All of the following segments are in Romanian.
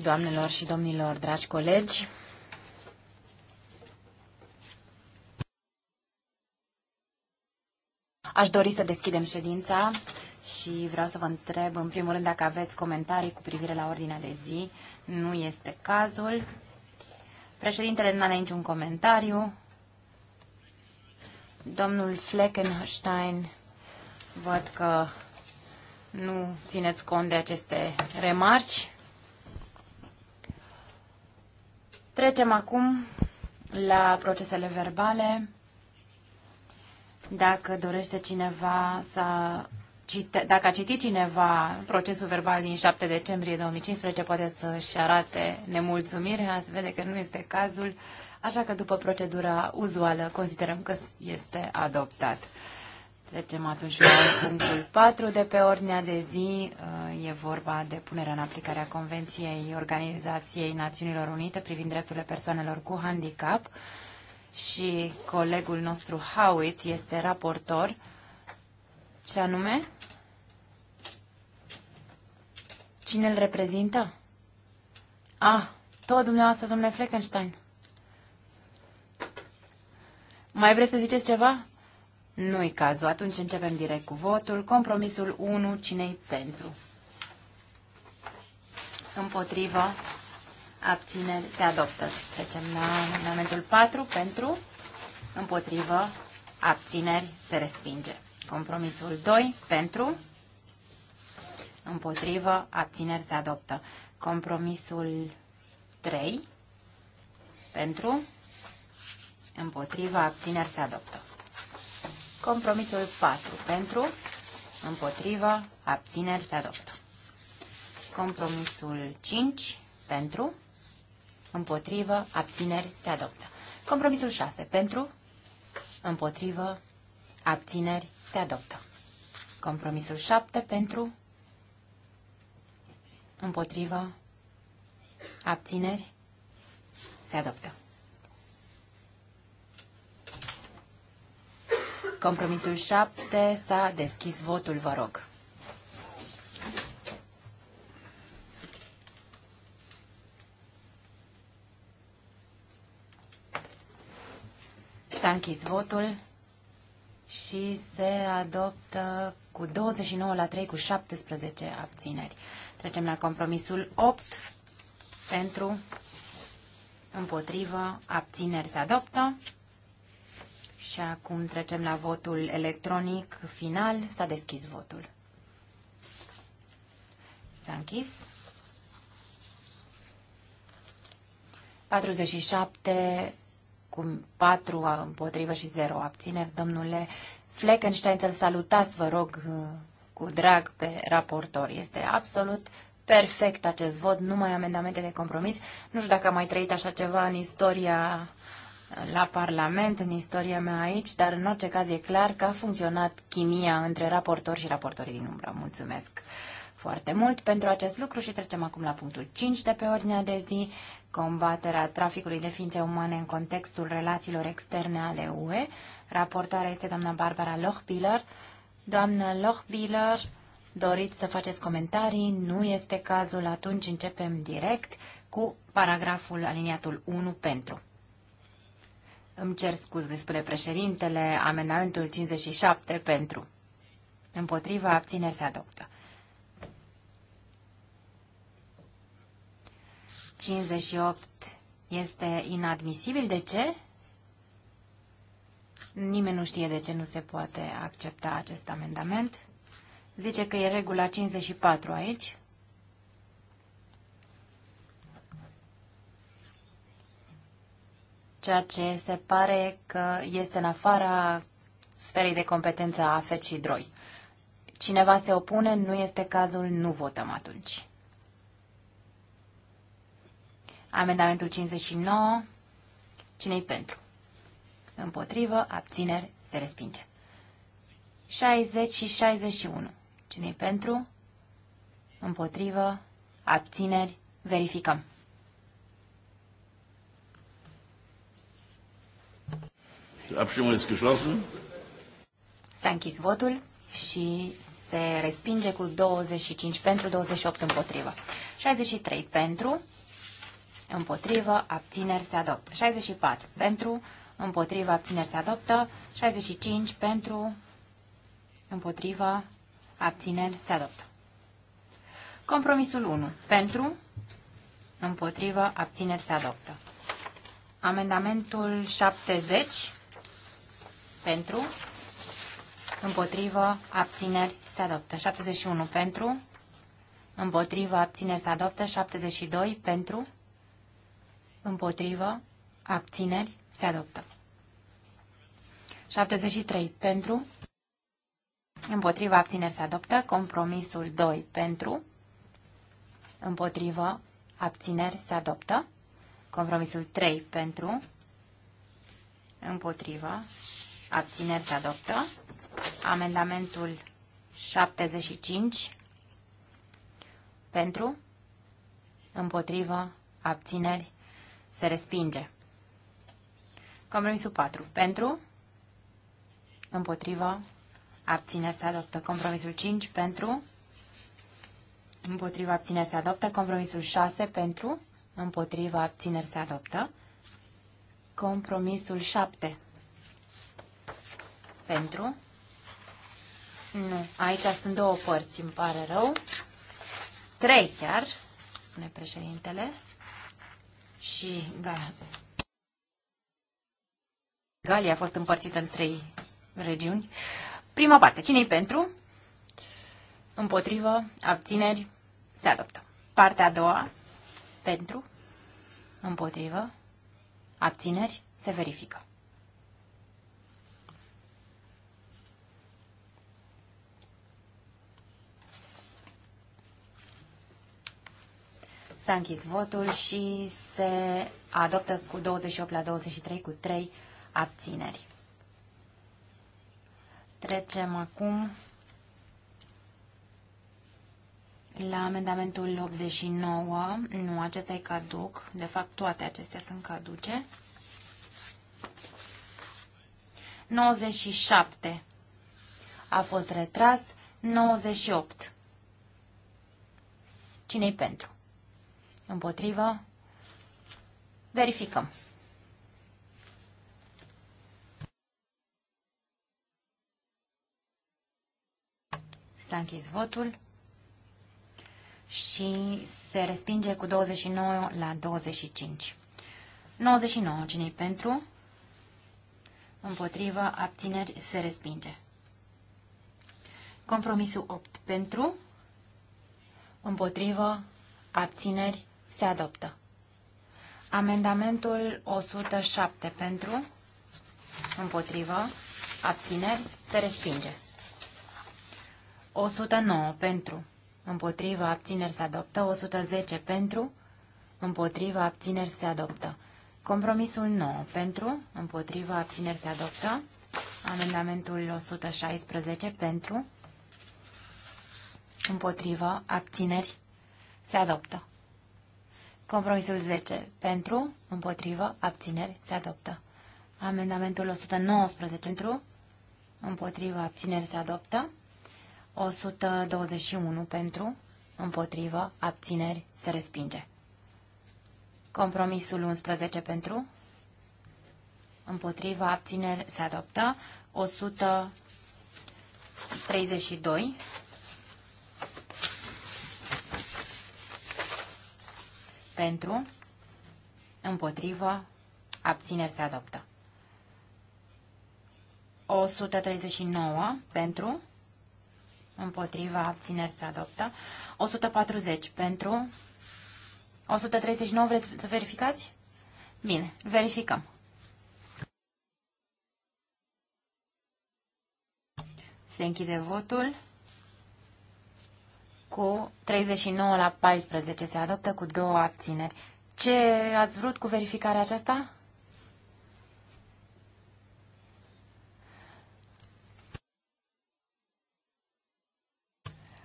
Doamnelor și domnilor, dragi colegi, aș dori să deschidem ședința și vreau să vă întreb, în primul rând, dacă aveți comentarii cu privire la ordinea de zi. Nu este cazul. Președintele nu are niciun comentariu. Domnul Fleckenstein, văd că nu țineți cont de aceste remarci. Trecem acum la procesele verbale. Dacă dorește cineva să cite, dacă a citit cineva procesul verbal din 7 decembrie 2015, poate să-și arate nemulțumirea, se vede că nu este cazul, așa că după procedura uzuală considerăm că este adoptat. Trecem atunci la punctul 4 de pe ordinea de zi. Uh, e vorba de punerea în aplicare a Convenției Organizației Națiunilor Unite privind drepturile persoanelor cu handicap și colegul nostru Howitt este raportor. Ce anume? Cine îl reprezintă? Ah, tot dumneavoastră, domnule Fleckenstein. Mai vreți să ziceți ceva? Nu-i cazul. Atunci începem direct cu votul. Compromisul 1, cine-i pentru? Împotrivă, abțineri, se adoptă. Trecem la amendamentul 4, pentru, împotrivă, abțineri, se respinge. Compromisul 2, pentru, împotrivă, abțineri, se adoptă. Compromisul 3, pentru, împotrivă, abțineri, se adoptă. Compromisul 4 pentru, împotrivă, abțineri se adoptă. Și Compromisul 5 pentru, împotrivă, abțineri se adoptă. Compromisul 6 pentru, împotrivă, abțineri se adoptă. Compromisul 7 pentru, împotrivă, abțineri se adoptă. Compromisul 7 s-a deschis votul, vă rog. S-a închis votul și se adoptă cu 29 la 3 cu 17 abțineri. Trecem la compromisul 8 pentru împotrivă abțineri se adoptă. Și acum trecem la votul electronic final. S-a deschis votul. S-a închis. 47 cu 4 împotrivă și 0 abțineri. Domnule Fleckenstein, să-l salutați, vă rog, cu drag pe raportor. Este absolut perfect acest vot, numai amendamente de compromis. Nu știu dacă am mai trăit așa ceva în istoria la Parlament în istoria mea aici, dar în orice caz e clar că a funcționat chimia între raportor și raportorii din umbră. Mulțumesc foarte mult pentru acest lucru și trecem acum la punctul 5 de pe ordinea de zi, combaterea traficului de ființe umane în contextul relațiilor externe ale UE. Raportoarea este doamna Barbara Lochbiller. Doamna Lochbiller, doriți să faceți comentarii? Nu este cazul, atunci începem direct cu paragraful aliniatul 1 pentru. Îmi cer scuze, spune președintele, amendamentul 57 pentru. Împotriva, abțineri se adoptă. 58 este inadmisibil. De ce? Nimeni nu știe de ce nu se poate accepta acest amendament. Zice că e regula 54 aici. ceea ce se pare că este în afara sferei de competență a fecii și DROI. Cineva se opune, nu este cazul, nu votăm atunci. Amendamentul 59. Cine-i pentru? Împotrivă, abțineri, se respinge. 60 și 61. Cine-i pentru? Împotrivă, abțineri, verificăm. Abstimmung ist geschlossen. S-a închis votul și se respinge cu 25 pentru, 28 împotrivă. 63 pentru, împotrivă, abțineri se adoptă. 64 pentru, împotrivă, abțineri se adoptă. 65 pentru, împotrivă, abțineri se adoptă. Compromisul 1. Pentru, împotrivă, abțineri se adoptă. Amendamentul 70 pentru, împotrivă, abțineri, se adoptă. 71 pentru, împotrivă, abțineri, se adoptă. 72 pentru, împotrivă, abțineri, se adoptă. 73 pentru, împotrivă, abțineri, se adoptă. Compromisul 2 pentru, împotrivă, abțineri, se adoptă. Compromisul 3 pentru, împotrivă, abțineri se adoptă. Amendamentul 75 pentru, împotrivă, abțineri se respinge. Compromisul 4 pentru, împotrivă, abțineri se adoptă. Compromisul 5 pentru, împotrivă, abțineri se adoptă. Compromisul 6 pentru, împotrivă, abțineri se adoptă. Compromisul 7 pentru. Nu, aici sunt două părți, îmi pare rău. Trei chiar, spune președintele. Și Galia. Galia a fost împărțită în trei regiuni. Prima parte, cine-i pentru? Împotrivă, abțineri, se adoptă. Partea a doua, pentru, împotrivă, abțineri, se verifică. S-a închis votul și se adoptă cu 28 la 23 cu 3 abțineri. Trecem acum la amendamentul 89. Nu, acesta e caduc. De fapt, toate acestea sunt caduce. 97 a fost retras. 98. Cine-i pentru? Împotrivă. Verificăm. S-a închis votul și se respinge cu 29 la 25. 99 cine pentru? Împotrivă, abțineri, se respinge. Compromisul 8 pentru, împotrivă, abțineri, se adoptă. Amendamentul 107 pentru, împotrivă, abțineri, se respinge. 109 pentru, împotrivă, abțineri, se adoptă. 110 pentru, împotrivă, abțineri, se adoptă. Compromisul 9 pentru, împotrivă, abțineri, se adoptă. Amendamentul 116 pentru, împotrivă, abțineri, se adoptă. Compromisul 10. Pentru, împotrivă, abțineri, se adoptă. Amendamentul 119 pentru, împotrivă, abțineri, se adoptă. 121 pentru, împotrivă, abțineri, se respinge. Compromisul 11 pentru, împotrivă, abțineri, se adoptă. 132 pentru, împotrivă, abțineri se adoptă. 139 pentru, împotrivă, abțineri se adoptă. 140 pentru, 139 vreți să verificați? Bine, verificăm. Se închide votul cu 39 la 14. Se adoptă cu două abțineri. Ce ați vrut cu verificarea aceasta?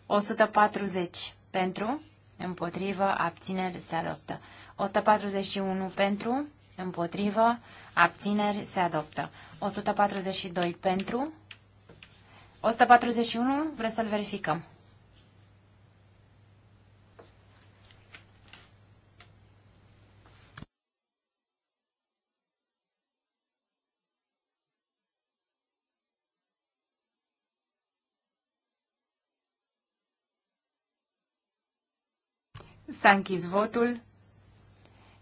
O 140 pentru, împotrivă, abțineri se adoptă. 141 pentru, împotrivă, abțineri se adoptă. 142 pentru. 141, vreți să-l verificăm. S-a închis votul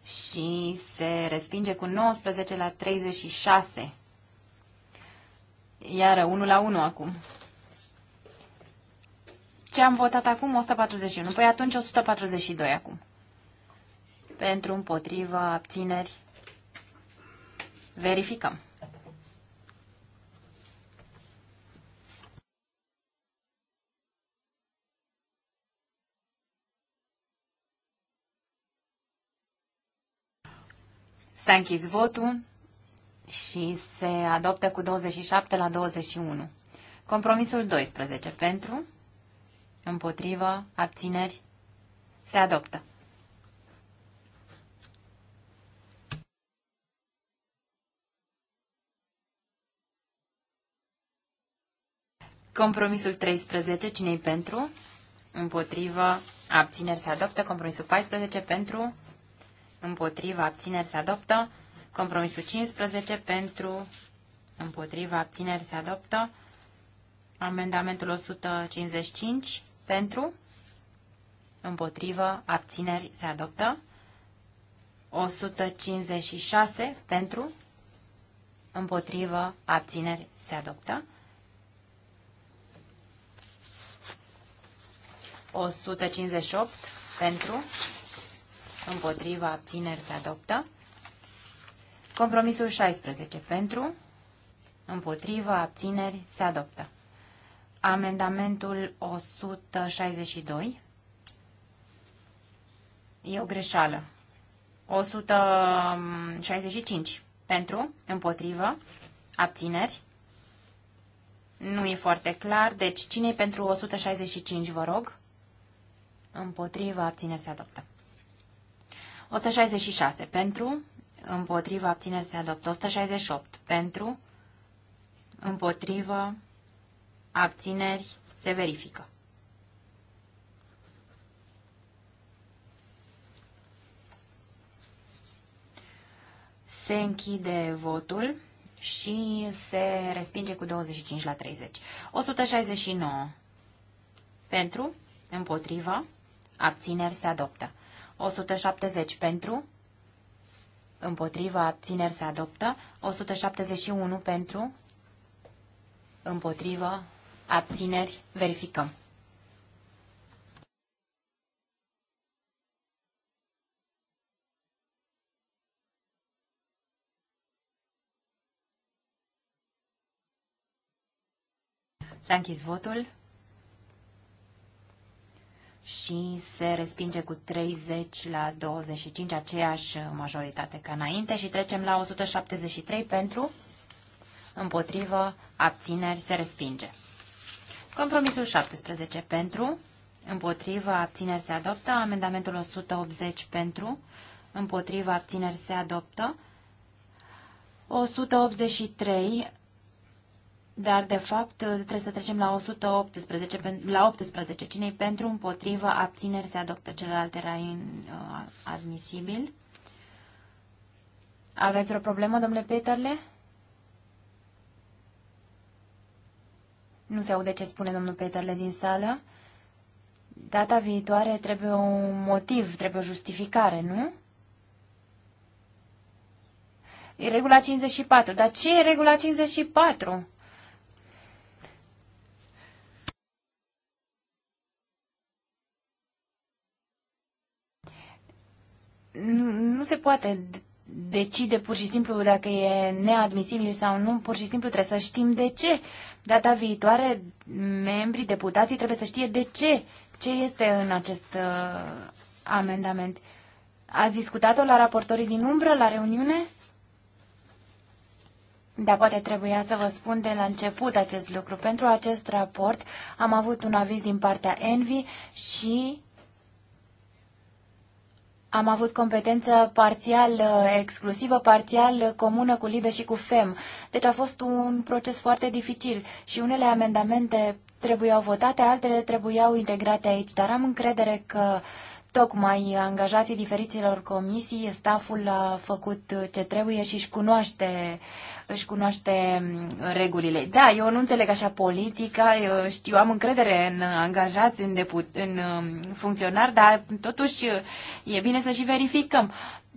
și se respinge cu 19 la 36. Iară, 1 la 1 acum. Ce am votat acum? 141. Păi atunci 142 acum. Pentru, împotriva, abțineri. Verificăm. S-a închis votul și se adoptă cu 27 la 21. Compromisul 12 pentru, împotrivă, abțineri, se adoptă. Compromisul 13, cine-i pentru? Împotrivă, abțineri se adoptă. Compromisul 14, pentru, împotriva abțineri se adoptă. Compromisul 15 pentru împotriva abțineri se adoptă. Amendamentul 155 pentru împotrivă abțineri se adoptă. 156 pentru împotrivă abțineri se adoptă. 158 pentru împotriva, abțineri se adoptă. Compromisul 16 pentru, împotriva, abțineri se adoptă. Amendamentul 162 e o greșeală. 165 pentru, împotrivă, abțineri. Nu e foarte clar, deci cine pentru 165, vă rog? Împotrivă, abțineri se adoptă. 166 pentru, împotrivă, abțineri se adoptă. 168 pentru, împotrivă, abțineri se verifică. Se închide votul și se respinge cu 25 la 30. 169 pentru, împotrivă, abțineri se adoptă. 170 pentru, împotriva abțineri se adoptă, 171 pentru, împotriva abțineri verificăm. S-a închis votul și se respinge cu 30 la 25, aceeași majoritate ca înainte și trecem la 173 pentru, împotrivă, abțineri, se respinge. Compromisul 17 pentru, împotrivă, abțineri, se adoptă, amendamentul 180 pentru, împotrivă, abțineri, se adoptă, 183 dar, de fapt, trebuie să trecem la 118, la 18. cine pentru, împotrivă, abțineri, se adoptă. Celălalt era uh, admisibil. Aveți vreo problemă, domnule Peterle? Nu se aude ce spune domnul Peterle din sală. Data viitoare trebuie un motiv, trebuie o justificare, nu? E regula 54. Dar ce e regula 54? nu, nu se poate decide pur și simplu dacă e neadmisibil sau nu, pur și simplu trebuie să știm de ce. Data viitoare, membrii, deputații trebuie să știe de ce, ce este în acest uh, amendament. Ați discutat-o la raportorii din umbră, la reuniune? Da, poate trebuia să vă spun de la început acest lucru. Pentru acest raport am avut un aviz din partea Envi și am avut competență parțial eh, exclusivă, parțial eh, comună cu LIBE și cu FEM. Deci a fost un proces foarte dificil și unele amendamente trebuiau votate, altele trebuiau integrate aici, dar am încredere că uh, tocmai angajații diferiților comisii, staful a făcut ce trebuie și își cunoaște, își cunoaște mm, regulile. Da, eu nu înțeleg așa politica, eu știu, am încredere în angajați, în, deput, în mm, funcționari, dar totuși e bine să și verificăm.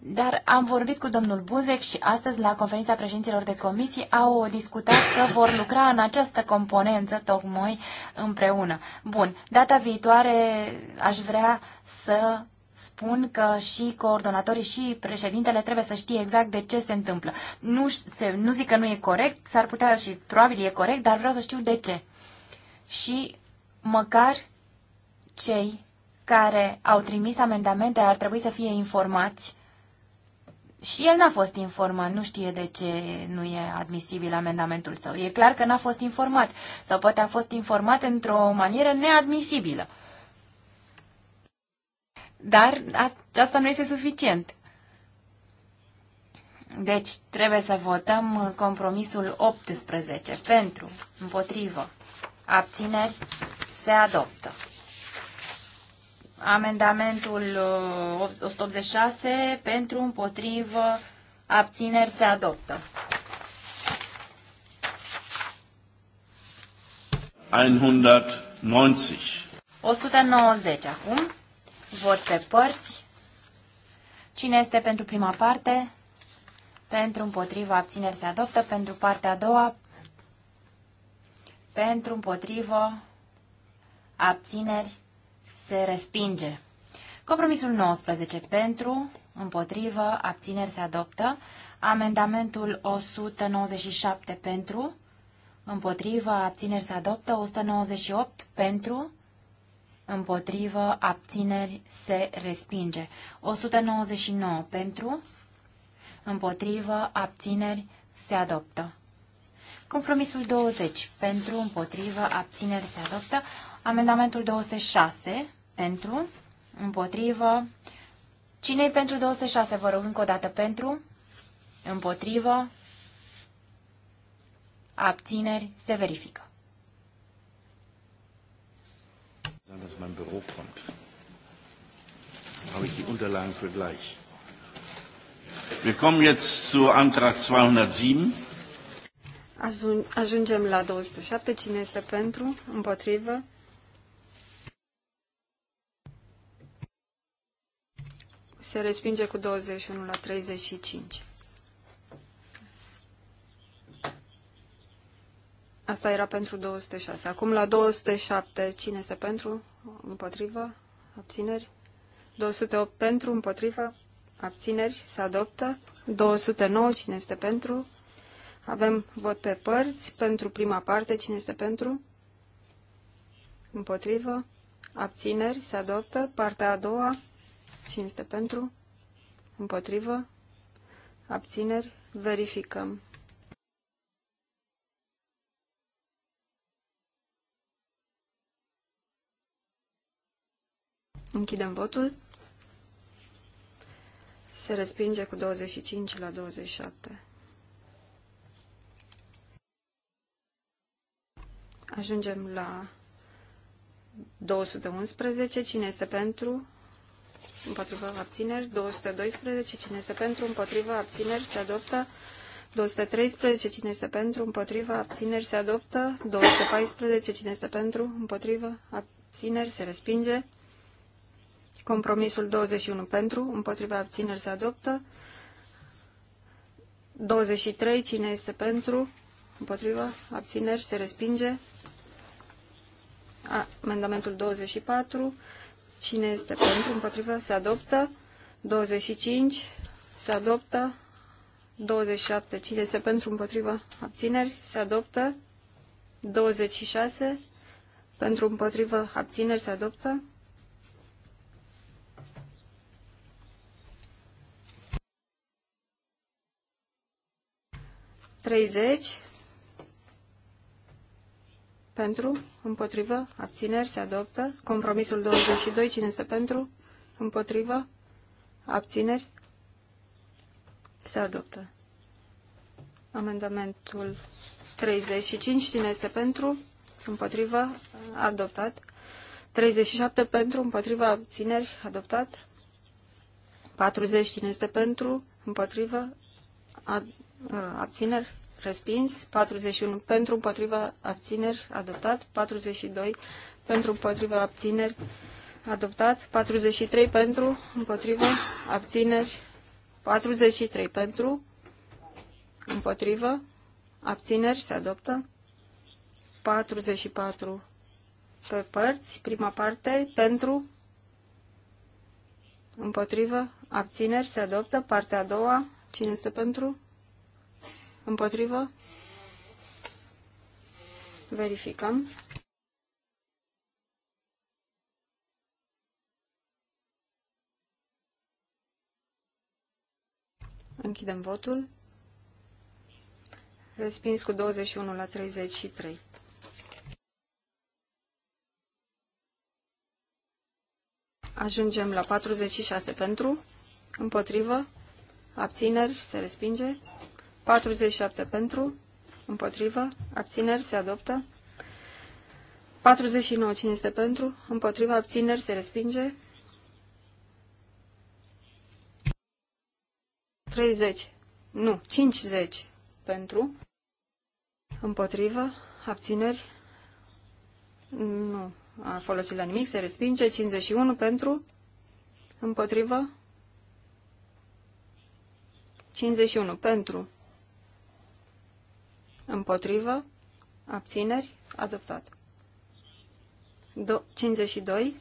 Dar am vorbit cu domnul Buzek și astăzi la conferința președinților de comisii au discutat că vor lucra în această componență tocmai împreună. Bun, data viitoare aș vrea să spun că și coordonatorii și președintele trebuie să știe exact de ce se întâmplă. Nu, se, nu zic că nu e corect, s-ar putea și probabil e corect, dar vreau să știu de ce. Și măcar cei care au trimis amendamente ar trebui să fie informați și el n-a fost informat, nu știe de ce nu e admisibil amendamentul său. E clar că n-a fost informat sau poate a fost informat într-o manieră neadmisibilă. Dar asta nu este suficient. Deci trebuie să votăm compromisul 18 pentru, împotrivă, abțineri, se adoptă. Amendamentul 186 uh, pentru, împotrivă, abțineri se adoptă. 190. 190 acum. Vot pe părți. Cine este pentru prima parte? Pentru, împotrivă abțineri se adoptă. Pentru partea a doua? Pentru, împotrivă, abțineri se respinge. Compromisul 19 pentru, împotrivă, abțineri se adoptă. Amendamentul 197 pentru, împotrivă, abțineri se adoptă. 198 pentru, împotrivă, abțineri se respinge. 199 pentru, împotrivă, abțineri se adoptă. Compromisul 20 pentru, împotrivă, abțineri se adoptă. Amendamentul 206 pentru. Împotrivă. Cine-i pentru 206? Vă rog încă o dată. Pentru. Împotrivă. Abțineri. Se verifică. Sondern, dass mein Büro kommt. Habe ich die Unterlagen für gleich. Wir kommen jetzt zu Antrag 207. Ajungem la 207. Cine este pentru? Împotrivă? Se respinge cu 21 la 35. Asta era pentru 206. Acum la 207, cine este pentru? Împotrivă? Abțineri? 208 pentru, împotrivă? Abțineri? Se adoptă? 209, cine este pentru? Avem vot pe părți. Pentru prima parte, cine este pentru? Împotrivă? Abțineri? Se adoptă? Partea a doua? Cinste pentru? Împotrivă? Abțineri? Verificăm. Închidem votul. Se respinge cu 25 la 27. Ajungem la 211. Cine este pentru? împotriva abțineri, 212, cine este pentru, împotriva abțineri, se adoptă, 213, cine este pentru, împotriva abțineri, se adoptă, 214, cine este pentru, împotriva abțineri, se respinge, compromisul 21 pentru, împotriva abțineri, se adoptă, 23, cine este pentru, împotriva abțineri, se respinge, amendamentul 24, Cine este pentru? Împotrivă? Se adoptă. 25. Se adoptă. 27. Cine este pentru? Împotrivă? Abțineri? Se adoptă. 26. Pentru împotrivă? Abțineri? Se adoptă. Treizeci pentru, împotrivă, abțineri, se adoptă. Compromisul 22, cine este pentru, împotrivă, abțineri, se adoptă. Amendamentul 35, cine este pentru, împotrivă, adoptat. 37 pentru, împotrivă, abțineri, adoptat. 40, cine este pentru, împotrivă, ad, abțineri, respins, 41 pentru împotriva abțineri, adoptat, 42 pentru împotriva abțineri, adoptat, 43 pentru împotriva abțineri, 43 pentru împotriva abțineri, se adoptă, 44 pe părți, prima parte, pentru împotriva abțineri, se adoptă, partea a doua, cine este pentru? Împotrivă? Verificăm. Închidem votul. Respins cu 21 la 33. Ajungem la 46 pentru, împotrivă, abțineri, se respinge, 47 pentru, împotrivă, abțineri, se adoptă. 49, cine este pentru, împotrivă, abțineri, se respinge. 30, nu, 50 pentru, împotrivă, abțineri, nu a folosit la nimic, se respinge. 51 pentru, împotrivă, 51 pentru, Împotrivă. Abțineri. Adoptat. Do 52.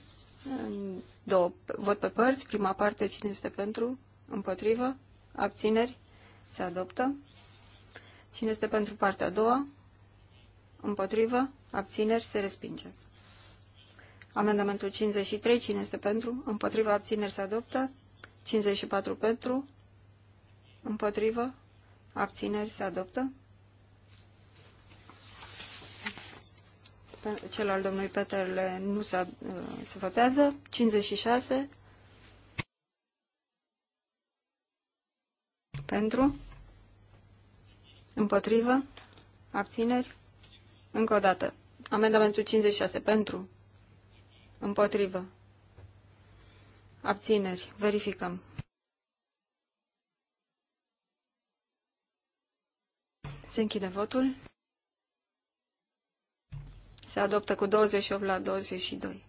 Două, vot pe părți. Prima parte. Cine este pentru? Împotrivă. Abțineri. Se adoptă. Cine este pentru partea a doua? Împotrivă. Abțineri. Se respinge. Amendamentul 53. Cine este pentru? Împotrivă. Abțineri. Se adoptă. 54 pentru. Împotrivă. Abțineri. Se adoptă. cel al domnului Peterle nu se, uh, se votează. 56 pentru, împotrivă, abțineri, încă o dată. Amendamentul 56 pentru, împotrivă, abțineri, verificăm. Se închide votul. Se adoptă cu 28 la 22.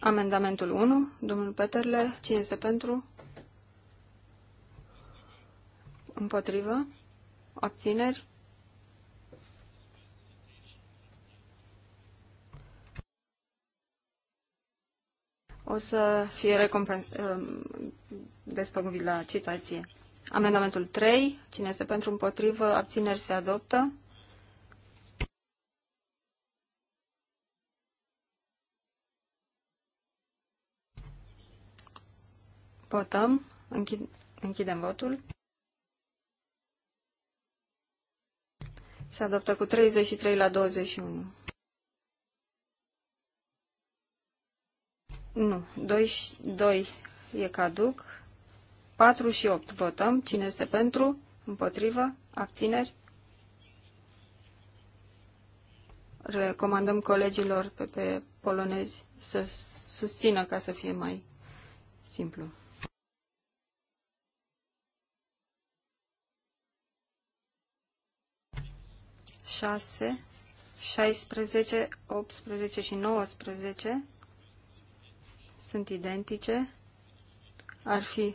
Amendamentul 1, domnul Peterle, cine este pentru? Împotrivă? Abțineri? O să fie recompens... Um, despăgubit la citație. Amendamentul 3, cine este pentru împotrivă, abțineri se adoptă. Votăm. Închid, închidem votul. Se adoptă cu 33 la 21. Nu. 2, 2 e caduc. 4 și 8 votăm. Cine este pentru? Împotrivă? Abțineri? Recomandăm colegilor pe, pe polonezi să susțină ca să fie mai simplu. 6, 16, 18 și 19 sunt identice. Ar fi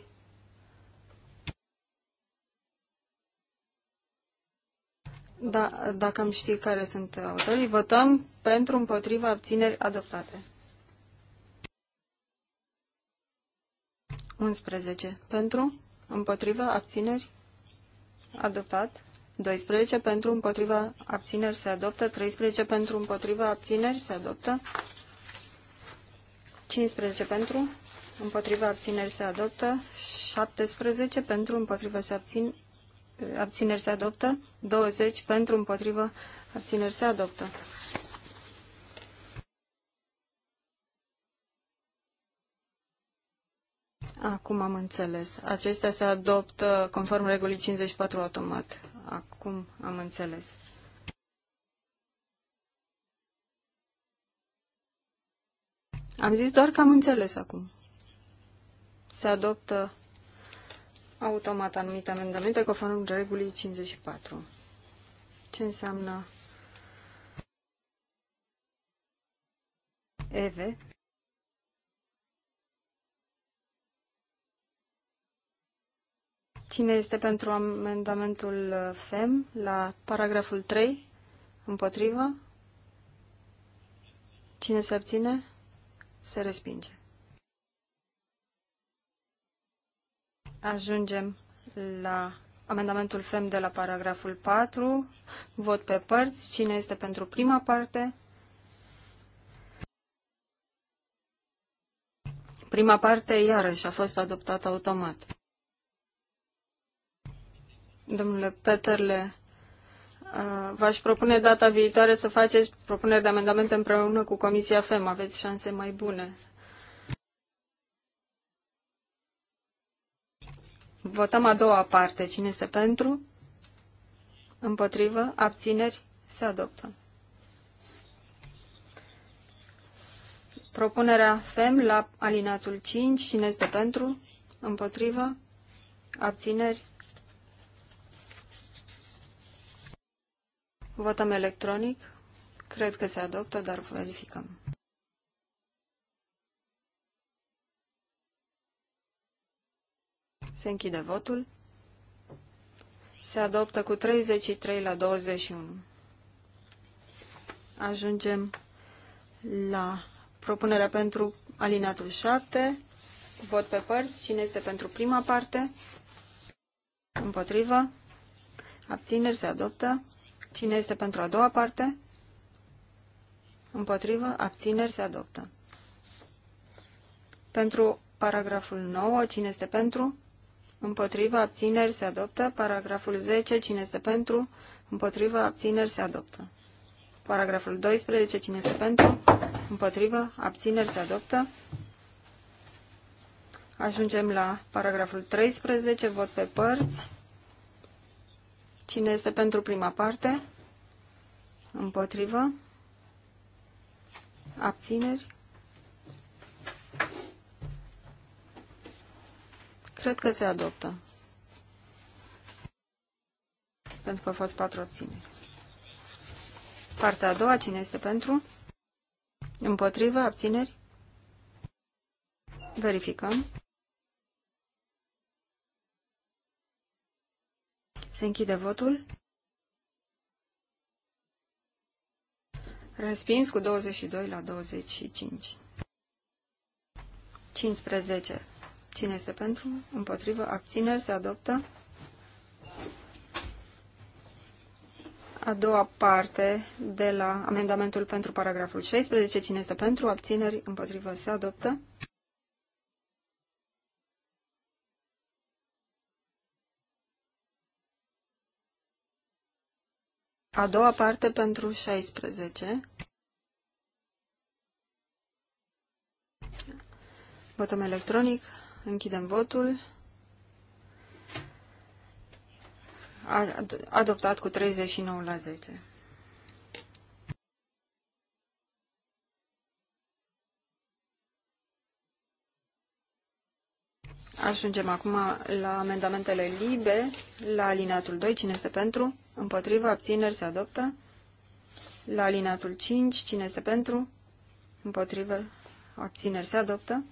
Da, dacă am ști care sunt autorii, votăm pentru împotriva abțineri adoptate. 11. Pentru împotriva abțineri adoptat. 12 pentru împotriva abțineri se adoptă, 13 pentru împotriva abțineri se adoptă, 15 pentru împotriva abțineri se adoptă, 17 pentru împotriva se abțin, abțineri se adoptă, 20 pentru împotriva abțineri se adoptă. Acum am înțeles. Acestea se adoptă conform regulii 54 automat. Acum am înțeles. Am zis doar că am înțeles acum. Se adoptă automat anumite amendamente conform regulii 54. Ce înseamnă EVE? Cine este pentru amendamentul uh, FEM la paragraful 3? Împotrivă? Cine se abține? Se respinge. Ajungem la amendamentul FEM de la paragraful 4. Vot pe părți. Cine este pentru prima parte? Prima parte, iarăși, a fost adoptată automat. Domnule Peterle, v-aș propune data viitoare să faceți propuneri de amendamente împreună cu Comisia FEM. Aveți șanse mai bune. Votăm a doua parte. Cine este pentru? Împotrivă? Abțineri? Se adoptă. Propunerea FEM la alinatul 5. Cine este pentru? Împotrivă? Abțineri? Votăm electronic. Cred că se adoptă, dar verificăm. Se închide votul. Se adoptă cu 33 la 21. Ajungem la propunerea pentru alinatul 7. Vot pe părți. Cine este pentru prima parte? Împotrivă. Abțineri se adoptă. Cine este pentru a doua parte? Împotrivă, abțineri se adoptă. Pentru paragraful 9, cine este pentru? Împotrivă, abțineri se adoptă. Paragraful 10, cine este pentru? Împotrivă, abțineri se adoptă. Paragraful 12, cine este pentru? Împotrivă, abțineri se adoptă. Ajungem la paragraful 13, vot pe părți. Cine este pentru prima parte? Împotrivă? Abțineri? Cred că se adoptă. Pentru că au fost patru abțineri. Partea a doua, cine este pentru? Împotrivă, abțineri? Verificăm. Se închide votul. Respins cu 22 la 25. 15. Cine este pentru? Împotrivă? Abțineri? Se adoptă? A doua parte de la amendamentul pentru paragraful 16. Cine este pentru? Abțineri? Împotrivă? Se adoptă? A doua parte pentru 16. Votăm electronic. Închidem votul. adoptat cu 39 la 10. Ajungem acum la amendamentele libe, la alineatul 2, cine este pentru, împotriva, abțineri, se adoptă. La alineatul 5, cine este pentru, împotriva, abțineri, se adoptă.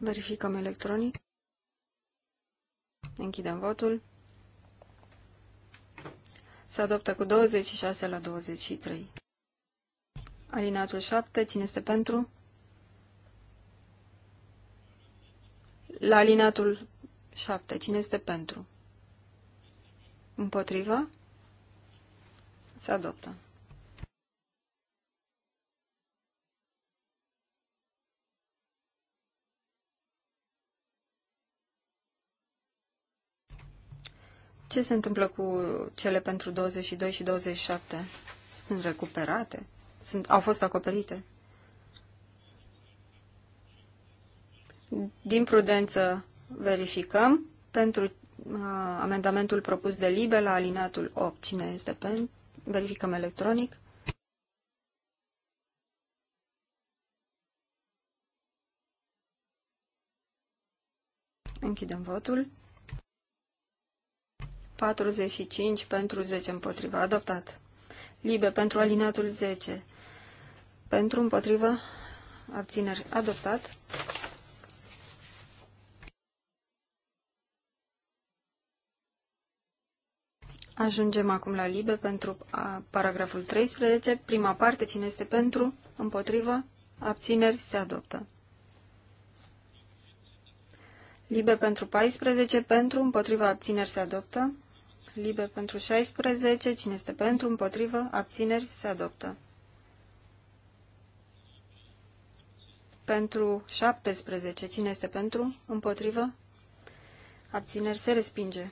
Verificăm electronic. Închidem votul. Se adoptă cu 26 la 23. Alinatul 7. Cine este pentru? La alineatul 7. Cine este pentru? Împotrivă? Se adoptă. Ce se întâmplă cu cele pentru 22 și 27? Sunt recuperate? Sunt, au fost acoperite? Din prudență verificăm pentru uh, amendamentul propus de Libe la alineatul 8. Cine este pentru? Verificăm electronic. Închidem votul. 45 pentru 10 împotriva. Adoptat. Libe pentru alineatul 10. Pentru împotrivă. Abțineri. Adoptat. Ajungem acum la libe pentru paragraful 13. Prima parte, cine este pentru, împotrivă, abțineri, se adoptă. Libe pentru 14, pentru, împotrivă, abțineri, se adoptă. Libe pentru 16, cine este pentru, împotrivă, abțineri, se adoptă. Pentru 17, cine este pentru, împotrivă, abțineri, se respinge.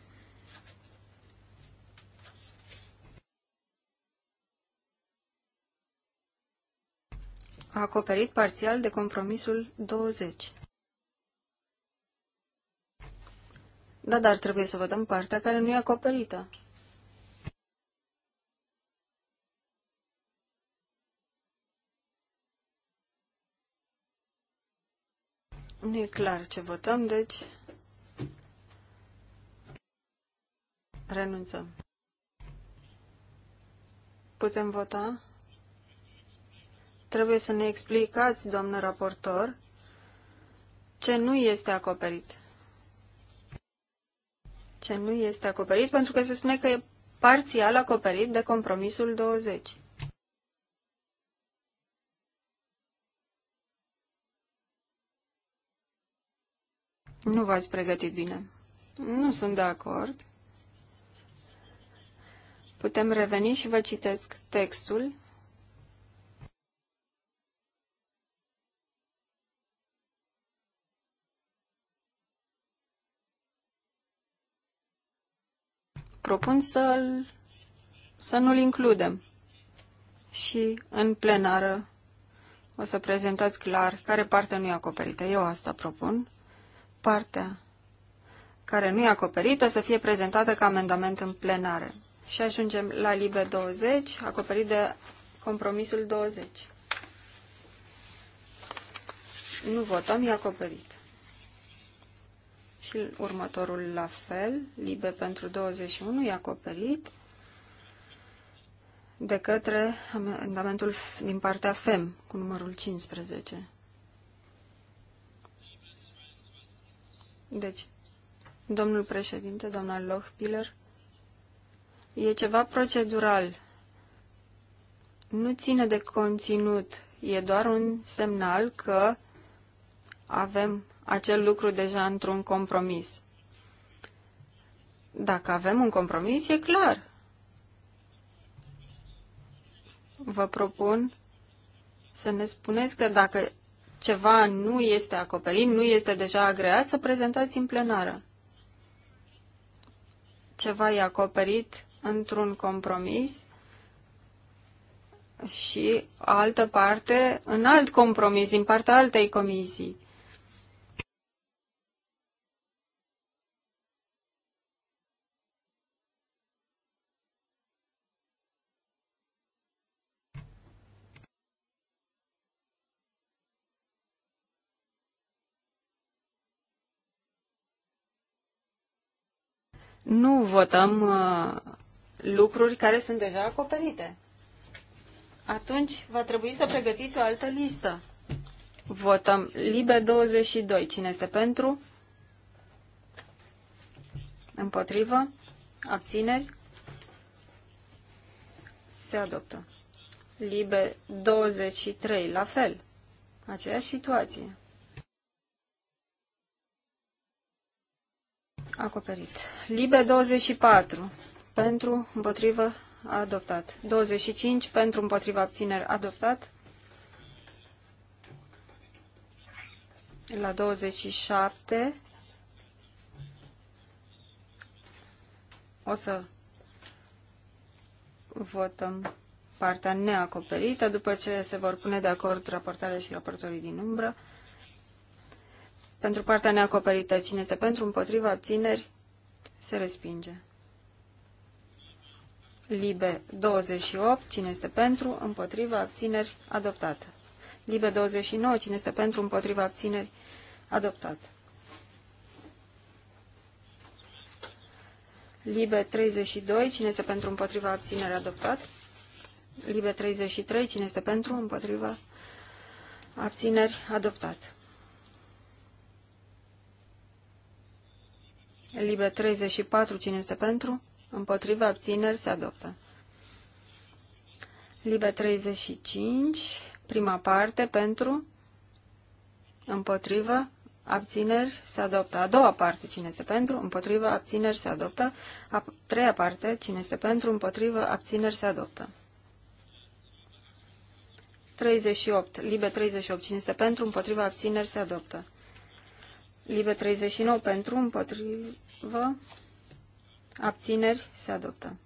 acoperit parțial de compromisul 20. Da, dar trebuie să vădăm partea care nu e acoperită. Nu e clar ce votăm, deci renunțăm. Putem vota trebuie să ne explicați, doamnă raportor, ce nu este acoperit. Ce nu este acoperit, pentru că se spune că e parțial acoperit de compromisul 20. Nu v-ați pregătit bine. Nu sunt de acord. Putem reveni și vă citesc textul propun să să nu-l includem. Și în plenară o să prezentați clar care parte nu e acoperită. Eu asta propun. Partea care nu e acoperită să fie prezentată ca amendament în plenară. Și ajungem la libe 20, acoperit de compromisul 20. Nu votăm, e acoperit. Și următorul la fel, libe pentru 21, e acoperit de către amendamentul din partea FEM cu numărul 15. Deci, domnul președinte, doamna Lochpiller, e ceva procedural. Nu ține de conținut, e doar un semnal că avem acel lucru deja într-un compromis. Dacă avem un compromis, e clar. Vă propun să ne spuneți că dacă ceva nu este acoperit, nu este deja agreat, să prezentați în plenară. Ceva e acoperit într-un compromis și altă parte în alt compromis din partea altei comisii. nu votăm uh, lucruri care sunt deja acoperite. Atunci va trebui să pregătiți o altă listă. Votăm Libe 22. Cine este pentru? Împotrivă? Abțineri? Se adoptă. Libe 23. La fel. Aceeași situație. acoperit. Libe 24 pentru împotrivă adoptat. 25 pentru împotrivă, abțineri adoptat. La 27 o să votăm partea neacoperită după ce se vor pune de acord raportarea și raportorii din umbră. Pentru partea neacoperită, cine este pentru, împotriva, abțineri, se respinge. Libe 28, cine este pentru, împotriva, abțineri, adoptată. Libe 29, cine este pentru, împotriva, abțineri, adoptată. Libe 32, cine este pentru, împotriva, abțineri, adoptat. Libe 33, cine este pentru, împotriva, abțineri, adoptat. Libe 34, cine este pentru? Împotriva abțineri se adoptă. Libe 35, prima parte, pentru, împotriva abțineri se adoptă. A doua parte, cine este pentru, împotriva abțineri se adoptă. A treia parte, cine este pentru, împotriva abțineri se adoptă. 38, libe 38, cine este pentru, împotriva abțineri se adoptă. Libe 39 pentru, împotrivă, abțineri, se adoptă.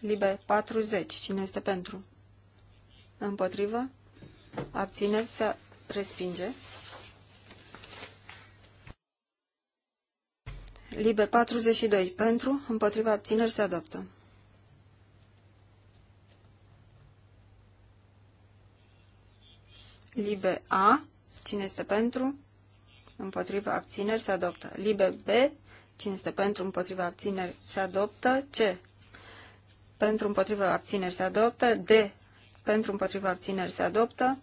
Libe 40, cine este pentru? Împotrivă, abțineri, se respinge. Libe 42, pentru, împotriva, abțineri, se adoptă. Libe A, cine este pentru? împotriva abțineri se adoptă. Libe B, cine este pentru, împotriva abțineri se adoptă. C, pentru, împotriva abțineri se adoptă. D, pentru, împotriva abțineri se adoptă.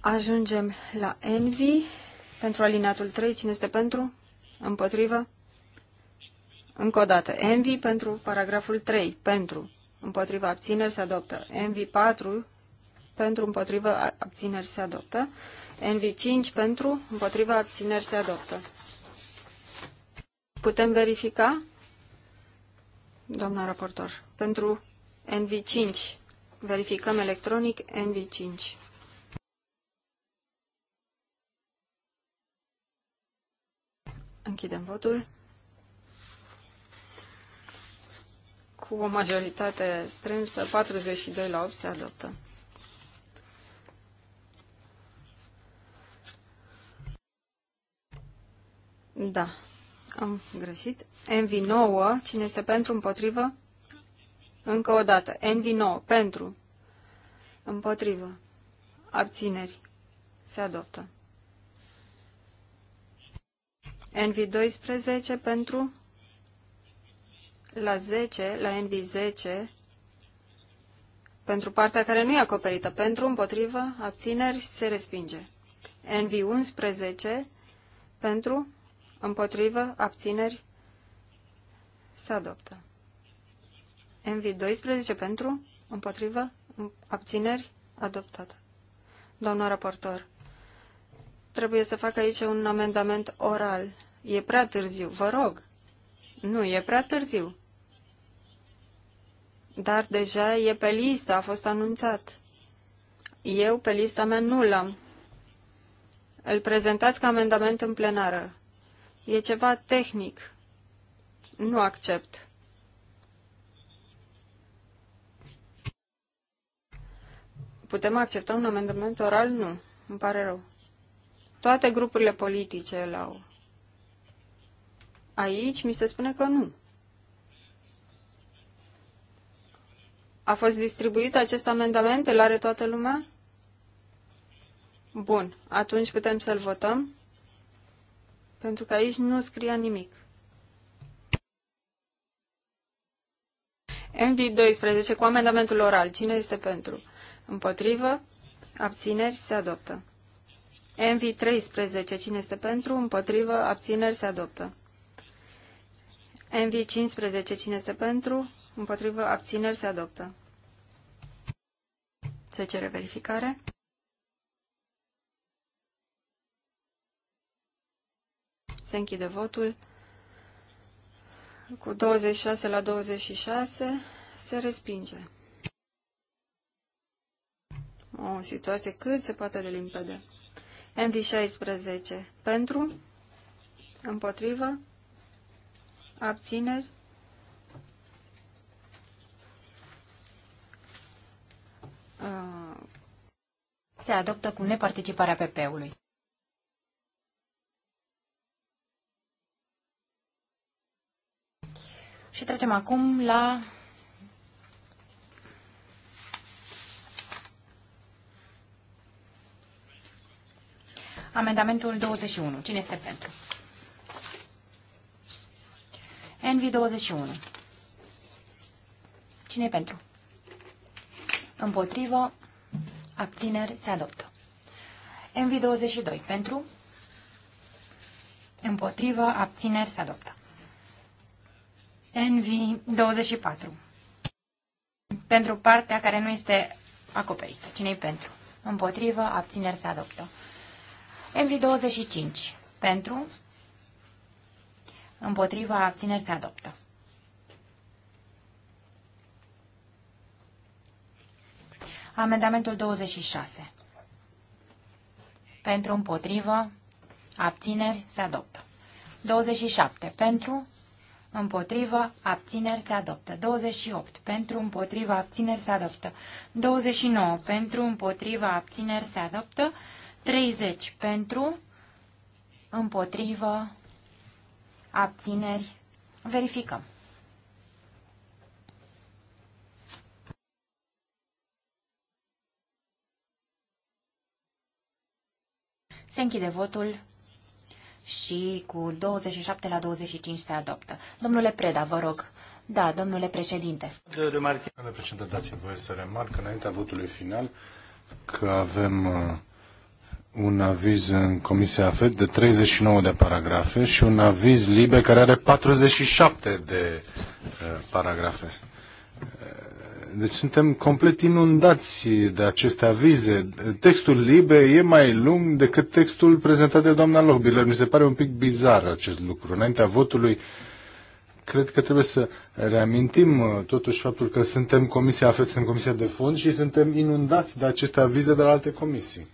Ajungem la Envy. Pentru alineatul 3, cine este pentru? Împotrivă? Încă o dată. Envy pentru paragraful 3. Pentru împotriva abțineri se adoptă. NV4 pentru împotriva abțineri se adoptă. NV5 pentru împotriva abțineri se adoptă. Putem verifica, doamna raportor, pentru NV5. Verificăm electronic NV5. Închidem votul. cu o majoritate strânsă, 42 la 8 se adoptă. Da, am greșit. NV9, cine este pentru, împotrivă? Încă o dată, NV9, pentru, împotrivă, abțineri, se adoptă. NV12 pentru, la 10, la NV10, pentru partea care nu e acoperită, pentru, împotrivă, abțineri, se respinge. NV11, pentru, împotrivă, abțineri, se adoptă. NV12, pentru, împotrivă, abțineri, adoptată. Doamna raportor, trebuie să fac aici un amendament oral. E prea târziu, vă rog. Nu, e prea târziu. Dar deja e pe listă, a fost anunțat. Eu pe lista mea nu l-am. Îl prezentați ca amendament în plenară. E ceva tehnic. Nu accept. Putem accepta un amendament oral? Nu. Îmi pare rău. Toate grupurile politice îl au. Aici mi se spune că nu. A fost distribuit acest amendament? Îl are toată lumea? Bun, atunci putem să-l votăm, pentru că aici nu scria nimic. md 12 cu amendamentul oral. Cine este pentru? Împotrivă? Abțineri? Se adoptă. MV13. Cine este pentru? Împotrivă? Abțineri? Se adoptă. MV15. Cine este pentru? Împotrivă abțineri se adoptă. Se cere verificare. Se închide votul. Cu 26 la 26 se respinge. O situație cât se poate de limpede. MV16. Pentru, împotrivă, abțineri, Uh, se adoptă cu neparticiparea PP-ului. Și trecem acum la amendamentul 21. Cine este pentru? Envi 21. Cine e pentru? Împotrivă. Abțineri. Se adoptă. MV22. Pentru. Împotrivă. Abțineri. Se adoptă. NV24. Pentru partea care nu este acoperită. Cine-i pentru? Împotrivă. Abțineri. Se adoptă. NV25. Pentru. împotrivă, abțineri se adoptă. Amendamentul 26. Pentru, împotrivă, abțineri, se adoptă. 27. Pentru, împotrivă, abțineri, se adoptă. 28. Pentru, împotrivă, abțineri, se adoptă. 29. Pentru, împotrivă, abțineri, se adoptă. 30. Pentru, împotrivă, abțineri, verificăm. Se închide votul și cu 27 la 25 se adoptă. Domnule Preda, vă rog. Da, domnule președinte. De remarcă. Domnule președinte, dați-mi voie să remarc înaintea votului final că avem uh, un aviz în Comisia AFET de 39 de paragrafe și un aviz liber care are 47 de uh, paragrafe. Deci suntem complet inundați de aceste avize. Textul liber e mai lung decât textul prezentat de doamna Logbiller. Mi se pare un pic bizar acest lucru. Înaintea votului, cred că trebuie să reamintim uh, totuși faptul că suntem Comisia AFET, suntem Comisia de Fond și suntem inundați de aceste avize de la alte comisii.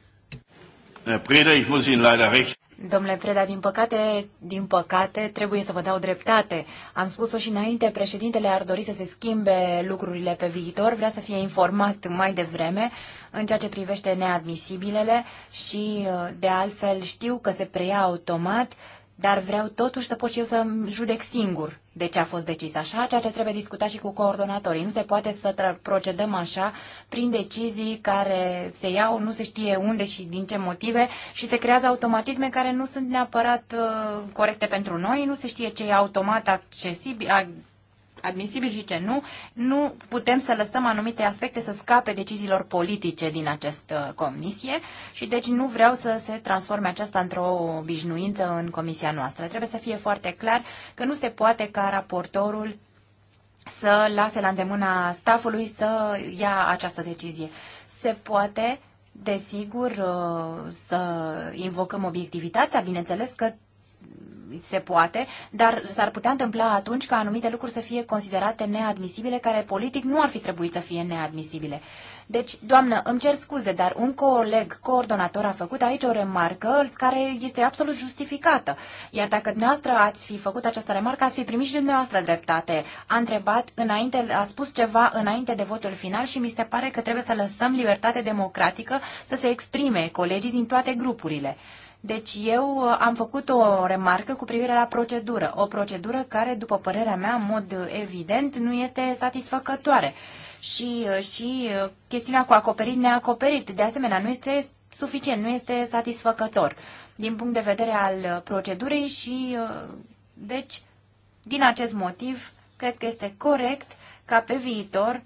Preda, ich muss Ihnen leider recht. Domnule Preda, din păcate, din păcate, trebuie să vă dau dreptate. Am spus-o și înainte, președintele ar dori să se schimbe lucrurile pe viitor, vrea să fie informat mai devreme în ceea ce privește neadmisibilele și, uh, de altfel, știu că se preia automat, dar vreau totuși să pot și eu să judec singur de ce a fost decis așa, ceea ce trebuie discutat și cu coordonatorii. Nu se poate să procedăm așa prin decizii care se iau, nu se știe unde și din ce motive și se creează automatisme care nu sunt neapărat uh, corecte pentru noi, nu se știe ce e automat accesibil, admisibil și ce nu, nu putem să lăsăm anumite aspecte să scape deciziilor politice din această comisie și deci nu vreau să se transforme aceasta într-o obișnuință în comisia noastră. Trebuie să fie foarte clar că nu se poate ca raportorul să lase la îndemâna stafului să ia această decizie. Se poate, desigur, să invocăm obiectivitatea, bineînțeles că se poate, dar s-ar putea întâmpla atunci ca anumite lucruri să fie considerate neadmisibile, care politic nu ar fi trebuit să fie neadmisibile. Deci, doamnă, îmi cer scuze, dar un coleg coordonator a făcut aici o remarcă care este absolut justificată. Iar dacă dumneavoastră ați fi făcut această remarcă, ați fi primit și dumneavoastră dreptate. A întrebat înainte, a spus ceva înainte de votul final și mi se pare că trebuie să lăsăm libertate democratică să se exprime colegii din toate grupurile. Deci eu uh, am făcut o remarcă cu privire la procedură, o procedură care, după părerea mea, în mod evident, nu este satisfăcătoare. Și, uh, și uh, chestiunea cu acoperit neacoperit, de asemenea, nu este suficient, nu este satisfăcător din punct de vedere al procedurii și, deci, din acest motiv, cred că este corect ca pe viitor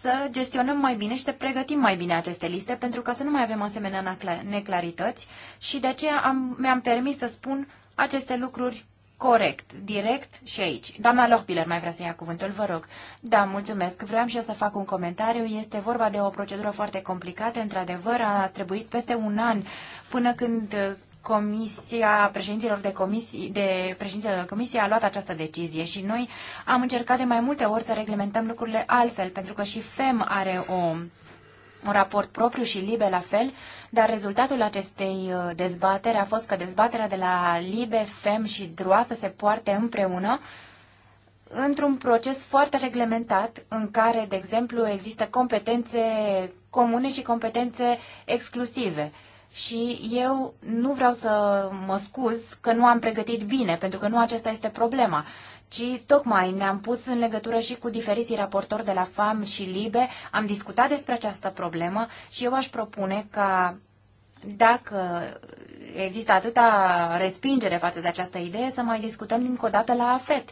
să gestionăm mai bine și să pregătim mai bine aceste liste, pentru ca să nu mai avem asemenea neclarități și de aceea am, mi-am permis să spun aceste lucruri corect, direct și aici. Doamna Lochbiller mai vrea să ia cuvântul, vă rog. Da, mulțumesc. Vreau și eu să fac un comentariu. Este vorba de o procedură foarte complicată. Într-adevăr, a trebuit peste un an până când Comisia președinților de comisii, de președinților de comisie a luat această decizie și noi am încercat de mai multe ori să reglementăm lucrurile altfel, pentru că și FEM are o, un raport propriu și LIBE la fel, dar rezultatul acestei uh, dezbateri a fost că dezbaterea de la LIBE, FEM și DROA să se poarte împreună într-un proces foarte reglementat, în care, de exemplu, există competențe comune și competențe exclusive și eu nu vreau să mă scuz că nu am pregătit bine, pentru că nu aceasta este problema ci tocmai ne-am pus în legătură și cu diferiții raportori de la FAM și LIBE, am discutat despre această problemă și eu aș propune ca dacă există atâta respingere față de această idee, să mai discutăm încă o dată la AFET.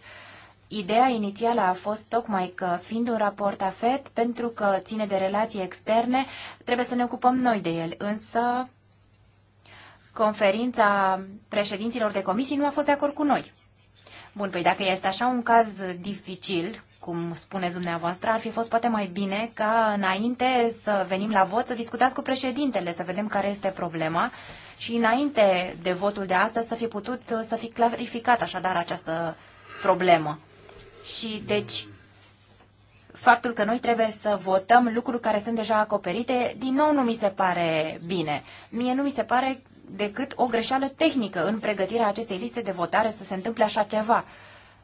Ideea inițială a fost tocmai că, fiind un raport AFET, pentru că ține de relații externe, trebuie să ne ocupăm noi de el. Însă, conferința președinților de comisii nu a fost de acord cu noi. Bun, păi dacă este așa un caz dificil, cum spuneți dumneavoastră, ar fi fost poate mai bine ca înainte să venim la vot să discutați cu președintele, să vedem care este problema și înainte de votul de astăzi să fi putut să fi clarificat așadar această problemă. Și deci faptul că noi trebuie să votăm lucruri care sunt deja acoperite, din nou nu mi se pare bine. Mie nu mi se pare decât o greșeală tehnică în pregătirea acestei liste de votare să se întâmple așa ceva.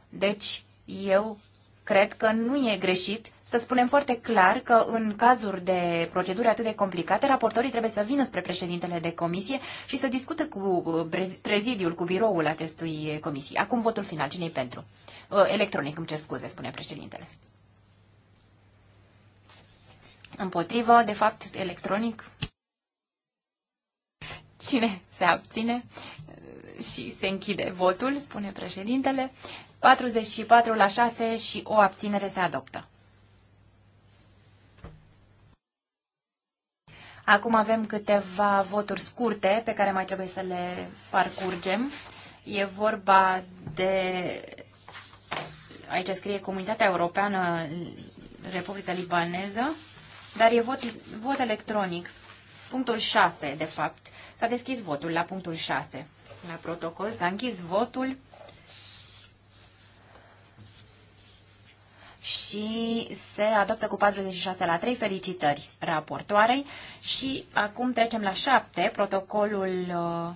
Deci, eu cred că nu e greșit să spunem foarte clar că în cazuri de proceduri atât de complicate, raportorii trebuie să vină spre președintele de comisie și să discute cu uh, prezidiul, cu biroul acestui comisie. Acum votul final, cine pentru? Uh, electronic, îmi cer scuze, spune președintele. Împotrivă, de fapt, electronic. Cine se abține? Și se închide votul, spune președintele. 44 la 6 și o abținere se adoptă. Acum avem câteva voturi scurte pe care mai trebuie să le parcurgem. E vorba de, aici scrie Comunitatea Europeană Republica Libaneză, dar e vot, vot electronic. Punctul 6, de fapt. S-a deschis votul la punctul 6. La protocol s-a închis votul și se adoptă cu 46 la 3 felicitări raportoarei și acum trecem la 7, protocolul uh,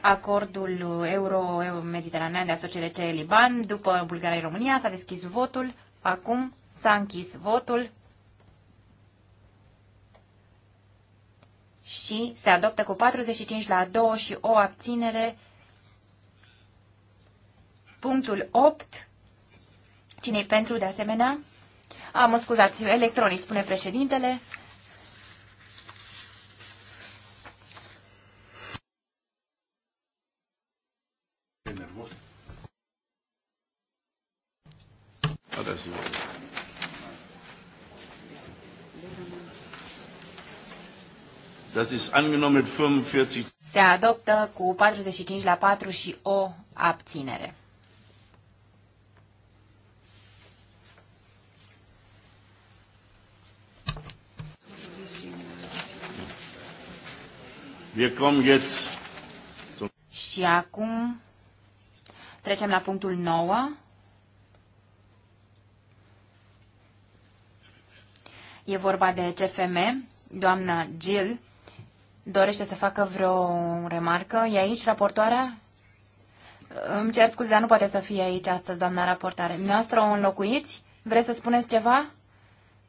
acordul euro-mediteranean de asociere CE Liban după Bulgaria-România s-a deschis votul, acum s-a închis votul și se adoptă cu 45 la 2 și o abținere. Punctul 8. cine pentru de asemenea? am scuzați, electronic, spune președintele. Se adoptă cu 45 la 4 și o abținere. Wir kommen jetzt zum și acum trecem la punctul 9. E vorba de CFM. Doamna Jill dorește să facă vreo remarcă. E aici raportoarea? Îmi cer scuze, dar nu poate să fie aici astăzi, doamna raportare. Noastră o înlocuiți? Vreți să spuneți ceva?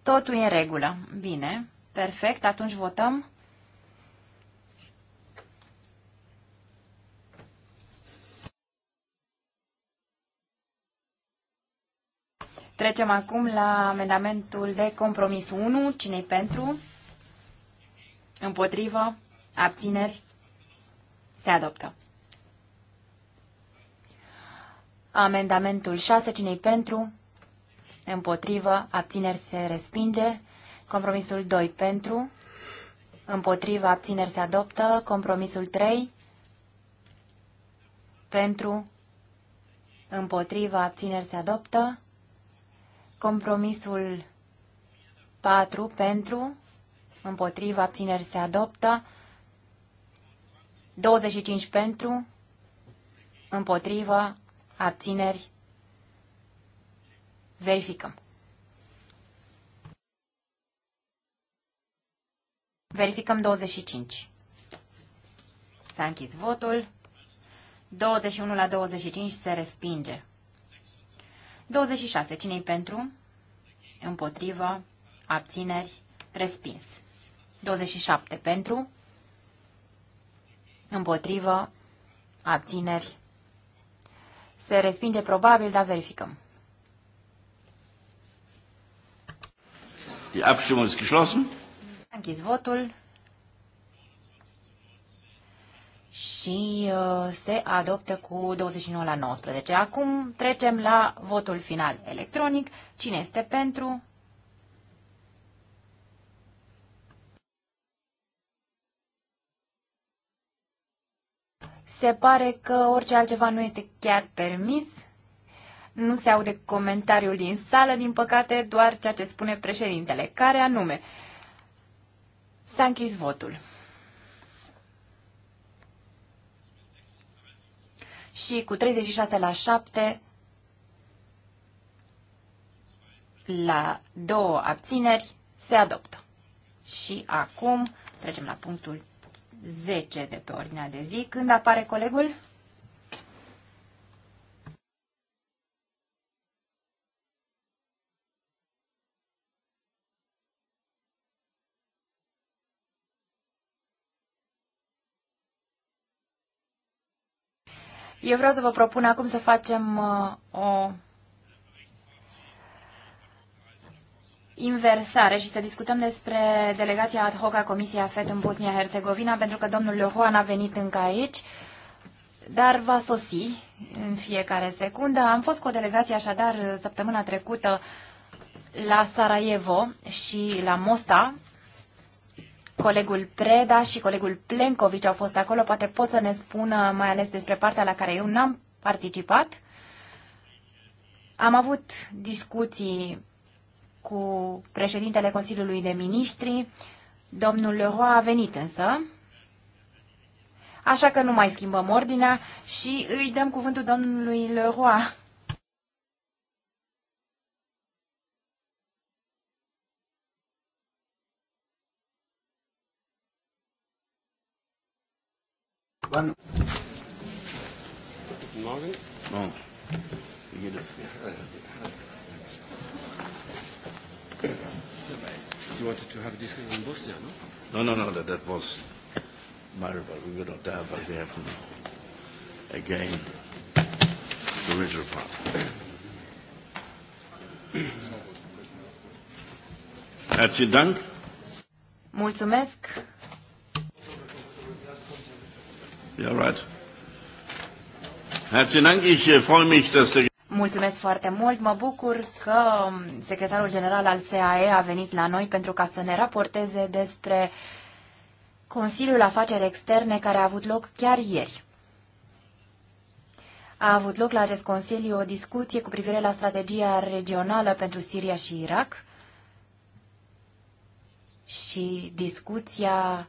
Totul e în regulă. Bine, perfect, atunci votăm. Trecem acum la amendamentul de compromis 1. Cine-i pentru? Împotrivă? Abțineri? Se adoptă. Amendamentul 6, cine pentru? Împotrivă, abțineri se respinge. Compromisul 2, pentru? Împotrivă, abțineri se adoptă. Compromisul 3, pentru? Împotrivă, abțineri se adoptă. Compromisul 4, pentru? Împotrivă, abțineri se adoptă. 25 pentru, împotrivă, abțineri, verificăm. Verificăm 25. S-a închis votul. 21 la 25 se respinge. 26. Cine-i pentru? Împotrivă. Abțineri. Respins. 27. Pentru. Împotrivă. Abțineri. Se respinge probabil, dar verificăm. Die Abstimmung ist geschlossen. A închis votul și uh, se adoptă cu 29 la 19. Acum trecem la votul final electronic. Cine este pentru? Se pare că orice altceva nu este chiar permis. Nu se aude comentariul din sală, din păcate, doar ceea ce spune președintele. Care anume? S-a închis votul. Și cu 36 la 7, la două abțineri, se adoptă. Și acum trecem la punctul 10 de pe ordinea de zi. Când apare colegul? Eu vreau să vă propun acum să facem uh, o inversare și să discutăm despre delegația ad hoc a Comisiei AFET în Bosnia-Herzegovina, pentru că domnul Lehoan a venit încă aici, dar va sosi în fiecare secundă. Am fost cu o delegație așadar săptămâna trecută la Sarajevo și la Mosta. Colegul Preda și colegul Plenkovici au fost acolo. Poate pot să ne spună mai ales despre partea la care eu n-am participat. Am avut discuții cu președintele Consiliului de Ministri. Domnul Leroy a venit însă, așa că nu mai schimbăm ordinea și îi dăm cuvântul domnului Leroy. Wann? Guten Morgen. Oh. Wie geht es? You wanted to have a discussion on Bosnia, no? No, no, no, that, that was Maribor. We will not have, but we have now again the original part. Herzlichen Dank. Mulțumesc. Ja, right. Herzlichen Dank. Ich äh, freue mich, dass der Mulțumesc foarte mult. Mă bucur că secretarul general al CAE a venit la noi pentru ca să ne raporteze despre Consiliul Afaceri Externe care a avut loc chiar ieri. A avut loc la acest Consiliu o discuție cu privire la strategia regională pentru Siria și Irak și discuția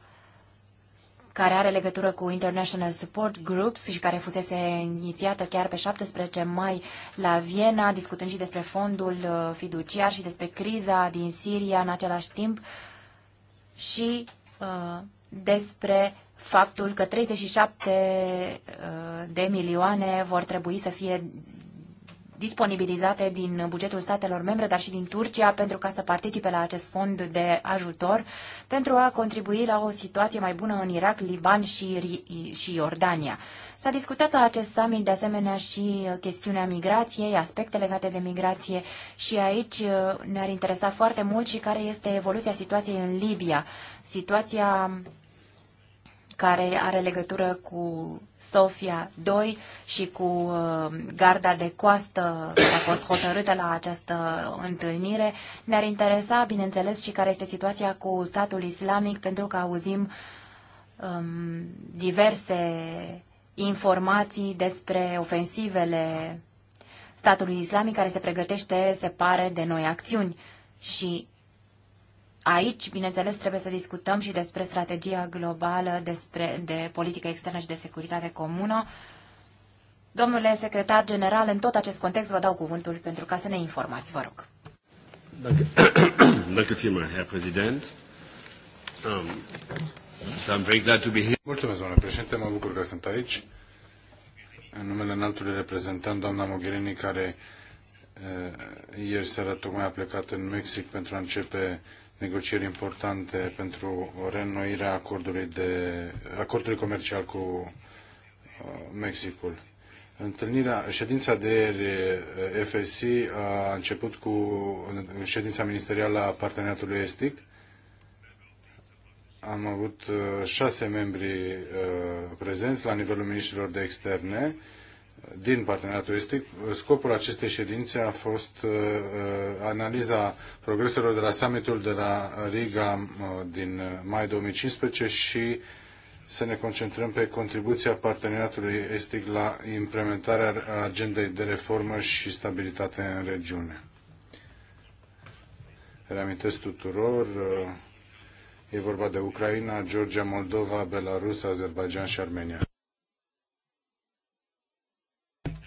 care are legătură cu International Support Groups și care fusese inițiată chiar pe 17 mai la Viena, discutând și despre fondul uh, fiduciar și despre criza din Siria în același timp și uh, despre faptul că 37 uh, de milioane vor trebui să fie disponibilizate din bugetul statelor membre, dar și din Turcia, pentru ca să participe la acest fond de ajutor, pentru a contribui la o situație mai bună în Irak, Liban și, și Iordania. S-a discutat la acest summit de asemenea și chestiunea migrației, aspecte legate de migrație și aici uh, ne-ar interesa foarte mult și care este evoluția situației în Libia. Situația care are legătură cu Sofia 2 și cu uh, garda de coastă care a fost hotărâtă la această întâlnire. Ne-ar interesa, bineînțeles, și care este situația cu statul islamic, pentru că auzim um, diverse informații despre ofensivele statului islamic care se pregătește, se pare, de noi acțiuni. Și Aici, bineînțeles, trebuie să discutăm și despre strategia globală despre, de politică externă și de securitate comună. Domnule secretar general, în tot acest context vă dau cuvântul pentru ca să ne informați, vă rog. Um, Mulțumesc, domnule președinte, mă bucur că sunt aici. În numele înaltului reprezentant, doamna Mogherini, care uh, ieri seara tocmai a plecat în Mexic pentru a începe negocieri importante pentru reînnoirea acordului, de, acordului comercial cu uh, Mexicul. Întâlnirea, ședința de ieri uh, FSC a început cu ședința ministerială a parteneriatului estic. Am avut uh, șase membri prezenți la nivelul ministrilor de externe din parteneriatul estic. Scopul acestei ședințe a fost uh, uh, analiza progreselor de la summitul de la Riga uh, din mai 2015 și să ne concentrăm pe contribuția parteneriatului estic la implementarea agendei de reformă și stabilitate în regiune. Reamintesc tuturor, e vorba de Ucraina, Georgia, Moldova, Belarus, Azerbaijan și Armenia.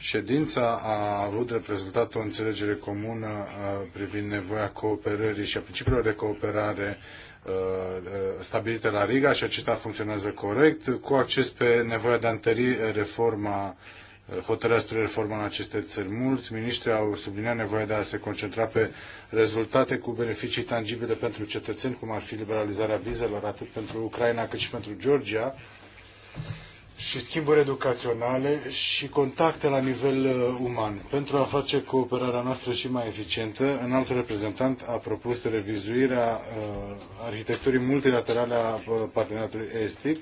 Ședința a avut reprezentat o înțelegere comună uh, privind nevoia cooperării și a principiilor de cooperare uh, uh, stabilite la Riga și acesta funcționează corect, cu acces pe nevoia de a întări reforma hotărârea spre reformă în aceste țări. Mulți miniștri au subliniat nevoia de a se concentra pe rezultate cu beneficii tangibile pentru cetățeni, cum ar fi liberalizarea vizelor, atât pentru Ucraina cât și pentru Georgia și schimburi educaționale și contacte la nivel uh, uman. Pentru a face cooperarea noastră și mai eficientă, un alt reprezentant a propus revizuirea uh, arhitecturii multilaterale a uh, parteneriatului estic.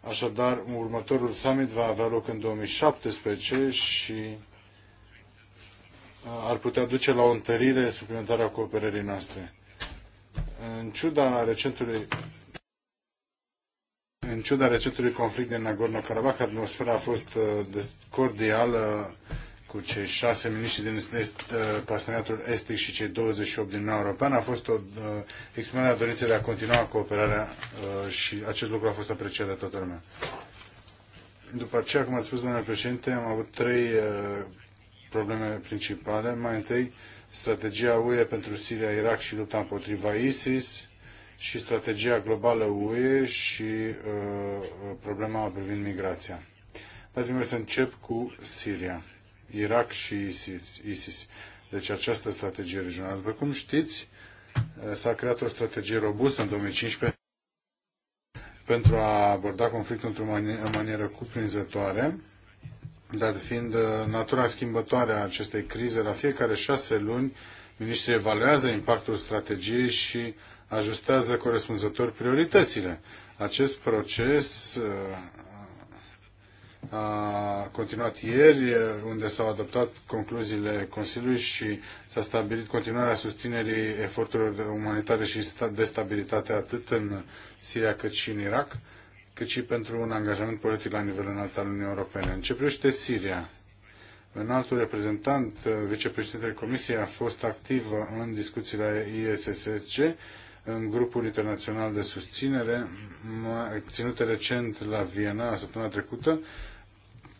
Așadar, următorul summit va avea loc în 2017 și uh, ar putea duce la o întărire suplimentară a cooperării noastre. În ciuda recentului în ciuda recentului conflict din Nagorno-Karabakh, atmosfera a fost uh, cordială cu cei șase miniștri din est, uh, parteneriatul estic și cei 28 din Uniunea Europeană. A fost o uh, exprimare a dorinței de a continua cooperarea și acest lucru a fost apreciat de toată lumea. După aceea, cum ați spus, domnule președinte, am avut trei probleme principale. Mai întâi, strategia UE pentru Siria, Irak și lupta împotriva ISIS și strategia globală UE și uh, problema privind migrația. Dați-mi să încep cu Siria, Irak și ISIS. ISIS. Deci această strategie regională. După cum știți, uh, s-a creat o strategie robustă în 2015 pentru a aborda conflictul într-o manieră cuprinzătoare, dar fiind uh, natura schimbătoare a acestei crize, la fiecare șase luni, ministrii evaluează impactul strategiei și ajustează corespunzător prioritățile. Acest proces uh, a continuat ieri, unde s-au adoptat concluziile Consiliului și s-a stabilit continuarea susținerii eforturilor umanitare și de stabilitate atât în Siria cât și în Irak, cât și pentru un angajament politic la nivel înalt al Uniunii Europene. În ce privește Siria, în altul reprezentant, uh, vicepreședintele Comisiei, a fost activ în discuțiile ISSC în grupul internațional de susținere ținut recent la Viena săptămâna trecută,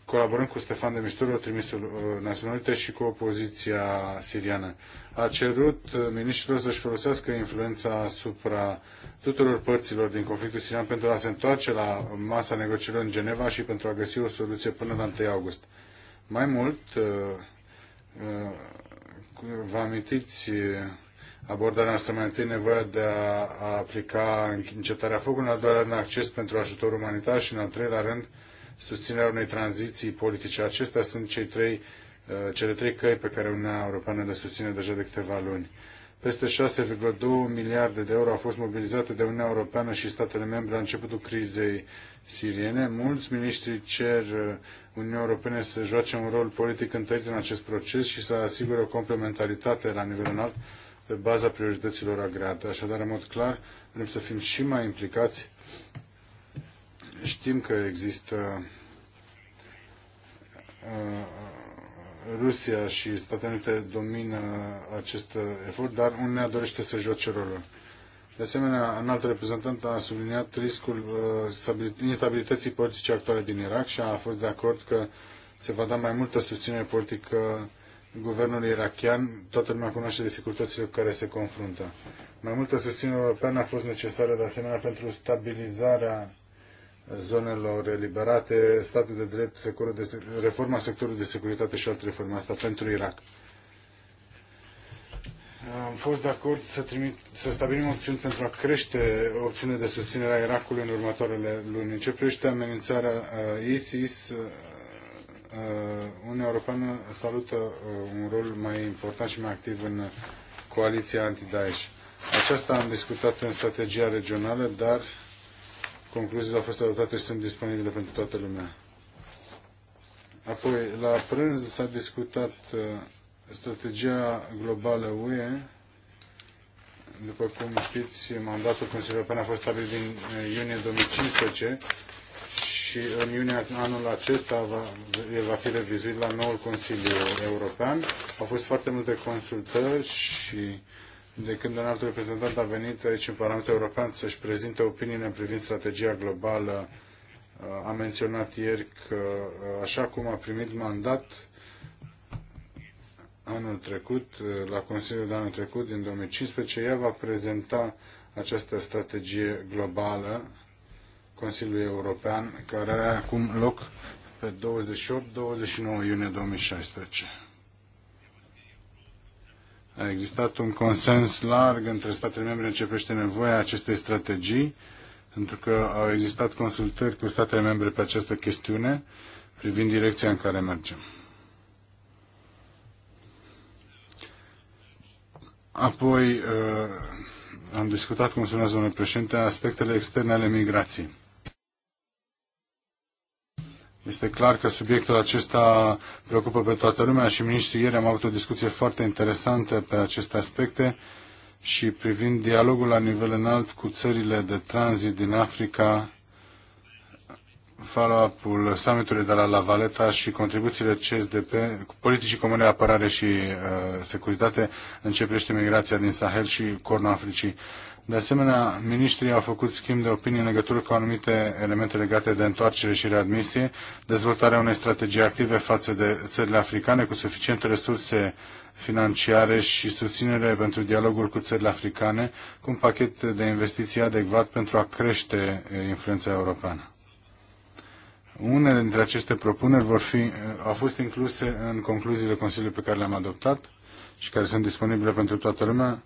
colaborând cu Stefan de Misturu, trimisul uh, Națiunilor Unite și cu opoziția siriană. A cerut uh, miniștrilor să-și folosească influența asupra tuturor părților din conflictul sirian pentru a se întoarce la masa negocierilor în Geneva și pentru a găsi o soluție până la 1 august. Mai mult, uh, vă amintiți abordarea noastră mai întâi nevoia de a, a aplica încetarea focului, în al doilea rând acces pentru ajutor umanitar și în al treilea rând susținerea unei tranziții politice. Acestea sunt cei trei, uh, cele trei căi pe care Uniunea Europeană le susține deja de câteva luni. Peste 6,2 miliarde de euro au fost mobilizate de Uniunea Europeană și statele membre la începutul crizei siriene. Mulți miniștri cer uh, Uniunea Europene să joace un rol politic întărit în acest proces și să asigure o complementaritate la nivel înalt pe baza priorităților agreate. Așadar, în mod clar, vrem să fim și mai implicați. Știm că există uh, Rusia și Statele Unite domină acest efort, dar Uniunea dorește să joace rolul. De asemenea, un alt reprezentant a subliniat riscul uh, instabilității politice actuale din Irak și a fost de acord că se va da mai multă susținere politică guvernul irachian, toată lumea cunoaște dificultățile cu care se confruntă. Mai multă susținere europeană a fost necesară de asemenea pentru stabilizarea zonelor eliberate, statul de drept, de, reforma sectorului de securitate și alte reforme. Asta pentru Irak. Am fost de acord să, trimit, să stabilim opțiuni pentru a crește opțiunea de susținere a Irakului în următoarele luni. În ce privește amenințarea uh, ISIS, uh, Uh, Uniunea Europeană salută uh, un rol mai important și mai activ în coaliția anti-Daesh. Aceasta am discutat în strategia regională, dar concluziile au fost adoptate și sunt disponibile pentru toată lumea. Apoi, la prânz s-a discutat uh, strategia globală UE. După cum știți, mandatul Consiliului European a fost stabilit din iunie 2015 și în iunie anul acesta va, el va fi revizuit la noul Consiliu European. Au fost foarte multe consultări și de când un alt reprezentant a venit aici în Parlamentul European să-și prezinte opiniile privind strategia globală, a menționat ieri că așa cum a primit mandat anul trecut, la Consiliul de anul trecut, din 2015, ea va prezenta această strategie globală Consiliului European, care are acum loc pe 28-29 iunie 2016. A existat un consens larg între statele membre în ce privește nevoia acestei strategii, pentru că au existat consultări cu statele membre pe această chestiune, privind direcția în care mergem. Apoi, uh, am discutat, cum spunea domnul președinte, aspectele externe ale migrației. Este clar că subiectul acesta preocupă pe toată lumea și ministrii ieri am avut o discuție foarte interesantă pe aceste aspecte și privind dialogul la nivel înalt cu țările de tranzit din Africa, follow-up-ul summitului de la La Valeta și contribuțiile CSDP, politicii comune apărare și uh, securitate, începește migrația din Sahel și Cornul Africii. De asemenea, ministrii au făcut schimb de opinie în legătură cu anumite elemente legate de întoarcere și readmisie, dezvoltarea unei strategii active față de țările africane cu suficiente resurse financiare și susținere pentru dialogul cu țările africane, cu un pachet de investiții adecvat pentru a crește influența europeană. Unele dintre aceste propuneri vor fi, au fost incluse în concluziile Consiliului pe care le-am adoptat și care sunt disponibile pentru toată lumea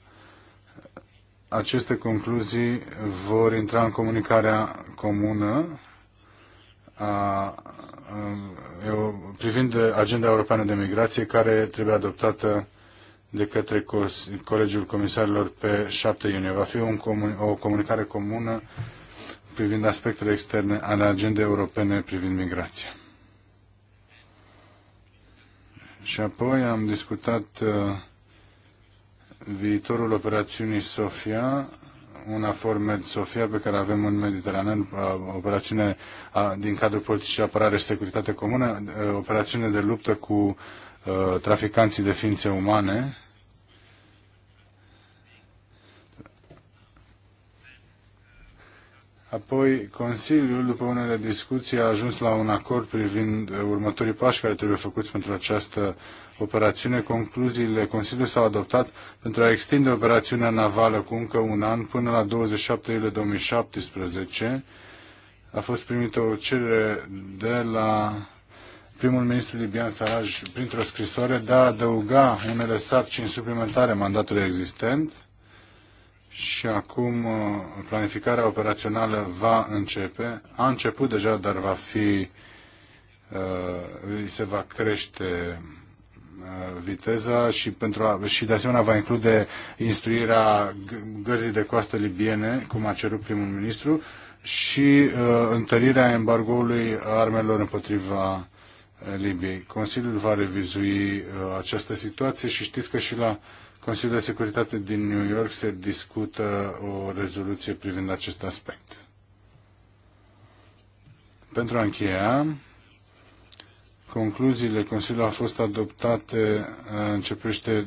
aceste concluzii vor intra în comunicarea comună a, a, eu, privind agenda europeană de migrație care trebuie adoptată de către Colegiul Comisarilor pe 7 iunie. Va fi un comun, o comunicare comună privind aspectele externe ale agendei europene privind migrația. Și apoi am discutat uh, viitorul operațiunii Sofia, una formă de Sofia pe care avem în Mediterană, operațiune din cadrul politicii apărare și securitate comună, operațiune de luptă cu traficanții de ființe umane, Apoi, Consiliul, după unele discuții, a ajuns la un acord privind următorii pași care trebuie făcuți pentru această operațiune. Concluziile Consiliului s-au adoptat pentru a extinde operațiunea navală cu încă un an până la 27 iulie 2017. A fost primită o cerere de la primul ministru libian Saraj printr-o scrisoare de a adăuga unele sarcini suplimentare mandatului existent și acum uh, planificarea operațională va începe. A început deja, dar va fi, uh, se va crește uh, viteza și, pentru a, și de asemenea va include instruirea gărzii de coastă libiene, cum a cerut primul ministru, și uh, întărirea embargoului armelor împotriva Libiei. Consiliul va revizui uh, această situație și știți că și la uh, Consiliul de Securitate din New York se discută o rezoluție privind acest aspect. Pentru a încheia, concluziile Consiliului au fost adoptate uh, în ce privește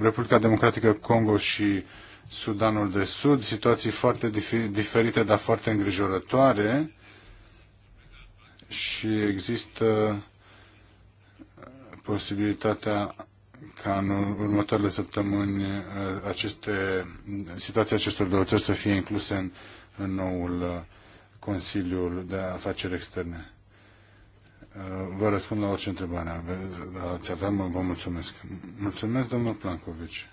Republica Democratică Congo și Sudanul de Sud, situații foarte diferite, dar foarte îngrijorătoare și există posibilitatea ca în următoarele săptămâni uh, aceste, situația acestor două țări să fie incluse în, în noul uh, Consiliu de Afaceri Externe. Uh, vă răspund la orice întrebare ați avea, mă, vă mulțumesc. Mulțumesc, domnul Plancovici.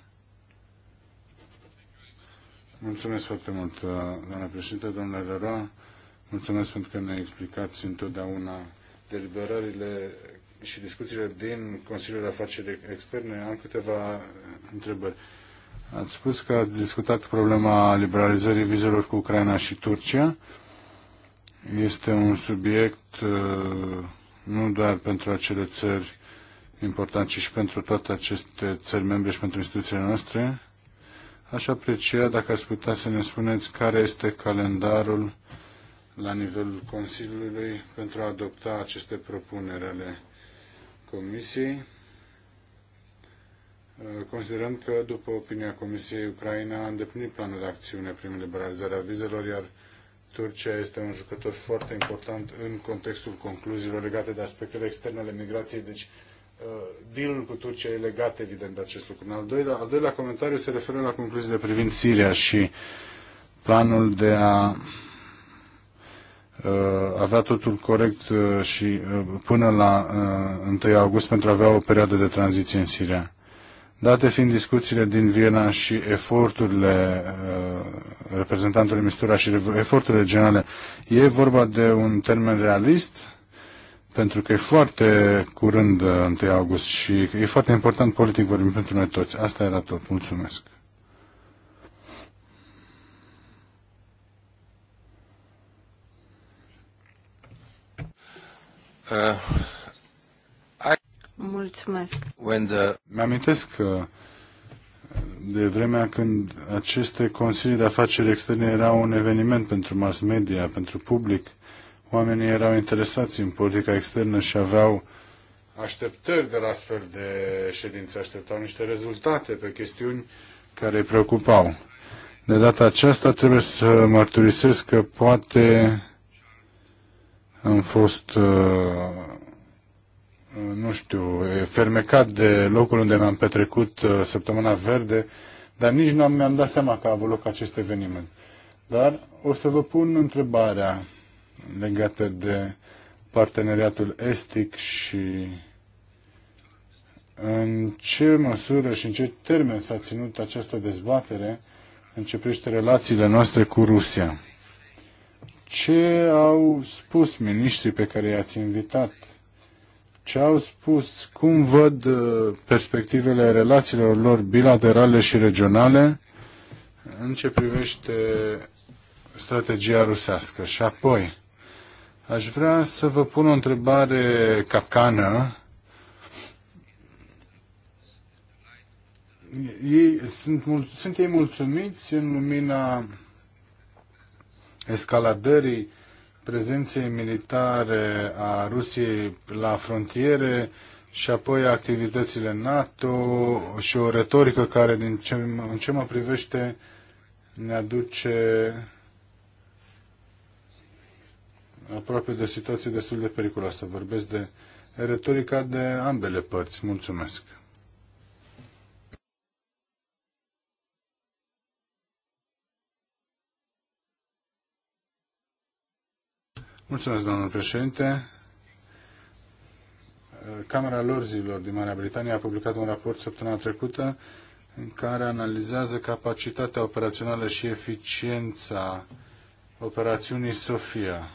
Mulțumesc foarte mult, doamna președinte, domnule Leroy. Mulțumesc pentru că ne explicați întotdeauna deliberările și discuțiile din Consiliul de Afaceri Externe, am câteva eh, întrebări. Ați spus că ați discutat problema liberalizării vizelor cu Ucraina și Turcia. Este un subiect eh, nu doar pentru acele țări important, ci și pentru toate aceste țări membre și pentru instituțiile noastre. Aș aprecia dacă ați putea să ne spuneți care este calendarul la nivelul Consiliului pentru a adopta aceste propuneri ale Comisiei. Uh, considerăm că, după opinia Comisiei, Ucraina a îndeplinit planul de acțiune prin liberalizarea vizelor, iar Turcia este un jucător foarte important în contextul concluziilor legate de aspectele externe ale migrației. Deci, uh, dealul cu Turcia e legat, evident, de acest lucru. Al doilea, al doilea comentariu se referă la concluziile privind Siria și planul de a Uh, avea totul corect uh, și uh, până la 1 august pentru a avea o perioadă de tranziție în Siria. Date fiind discuțiile din Viena și eforturile reprezentantului Mistura și eforturile generale, e vorba de un termen realist? Pentru că e foarte curând 1 august și e foarte important politic vorbim pentru noi toți. Asta era tot. Mulțumesc. Uh, Mulțumesc. Mi-amintesc că de vremea când aceste consilii de afaceri externe erau un eveniment pentru mass media, pentru public, oamenii erau interesați în politica externă și aveau așteptări de la astfel de ședințe, așteptau niște rezultate pe chestiuni care îi preocupau. De data aceasta trebuie să mărturisesc că poate am fost, uh, nu știu, fermecat de locul unde mi-am petrecut uh, săptămâna verde, dar nici nu mi-am dat seama că a avut loc acest eveniment. Dar o să vă pun întrebarea legată de parteneriatul estic și în ce măsură și în ce termen s-a ținut această dezbatere în ce privește relațiile noastre cu Rusia ce au spus miniștrii pe care i-ați invitat? Ce au spus? Cum văd uh, perspectivele relațiilor lor bilaterale și regionale în ce privește strategia rusească? Și apoi, aș vrea să vă pun o întrebare capcană. Ei, sunt, sunt ei mulțumiți în lumina escaladării prezenței militare a Rusiei la frontiere și apoi activitățile NATO și o retorică care, din ce, în ce mă privește, ne aduce aproape de o situație destul de periculoasă. Vorbesc de retorica de ambele părți. Mulțumesc. Mulțumesc, domnul președinte. Camera Lorzilor din Marea Britanie a publicat un raport săptămâna trecută în care analizează capacitatea operațională și eficiența operațiunii Sofia,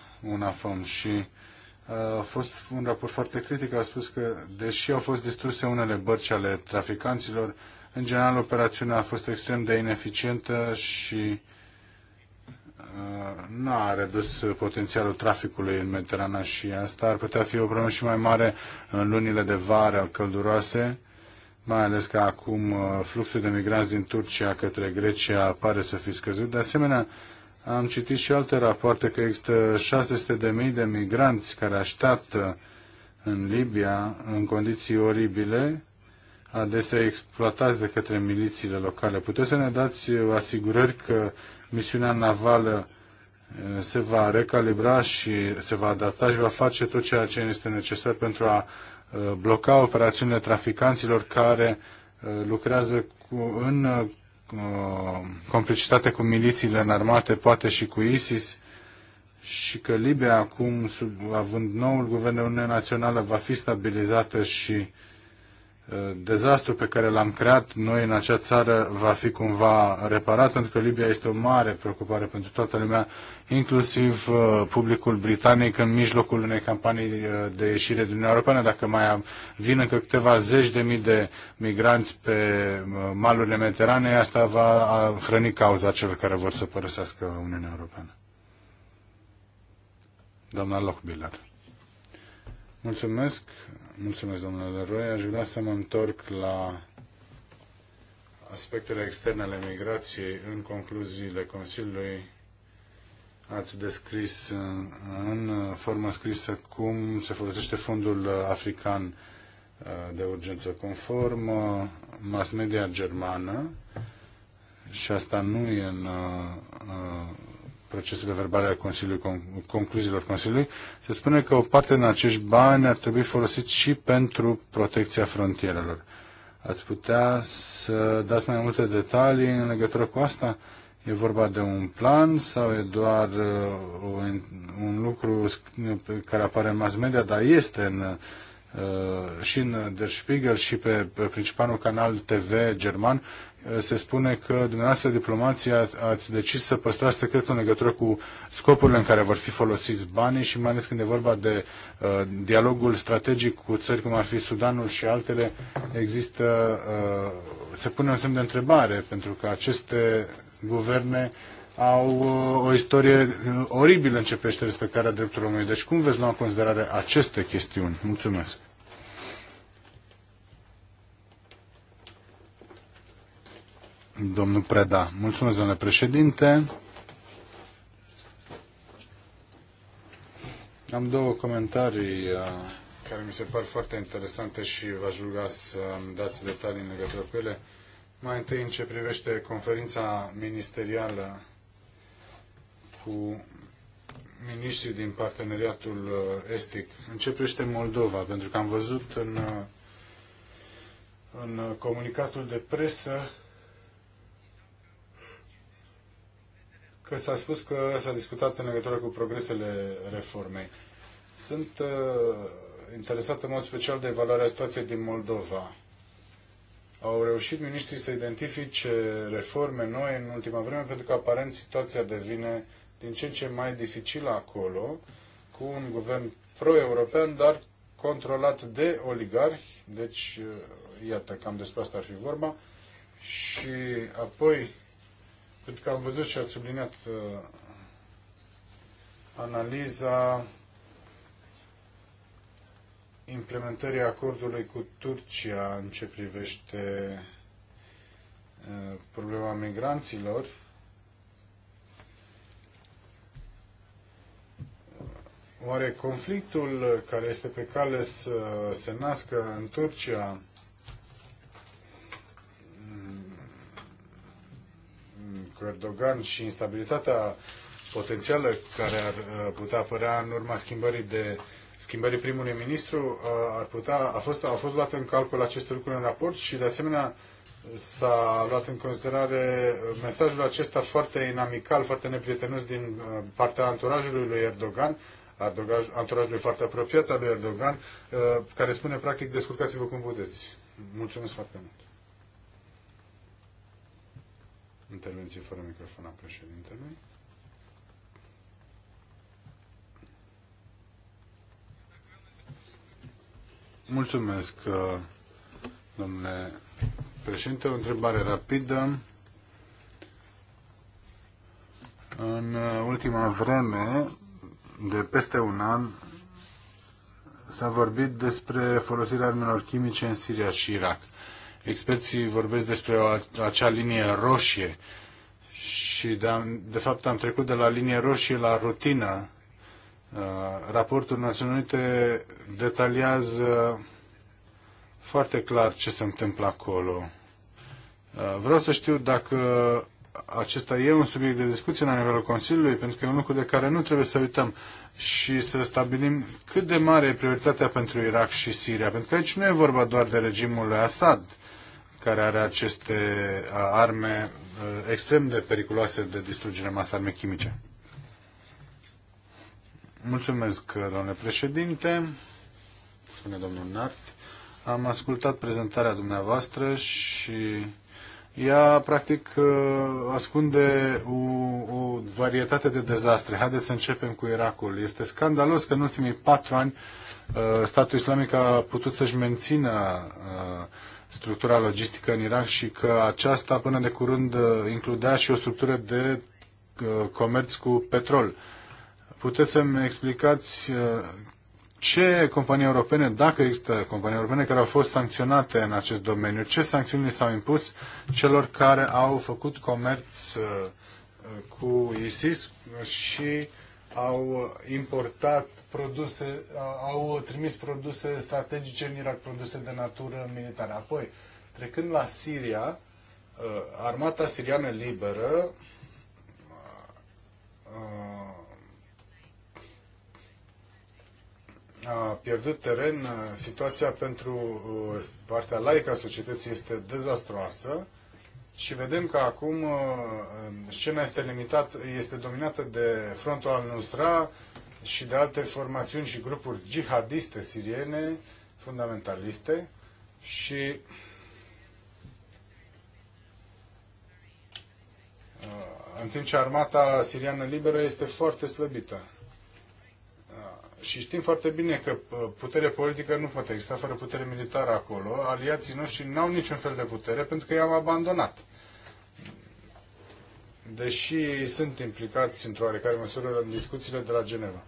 fom și uh, a fost un raport foarte critic, a spus că, deși au fost distruse unele bărci ale traficanților, în general operațiunea a fost extrem de ineficientă și nu a redus potențialul traficului în Mediterana și asta ar putea fi o problemă și mai mare în lunile de vară călduroase, mai ales că acum uh, fluxul de migranți din Turcia către Grecia pare să fi scăzut. De asemenea, am citit și alte rapoarte că există 600.000 de migranți care așteaptă în Libia în condiții oribile, adesea exploatați de către milițiile locale. Puteți să ne dați uh, asigurări că misiunea navală se va recalibra și se va adapta și va face tot ceea ce este necesar pentru a bloca operațiunile traficanților care lucrează cu, în complicitate cu milițiile înarmate, poate și cu ISIS, și că Libia, acum, sub, având noul guvern de Națională, va fi stabilizată și dezastru pe care l-am creat noi în acea țară va fi cumva reparat, pentru că Libia este o mare preocupare pentru toată lumea, inclusiv uh, publicul britanic în mijlocul unei campanii uh, de ieșire din Uniunea Europeană. Dacă mai vin încă câteva zeci de mii de migranți pe uh, malurile mediterane, asta va hrăni cauza celor care vor să părăsească Uniunea Europeană. Doamna Lochbiller. Mulțumesc. Mulțumesc, domnule Leroy. Aș vrea să mă întorc la aspectele externe ale migrației în concluziile Consiliului ați descris în formă scrisă cum se folosește fondul african uh, de urgență conform uh, mass media germană și asta nu e în uh, procesele verbale ale Consiliului, concluziilor Consiliului, se spune că o parte din acești bani ar trebui folosit și pentru protecția frontierelor. Ați putea să dați mai multe detalii în legătură cu asta? E vorba de un plan sau e doar un, uh, un lucru care apare în mass media, dar este în, uh, și în Der Spiegel și pe, pe principalul canal TV german se spune că dumneavoastră diplomația ați decis să păstrați secretul în legătură cu scopurile în care vor fi folosiți banii și mai ales când e vorba de uh, dialogul strategic cu țări cum ar fi Sudanul și altele, există, uh, se pune un semn de întrebare pentru că aceste guverne au uh, o istorie uh, oribilă în ce privește respectarea drepturilor omului. Deci cum veți lua în considerare aceste chestiuni? Mulțumesc! Domnul Preda. Mulțumesc, domnule președinte. Am două comentarii uh, care mi se par foarte interesante și v-aș ruga să îmi dați detalii în legătură cu ele. Mai întâi, în ce privește conferința ministerială cu miniștrii din parteneriatul uh, estic, în ce privește Moldova, pentru că am văzut în, uh, în comunicatul de presă că s-a spus că s-a discutat în legătură cu progresele reformei. Sunt uh, interesat în mod special de evaluarea situației din Moldova. Au reușit miniștrii să identifice reforme noi în ultima vreme, pentru că aparent situația devine din ce în ce mai dificilă acolo, cu un guvern pro-european, dar controlat de oligarhi, deci uh, iată, cam despre asta ar fi vorba, și apoi pentru că am văzut și ați subliniat uh, analiza implementării acordului cu Turcia în ce privește uh, problema migranților. Oare conflictul care este pe cale să se nască în Turcia cu Erdogan și instabilitatea potențială care ar uh, putea apărea în urma schimbării de schimbării primului ministru uh, ar putea, a fost, a fost luat în calcul aceste lucruri în raport și de asemenea s-a luat în considerare mesajul acesta foarte inamical, foarte neprietenos din uh, partea anturajului lui Erdogan, anturajului foarte apropiat al lui Erdogan, care spune practic descurcați-vă cum puteți. Mulțumesc foarte mult. Intervenție fără microfon a președintelui. Mulțumesc, uh, domnule președinte. O întrebare rapidă. În uh, ultima vreme, de peste un an, s-a vorbit despre folosirea armelor chimice în Siria și Irak. Experții vorbesc despre o, acea linie roșie și de, de fapt am trecut de la linie roșie la rutină. Uh, raportul Națiunilor Unite detaliază foarte clar ce se întâmplă acolo. Uh, vreau să știu dacă acesta e un subiect de discuție la nivelul Consiliului, pentru că e un lucru de care nu trebuie să uităm și să stabilim cât de mare e prioritatea pentru Irak și Siria. Pentru că aici nu e vorba doar de regimul lui Assad care are aceste uh, arme uh, extrem de periculoase de distrugere masă, arme chimice. Mulțumesc, domnule președinte, spune domnul Nart. Am ascultat prezentarea dumneavoastră și ea, practic, uh, ascunde o, o varietate de dezastre. Haideți să începem cu Irakul. Este scandalos că în ultimii patru ani statul islamic a putut să-și mențină structura logistică în Irak și că aceasta până de curând uh, includea și o structură de uh, comerț cu petrol. Puteți să-mi explicați uh, ce companii europene, dacă există companii europene care au fost sancționate în acest domeniu, ce sancțiuni s-au impus celor care au făcut comerț cu ISIS și au importat produse, au trimis produse strategice în Irak, produse de natură militară. Apoi, trecând la Siria, armata siriană liberă a pierdut teren, situația pentru uh, partea laică a societății este dezastroasă și vedem că acum uh, scena este limitată, este dominată de frontul al Nusra și de alte formațiuni și grupuri jihadiste siriene, fundamentaliste și uh, în timp ce armata siriană liberă este foarte slăbită. Și știm foarte bine că uh, putere politică nu poate exista fără putere militară acolo. Aliații noștri nu au niciun fel de putere pentru că i-am abandonat. Deși ei sunt implicați într-o oarecare măsură în discuțiile de la Geneva.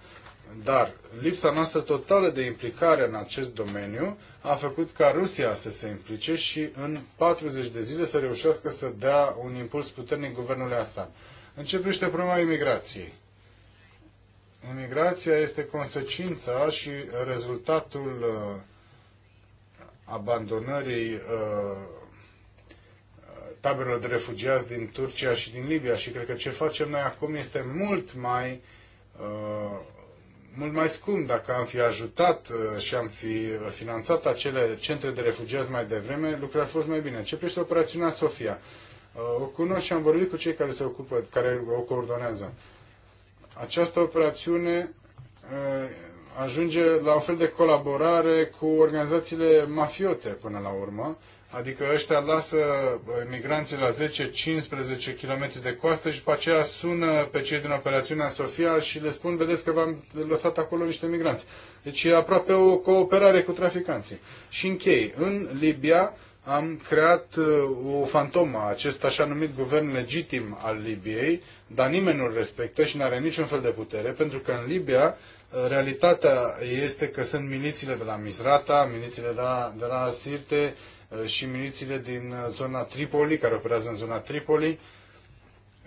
Dar lipsa noastră totală de implicare în acest domeniu a făcut ca Rusia să se implice și în 40 de zile să reușească să dea un impuls puternic guvernului Assad. Începește problema imigrației, Imigrația este consecința și rezultatul uh, abandonării uh, taberelor de refugiați din Turcia și din Libia și cred că ce facem noi acum este mult mai uh, mult mai scump dacă am fi ajutat și am fi finanțat acele centre de refugiați mai devreme, lucrurile ar fost mai bine. Ce privește operațiunea Sofia? O cunosc și am vorbit cu cei care se ocupă, care o coordonează. Această operațiune ajunge la un fel de colaborare cu organizațiile mafiote până la urmă, adică ăștia lasă migranții la 10-15 km de coastă și după aceea sună pe cei din operațiunea Sofia și le spun, vedeți că v-am lăsat acolo niște migranți. Deci e aproape o cooperare cu traficanții. Și închei. În Libia, am creat uh, o fantomă, acest așa numit guvern legitim al Libiei, dar nimeni nu-l respectă și nu are niciun fel de putere, pentru că în Libia uh, realitatea este că sunt milițiile de la Misrata, milițiile de la, de la Sirte uh, și milițiile din zona Tripoli, care operează în zona Tripoli,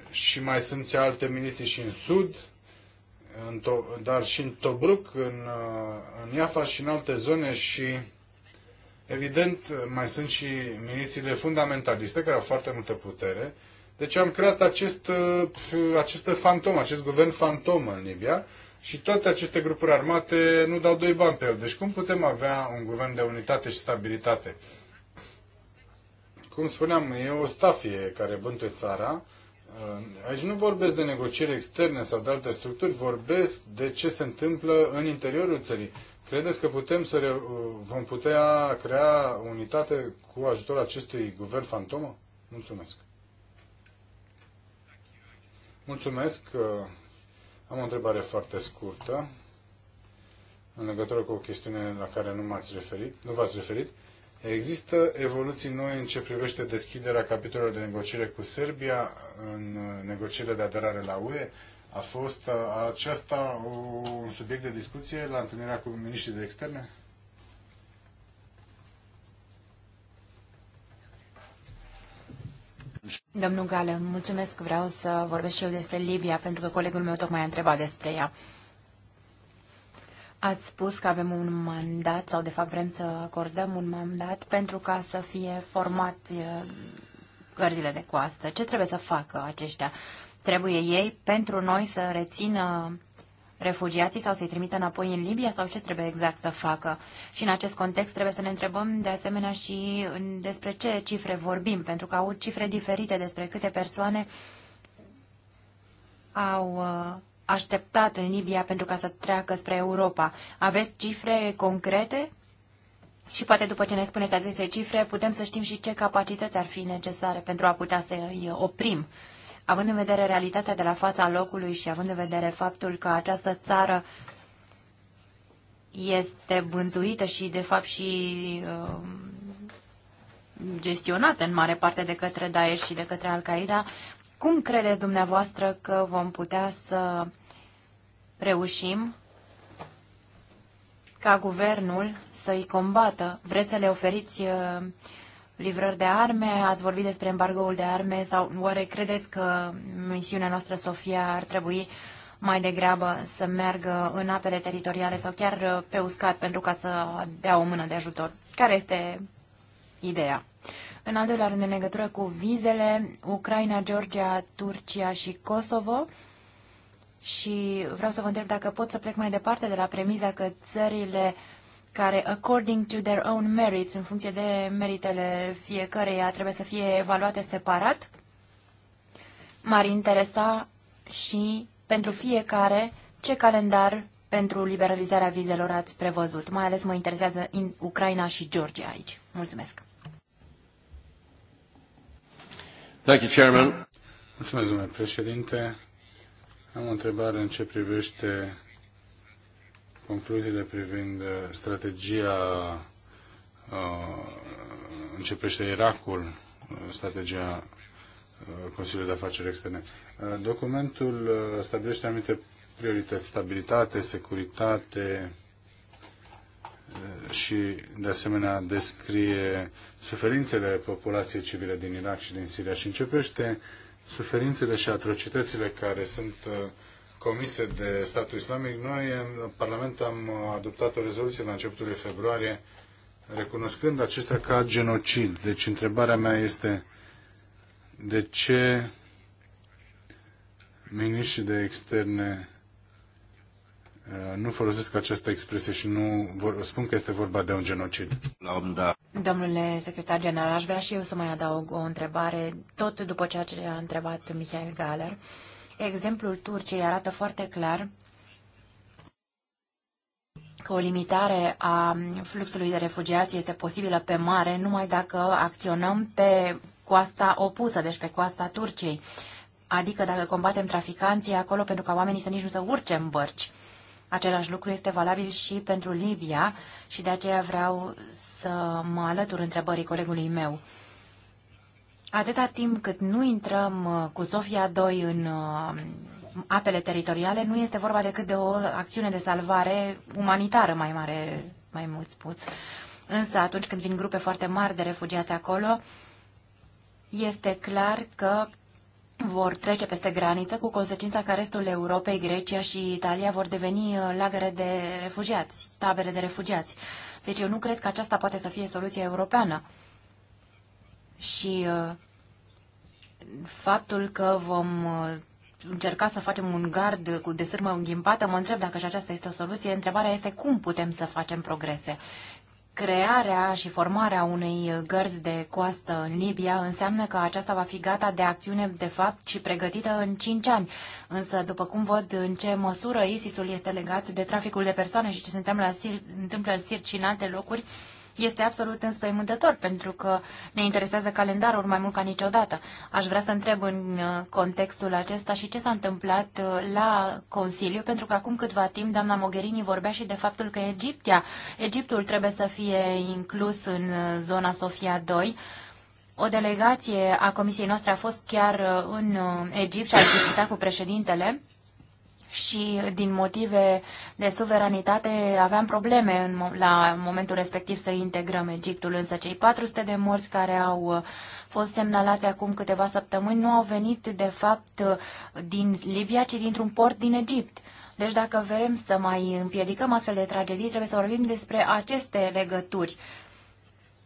și mai sunt și alte miliții și în sud, în to- dar și în Tobruk, în, în Iafa și în alte zone și Evident, mai sunt și milițiile fundamentaliste, care au foarte multă putere. Deci am creat acest, uh, acest fantom, acest guvern fantomă în Libia și toate aceste grupuri armate nu dau doi bani pe el. Deci cum putem avea un guvern de unitate și stabilitate? Cum spuneam, e o stafie care bântuie țara. Uh, aici nu vorbesc de negocieri externe sau de alte structuri, vorbesc de ce se întâmplă în interiorul țării. Credeți că putem să vom putea crea unitate cu ajutorul acestui guvern fantomă? Mulțumesc. Mulțumesc. Am o întrebare foarte scurtă în legătură cu o chestiune la care nu m-ați referit, nu v-ați referit. Există evoluții noi în ce privește deschiderea capitolului de negociere cu Serbia în negocierile de aderare la UE? A fost acesta un subiect de discuție la întâlnirea cu miniștrii de externe? Domnul Gale, mulțumesc. Vreau să vorbesc și eu despre Libia, pentru că colegul meu tocmai a întrebat despre ea. Ați spus că avem un mandat, sau de fapt vrem să acordăm un mandat pentru ca să fie format gărzile de coastă. Ce trebuie să facă aceștia? Trebuie ei pentru noi să rețină refugiații sau să-i trimită înapoi în Libia sau ce trebuie exact să facă. Și în acest context trebuie să ne întrebăm de asemenea și despre ce cifre vorbim, pentru că au cifre diferite despre câte persoane au uh, așteptat în Libia pentru ca să treacă spre Europa. Aveți cifre concrete? Și poate după ce ne spuneți aceste cifre, putem să știm și ce capacități ar fi necesare pentru a putea să îi oprim având în vedere realitatea de la fața locului și având în vedere faptul că această țară este bântuită și, de fapt, și um, gestionată în mare parte de către Daesh și de către Al-Qaeda, cum credeți dumneavoastră că vom putea să reușim ca guvernul să-i combată? Vreți să le oferiți uh, livrări de arme, ați vorbit despre embargoul de arme sau oare credeți că misiunea noastră Sofia ar trebui mai degrabă să meargă în apele teritoriale sau chiar uh, pe uscat pentru ca să dea o mână de ajutor? Care este ideea? În al doilea rând, în legătură cu vizele, Ucraina, Georgia, Turcia și Kosovo, și vreau să vă întreb dacă pot să plec mai departe de la premiza că țările care, according to their own merits, în funcție de meritele fiecăreia, trebuie să fie evaluate separat. M-ar interesa și pentru fiecare ce calendar pentru liberalizarea vizelor ați prevăzut. Mai ales mă interesează în Ucraina și Georgia aici. Mulțumesc. Thank you, Chairman. Mulțumesc, domnule președinte. Am o întrebare în ce privește concluziile privind uh, strategia uh, începește Irakul, uh, strategia Consiliului de Afaceri Externe. Documentul stabilește anumite priorități, stabilitate, securitate și, de asemenea, descrie suferințele populației civile din Irak și din Siria și începește suferințele și atrocitățile care sunt uh, comise de statul islamic, noi în Parlament am adoptat o rezoluție la începutul februarie recunoscând acestea ca genocid. Deci întrebarea mea este de ce miniștrii de externe uh, nu folosesc această expresie și nu vor, spun că este vorba de un genocid. Domnule secretar general, aș vrea și eu să mai adaug o întrebare, tot după ceea ce a întrebat Michael Galer. Uh, Exemplul Turciei arată foarte clar că o limitare a fluxului de refugiați este posibilă pe mare numai dacă acționăm pe coasta opusă, deci pe coasta Turciei. Adică dacă combatem traficanții acolo pentru ca oamenii să nici nu să urce în bărci. Același lucru este valabil și pentru Libia și de aceea vreau să mă alătur întrebării colegului meu. Atâta timp cât nu intrăm uh, cu Sofia 2 în uh, apele teritoriale, nu este vorba decât de o acțiune de salvare umanitară mai mare, mai mult spus. Însă atunci când vin grupe foarte mari de refugiați acolo, este clar că vor trece peste graniță cu consecința că restul Europei, Grecia și Italia vor deveni uh, lagăre de refugiați, tabere de refugiați. Deci eu nu cred că aceasta poate să fie soluția europeană și uh, faptul că vom uh, încerca să facem un gard cu de sârmă înghimpată, mă întreb dacă și aceasta este o soluție. Întrebarea este cum putem să facem progrese. Crearea și formarea unei gărzi de coastă în Libia înseamnă că aceasta va fi gata de acțiune de fapt și pregătită în 5 ani. Însă, după cum văd în ce măsură ISIS-ul este legat de traficul de persoane și ce se întâmplă, întâmplă în Sir și în alte locuri, uh, este absolut înspăimântător pentru că ne interesează calendarul mai mult ca niciodată. Aș vrea să întreb în uh, contextul acesta și ce s-a întâmplat uh, la Consiliu, pentru că acum câtva timp doamna Mogherini vorbea și de faptul că Egiptia, Egiptul trebuie să fie inclus în uh, zona Sofia 2. O delegație a comisiei noastre a fost chiar în Egipt și a discutat cu președintele și uh, din motive de suveranitate aveam probleme în, la momentul respectiv să integrăm Egiptul, însă cei 400 de morți care au uh, fost semnalați acum câteva săptămâni nu au venit de fapt uh, din Libia, ci dintr-un port din Egipt. Deci dacă vrem să mai împiedicăm astfel de tragedii, trebuie să vorbim despre aceste legături.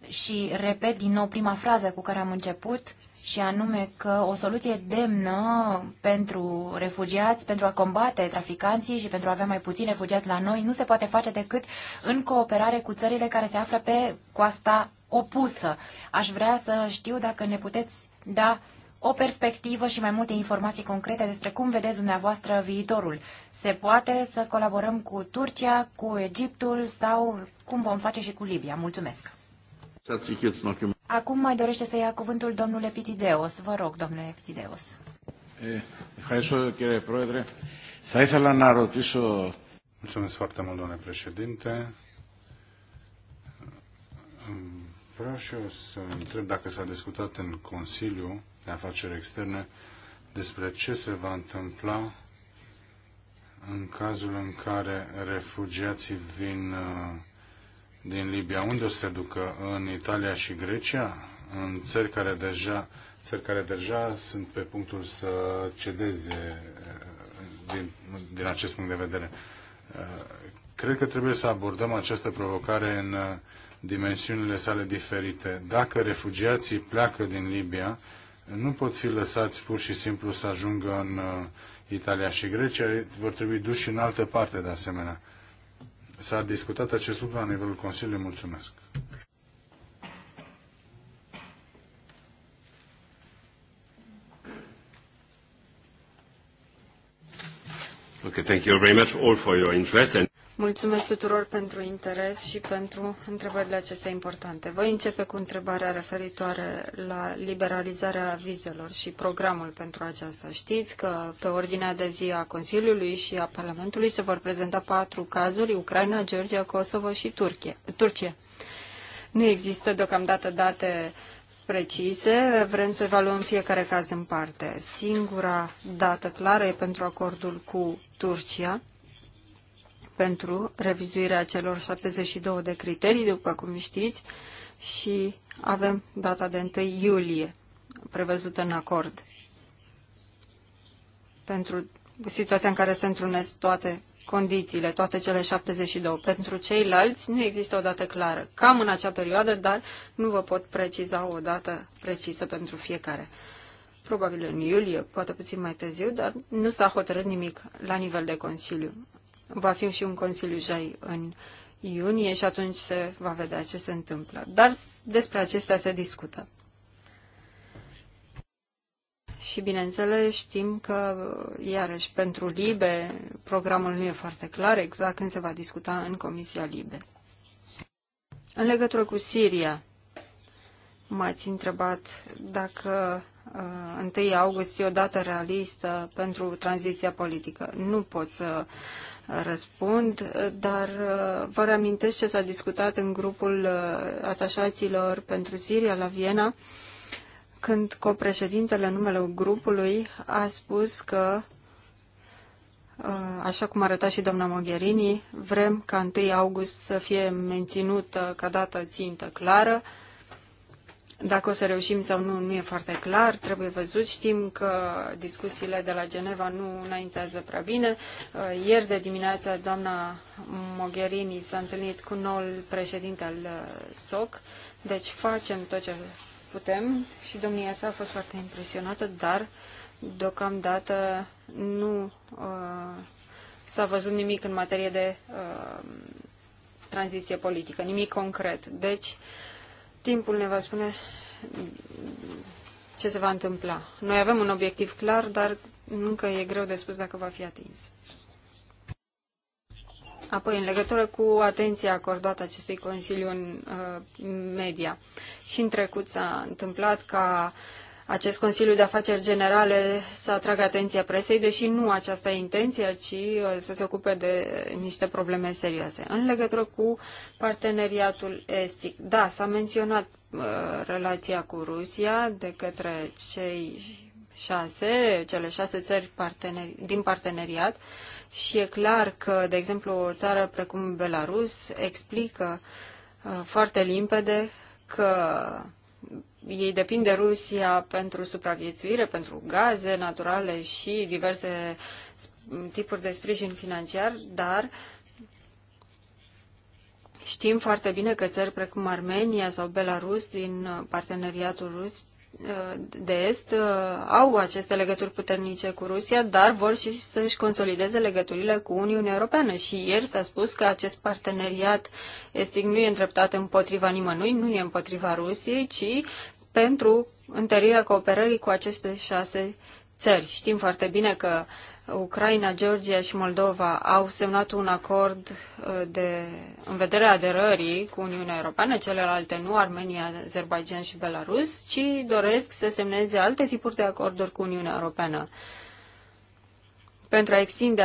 Și repet din nou prima frază cu care am început, și anume că o soluție demnă pentru refugiați, pentru a combate traficanții și pentru a avea mai puțini refugiați la noi, nu se poate face decât în cooperare cu țările care se află pe coasta opusă. Aș vrea să știu dacă ne puteți da o perspectivă și mai multe informații concrete despre cum vedeți dumneavoastră viitorul. Se poate să colaborăm cu Turcia, cu Egiptul sau cum vom face și cu Libia. Mulțumesc! Acum mai dorește să ia cuvântul domnul Epitideos. Vă rog, domnule Epitideos. Ευχαριστώ κύριε Πρόεδρε. Θα ήθελα να ρωτήσω... Mulțumesc foarte mult, domnule președinte. Vreau și eu să întreb dacă s-a discutat în Consiliu de Afaceri Externe despre ce se va întâmpla în cazul în care refugiații vin uh, din Libia, unde o să se ducă? În Italia și Grecia? În țări care deja, țări care deja sunt pe punctul să cedeze eh, din, din acest punct de vedere. Eh, cred că trebuie să abordăm această provocare în eh, dimensiunile sale diferite. Dacă refugiații pleacă din Libia, nu pot fi lăsați pur și simplu să ajungă în Italia și Grecia, vor trebui duși în altă parte de asemenea s-a discutat acest lucru la nivelul Consiliului. Mulțumesc! Okay, thank you very much all for your interest and Mulțumesc tuturor pentru interes și pentru întrebările acestea importante. Voi începe cu întrebarea referitoare la liberalizarea vizelor și programul pentru aceasta. Știți că pe ordinea de zi a Consiliului și a Parlamentului se vor prezenta patru cazuri, Ucraina, Georgia, Kosovo și Turcie. Turcia. Nu există deocamdată date precise, vrem să evaluăm fiecare caz în parte. Singura dată clară e pentru acordul cu Turcia, pentru revizuirea celor 72 de criterii, după cum știți, și avem data de 1 iulie prevăzută în acord pentru situația în care se întrunesc toate condițiile, toate cele 72. Pentru ceilalți nu există o dată clară, cam în acea perioadă, dar nu vă pot preciza o dată precisă pentru fiecare. Probabil în iulie, poate puțin mai târziu, dar nu s-a hotărât nimic la nivel de Consiliu va fi și un Consiliu Jai în iunie și atunci se va vedea ce se întâmplă. Dar despre acestea se discută. Și bineînțeles știm că, iarăși, pentru LIBE, programul nu e foarte clar exact când se va discuta în Comisia LIBE. În legătură cu Siria, m-ați întrebat dacă 1 uh, august e o dată realistă pentru tranziția politică. Nu pot să uh, răspund, uh, dar vă reamintesc ce s-a discutat în grupul atașaților pentru Siria la Viena, când copreședintele numele grupului a spus că așa cum arăta și doamna Mogherini, vrem ca 1 august să fie menținută ca dată țintă clară, dacă o să reușim sau nu, nu e foarte clar, trebuie văzut. Știm că discuțiile de la Geneva nu înaintează prea bine. Uh, ieri de dimineață doamna Mogherini s-a întâlnit cu noul președinte al uh, SOC, deci facem tot ce putem și domnia sa a fost foarte impresionată, dar deocamdată nu uh, s-a văzut nimic în materie de uh, tranziție politică, nimic concret. Deci, uh, timpul ne va spune ce se va întâmpla. Noi avem un obiectiv clar, dar încă e greu de spus dacă va fi atins. Apoi, în legătură cu atenția acordată acestui Consiliu în uh, media. Și în trecut s-a întâmplat ca uh, acest Consiliu de Afaceri Generale să atragă atenția presei, deși nu aceasta e intenția, ci uh, să se ocupe de niște probleme serioase. În legătură cu parteneriatul estic, da, s-a menționat uh, relația cu Rusia de către cei șase, cele șase țări parteneri, din parteneriat și e clar că, de exemplu, o țară precum Belarus explică uh, foarte limpede că ei depind de Rusia pentru supraviețuire, pentru gaze naturale și diverse tipuri de sprijin financiar, dar știm foarte bine că țări precum Armenia sau Belarus din parteneriatul rus de est au aceste legături puternice cu Rusia, dar vor și să-și consolideze legăturile cu Uniunea Europeană. Și ieri s-a spus că acest parteneriat estic nu e îndreptat împotriva nimănui, nu e împotriva Rusiei, ci pentru întărirea cooperării cu aceste șase țări. Știm foarte bine că Ucraina, Georgia și Moldova au semnat un acord uh, de, în vederea aderării cu Uniunea Europeană, celelalte nu, Armenia, Azerbaijan și Belarus, ci doresc să semneze alte tipuri de acorduri cu Uniunea Europeană pentru a extinde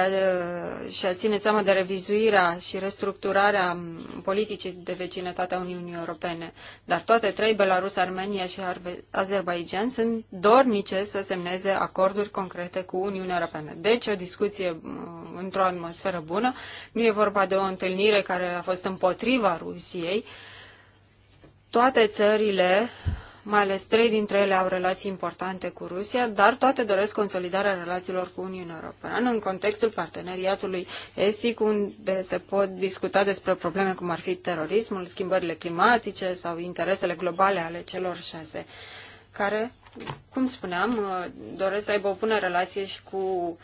și a ține seama de revizuirea și restructurarea politicii de vecinătate a Uniunii Europene. Dar toate trei, Belarus, Armenia și Azerbaijan, sunt dornice să semneze acorduri concrete cu Uniunea Europeană. Deci, o discuție într-o atmosferă bună. Nu e vorba de o întâlnire care a fost împotriva Rusiei. Toate țările mai ales trei dintre ele au relații importante cu Rusia, dar toate doresc consolidarea relațiilor cu Uniunea Europeană în contextul parteneriatului estic, unde se pot discuta despre probleme cum ar fi terorismul, schimbările climatice sau interesele globale ale celor șase, care, cum spuneam, uh, doresc să aibă o bună relație și cu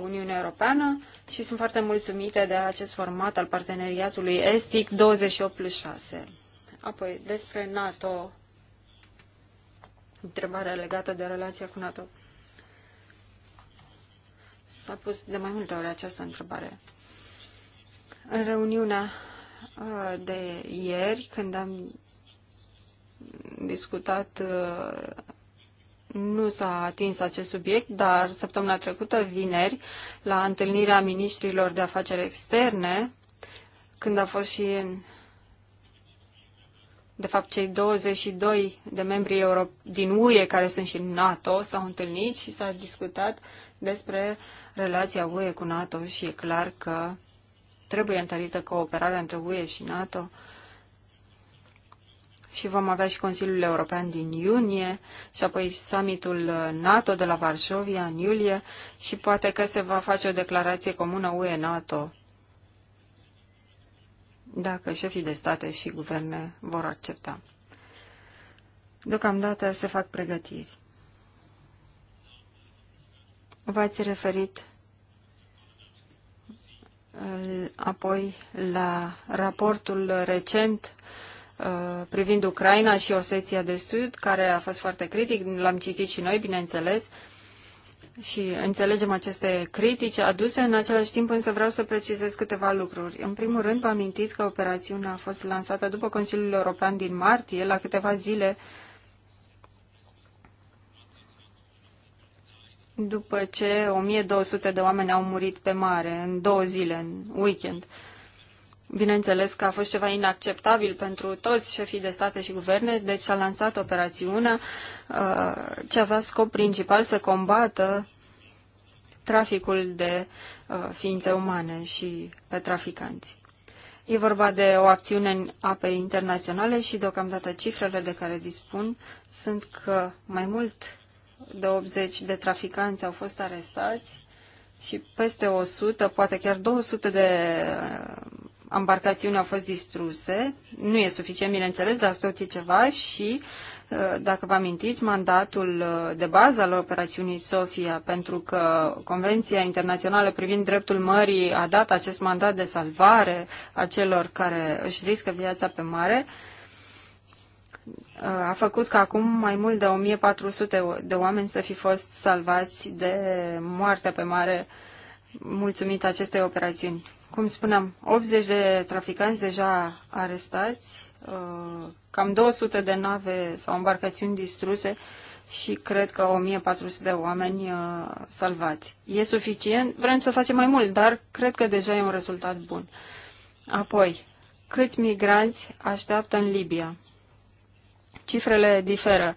Uniunea Europeană și sunt foarte mulțumite de acest format al parteneriatului estic 28 plus 6. Apoi, despre NATO întrebarea legată de relația cu NATO. S-a pus de mai multe ori această întrebare. În reuniunea uh, de ieri, când am discutat, uh, nu s-a atins acest subiect, dar săptămâna trecută, vineri, la întâlnirea ministrilor de afaceri externe, când a fost și în de fapt, cei 22 de membri euro- din UE care sunt și NATO s-au întâlnit și s-a discutat despre relația UE cu NATO și e clar că trebuie întărită cooperarea între UE și NATO și vom avea și Consiliul European din iunie și apoi summitul uh, NATO de la Varșovia în iulie și poate că se va face o declarație comună UE-NATO dacă șefii de state și guverne vor accepta. Deocamdată se fac pregătiri. V-ați referit uh, apoi la raportul recent uh, privind Ucraina și Osetia de Sud, care a fost foarte critic, l-am citit și noi, bineînțeles, și înțelegem aceste critici aduse, în același timp însă vreau să precizez câteva lucruri. În primul rând, vă amintiți că operațiunea a fost lansată după Consiliul European din martie, la câteva zile după ce 1200 de oameni au murit pe mare în două zile, în weekend. Uh, Bineînțeles că a fost ceva inacceptabil pentru toți șefii de state și guverne, deci s-a lansat operațiunea uh, ce avea scop principal să combată traficul de uh, ființe umane și pe traficanți. E vorba de o acțiune în ape internaționale și deocamdată cifrele de care dispun sunt că mai mult de 80 de traficanți au fost arestați și peste 100, poate chiar 200 de uh, embarcațiuni au fost distruse. Nu e suficient, bineînțeles, dar tot e ceva și, uh, dacă vă amintiți, mandatul uh, de bază al operațiunii Sofia, pentru că Convenția Internațională privind dreptul mării a dat acest mandat de salvare a celor care își riscă viața pe mare, uh, a făcut ca acum mai mult de 1400 de oameni să fi fost salvați de moartea pe mare mulțumit acestei operațiuni cum spuneam, 80 de traficanți deja arestați, uh, cam 200 de nave sau embarcațiuni distruse și cred că 1400 de oameni uh, salvați. E suficient? Vrem să facem mai mult, dar cred că deja e un rezultat bun. Apoi, câți migranți așteaptă în Libia? Cifrele diferă.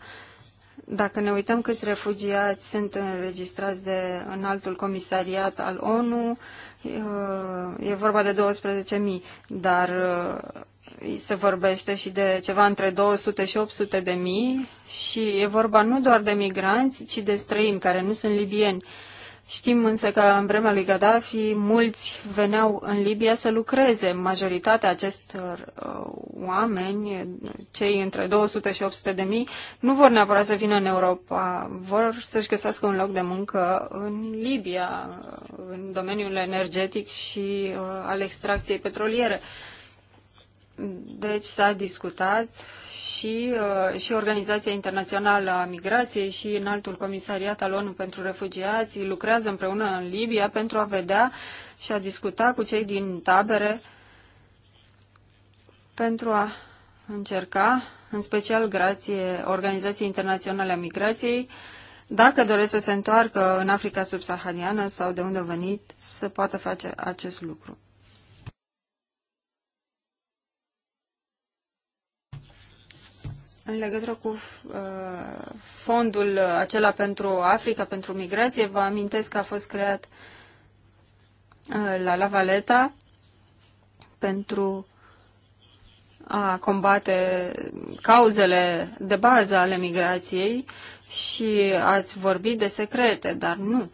Dacă ne uităm câți refugiați sunt înregistrați de înaltul comisariat al ONU, uh, e vorba de 12.000, dar uh, se vorbește și de ceva între 200 și 800 de mii și e vorba nu doar de migranți, ci de străini care nu sunt libieni Știm însă că în vremea lui Gaddafi mulți veneau în Libia să lucreze. Majoritatea acestor uh, oameni, cei între 200 și 800 de mii, nu vor neapărat să vină în Europa, vor să-și găsească un loc de muncă în Libia, în domeniul energetic și uh, al extracției petroliere. Uh, deci s-a discutat și, uh, și Organizația Internațională a Migrației și Înaltul Comisariat al ONU pentru Refugiați lucrează împreună în Libia pentru a vedea și a discuta cu cei din tabere pentru a încerca, în special grație Organizației Internaționale a Migrației, dacă doresc să se întoarcă în Africa subsahariană sau de unde a venit, să poată face acest lucru. În legătură cu uh, fondul acela pentru Africa, pentru migrație, vă amintesc că a fost creat uh, la La Valeta pentru a combate cauzele de bază ale migrației și ați vorbit de secrete, dar nu.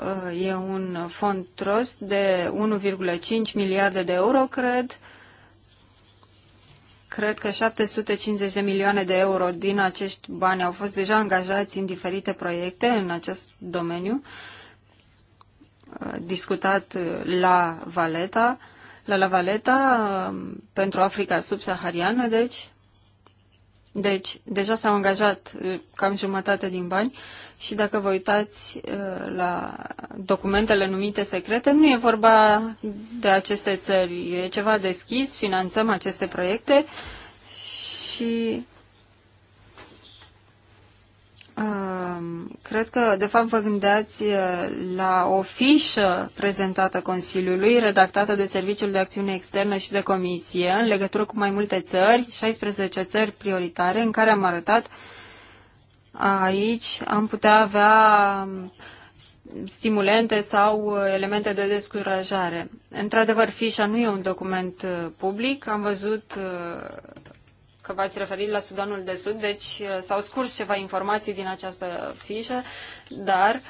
Uh, e un fond trust de 1,5 miliarde de euro, cred, Cred că 750 de milioane de euro din acești bani au fost deja angajați în diferite proiecte în acest domeniu uh, discutat uh, la Valeta, la La Valeta uh, pentru Africa subsahariană, deci deci, deja s-au angajat uh, cam jumătate din bani și dacă vă uitați uh, la documentele numite secrete, nu e vorba de aceste țări. E ceva deschis, finanțăm aceste proiecte și Um, cred că, de fapt, vă gândeați uh, la o fișă prezentată Consiliului, redactată de Serviciul de Acțiune Externă și de Comisie, în legătură cu mai multe țări, 16 țări prioritare, în care am arătat aici am putea avea um, stimulente sau uh, elemente de descurajare. Într-adevăr, fișa nu e un document uh, public. Am văzut că v-ați referit la Sudanul de Sud, deci uh, s-au scurs ceva informații din această fișă, dar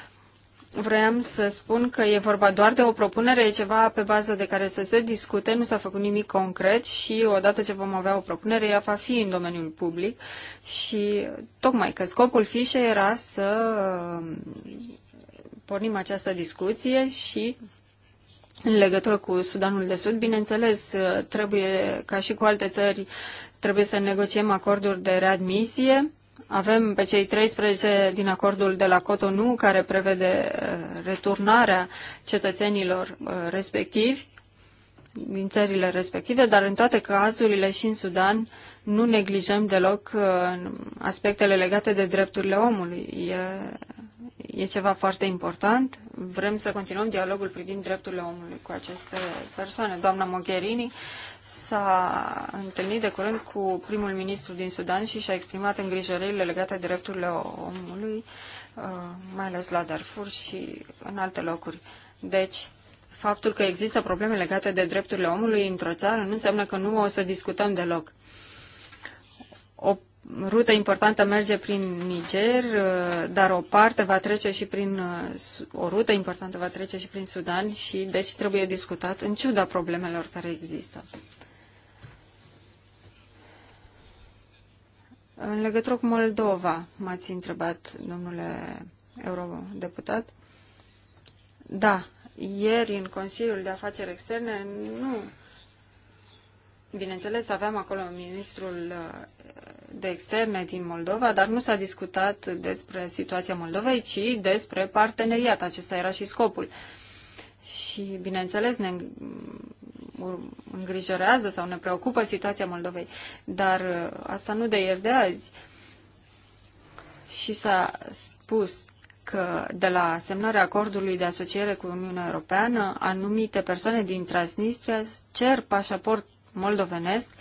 vreau să spun că e vorba doar de o propunere, e ceva pe bază de care să se discute, nu s-a făcut nimic concret și odată ce vom avea o propunere, ea va fi în domeniul public și tocmai că scopul fișei era să uh, pornim această discuție și în legătură cu Sudanul de Sud, bineînțeles, uh, trebuie ca și cu alte țări Trebuie să negociem acorduri de readmisie. Avem pe cei 13 din acordul de la Cotonou care prevede uh, returnarea cetățenilor uh, respectivi din țările respective, dar în toate cazurile și în Sudan nu neglijăm deloc uh, aspectele legate de drepturile omului. E, e ceva foarte important. Vrem să continuăm dialogul privind drepturile omului cu aceste persoane. Doamna Mogherini s-a întâlnit de curând cu primul ministru din Sudan și și-a exprimat îngrijorările legate de drepturile omului, uh, mai ales la Darfur și în alte locuri. Deci, faptul că există probleme legate de drepturile omului într-o țară nu înseamnă că nu o să discutăm deloc. O rută importantă merge prin Niger, uh, dar o parte va trece și prin uh, o rută importantă va trece și prin Sudan și deci trebuie discutat în ciuda problemelor care există. În legătură cu Moldova, m-ați întrebat, domnule eurodeputat. Da, ieri în Consiliul de Afaceri Externe nu. Bineînțeles, aveam acolo ministrul uh, de externe din Moldova, dar nu s-a discutat despre situația Moldovei, ci despre parteneriat. Acesta era și scopul. Și, bineînțeles, ne îngrijorează sau ne preocupă situația Moldovei, dar uh, asta nu de ieri de azi. Și s-a spus că de la semnarea acordului de asociere cu Uniunea Europeană, anumite persoane din Transnistria cer pașaport moldovenesc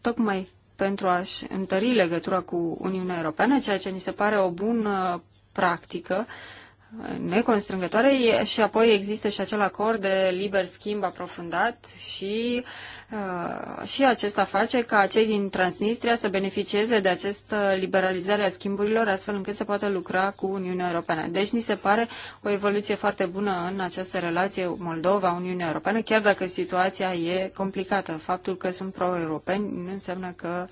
tocmai pentru a-și întări legătura cu Uniunea Europeană, ceea ce ni se pare o bună practică uh, neconstrângătoare și apoi există și acel acord de liber schimb aprofundat și, uh, și acesta face ca cei din Transnistria să beneficieze de această liberalizare a schimburilor astfel încât să poată lucra cu Uniunea Europeană. Deci ni se pare o evoluție foarte bună în această relație Moldova-Uniunea Europeană, chiar dacă situația e complicată. Faptul că sunt pro-europeni nu înseamnă că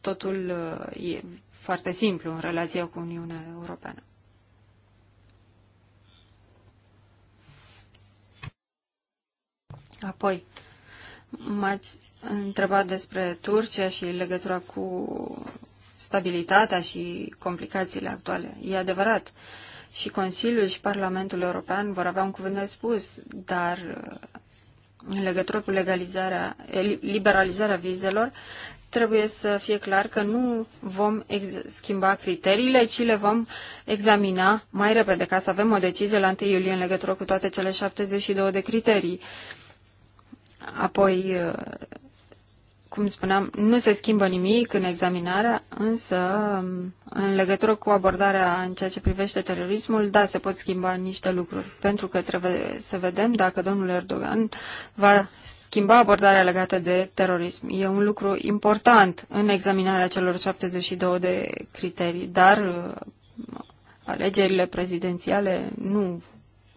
totul uh, e foarte simplu în relația cu Uniunea Europeană. Apoi, m-ați întrebat despre Turcia și legătura cu stabilitatea și complicațiile actuale. E adevărat. Și Consiliul și Parlamentul European vor avea un cuvânt de spus, dar în legătură cu legalizarea, liberalizarea vizelor, trebuie să fie clar că nu vom schimba criteriile, ci le vom examina mai repede, ca să avem o decizie la 1 iulie în legătură cu toate cele 72 de criterii. Uh, Apoi, uh, cum spuneam, nu se schimbă nimic în examinarea, însă um, în legătură cu abordarea în ceea ce privește terorismul, da, se pot schimba niște lucruri, pentru că trebuie să vedem dacă domnul Erdogan va schimba abordarea legată de terorism. E un lucru important în examinarea celor 72 de criterii, dar uh, alegerile prezidențiale nu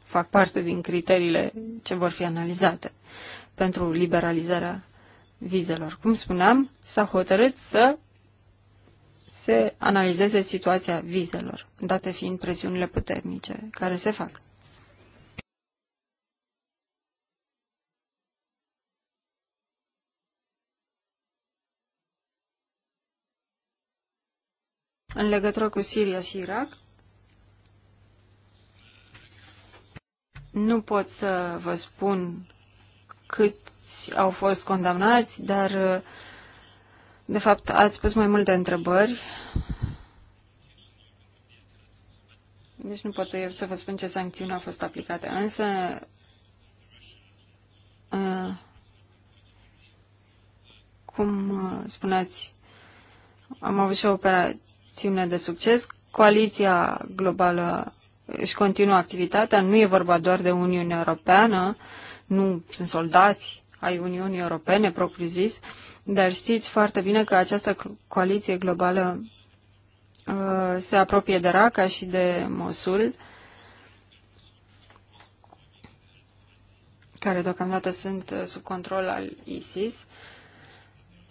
fac parte din criteriile ce vor fi analizate pentru liberalizarea vizelor. Cum spuneam, s-a hotărât să se analizeze situația vizelor, date fiind presiunile puternice care se fac. În legătură cu Siria și Irak, nu pot să vă spun câți au fost condamnați, dar de fapt ați pus mai multe întrebări. Deci nu pot eu să vă spun ce sancțiuni au fost aplicate, însă cum spuneați, am avut și o operațiune de succes. Coaliția globală își continuă activitatea, nu e vorba doar de Uniunea Europeană, uh, nu sunt soldați ai Uniunii Europene, propriu zis, dar știți foarte bine că această coaliție globală uh, se apropie de Raqqa și de Mosul, care deocamdată sunt uh, sub control al ISIS.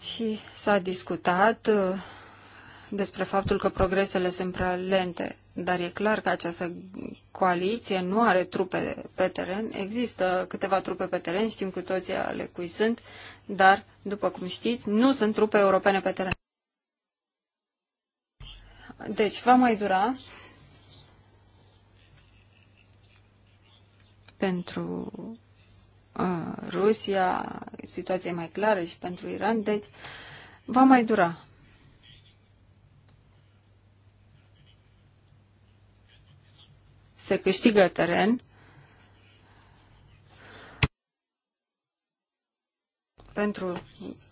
Și s-a discutat uh, despre faptul că progresele sunt prea lente dar e clar că această coaliție nu are trupe pe teren. Există câteva trupe pe teren, știm cu toții ale cui sunt, dar, după cum știți, nu sunt trupe europene pe teren. Deci, va mai dura pentru uh, Rusia, situația e mai clară și pentru Iran, deci va mai dura. se câștigă teren pentru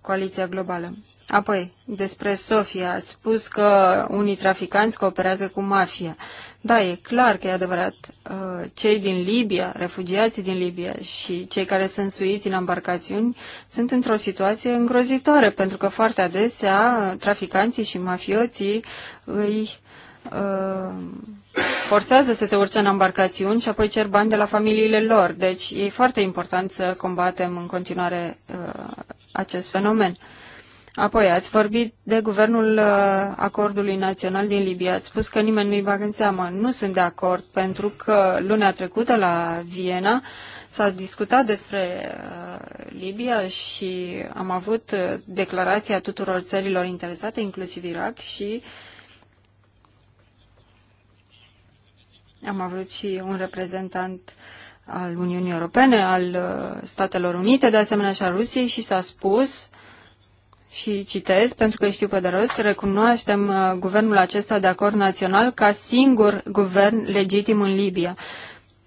coaliția globală. Apoi, despre Sofia, ați spus că unii traficanți cooperează cu mafia. Da, e clar că e adevărat. Uh, cei din Libia, refugiații din Libia și cei care sunt suiți în embarcațiuni sunt într-o situație îngrozitoare, pentru că foarte adesea traficanții și mafioții îi uh, forțează să se urce în embarcațiuni și apoi cer bani de la familiile lor. Deci e foarte important să combatem în continuare uh, acest fenomen. Apoi, ați vorbit de guvernul uh, acordului național din Libia. Ați spus că nimeni nu-i bagă în seamă. Nu sunt de acord, pentru că luna trecută la Viena s-a discutat despre uh, Libia și am avut uh, declarația tuturor țărilor interesate, inclusiv Irak, și uh, Am avut și un reprezentant al Uniunii Europene, al uh, Statelor Unite, de asemenea și a Rusiei și s-a spus și citez, pentru că știu pe de rost, recunoaștem uh, guvernul acesta de acord național ca singur guvern legitim în Libia.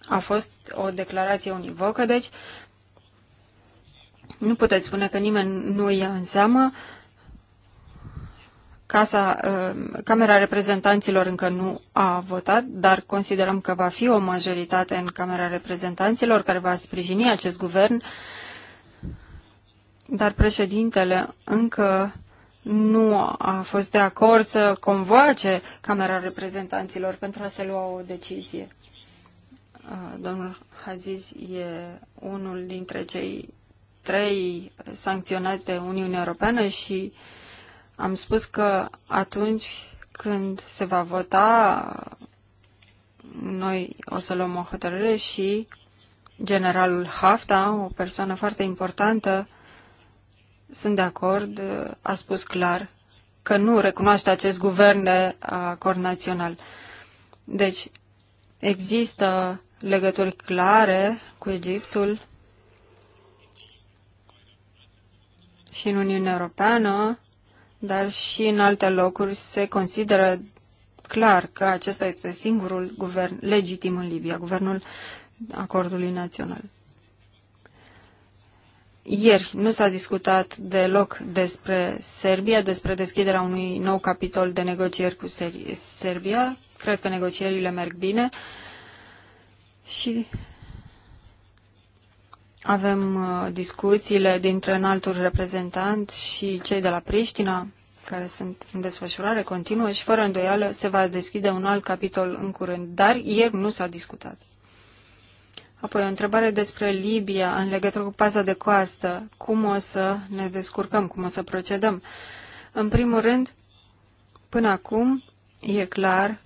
A fost o declarație univocă, deci nu puteți spune că nimeni nu ia în seamă uh, Casa, uh, Camera Reprezentanților încă nu a votat, dar considerăm că va fi o majoritate în Camera Reprezentanților care va sprijini acest guvern, dar președintele încă nu a fost de acord să convoace Camera Reprezentanților pentru a se lua o decizie. Uh, domnul Haziz e unul dintre cei trei sancționați de Uniunea Europeană și uh, am spus că atunci când se va vota, noi o să luăm o hotărâre și generalul Hafta, o persoană foarte importantă, sunt de acord, a spus clar că nu recunoaște acest guvern de acord național. Deci, există legături clare cu Egiptul și în Uniunea Europeană dar și în alte locuri se consideră clar că acesta este singurul guvern legitim în Libia, guvernul acordului național. Ieri nu s-a discutat deloc despre Serbia, despre deschiderea unui nou capitol de negocieri cu Serbia. Cred că negocierile merg bine și avem uh, discuțiile dintre înaltul reprezentant și cei de la Priștina, care sunt în desfășurare continuă și fără îndoială se va deschide un alt capitol în curând, dar ieri nu s-a discutat. Apoi o întrebare despre Libia în legătură cu paza de coastă. Cum o să ne descurcăm, cum o să procedăm? În primul rând, până acum, e clar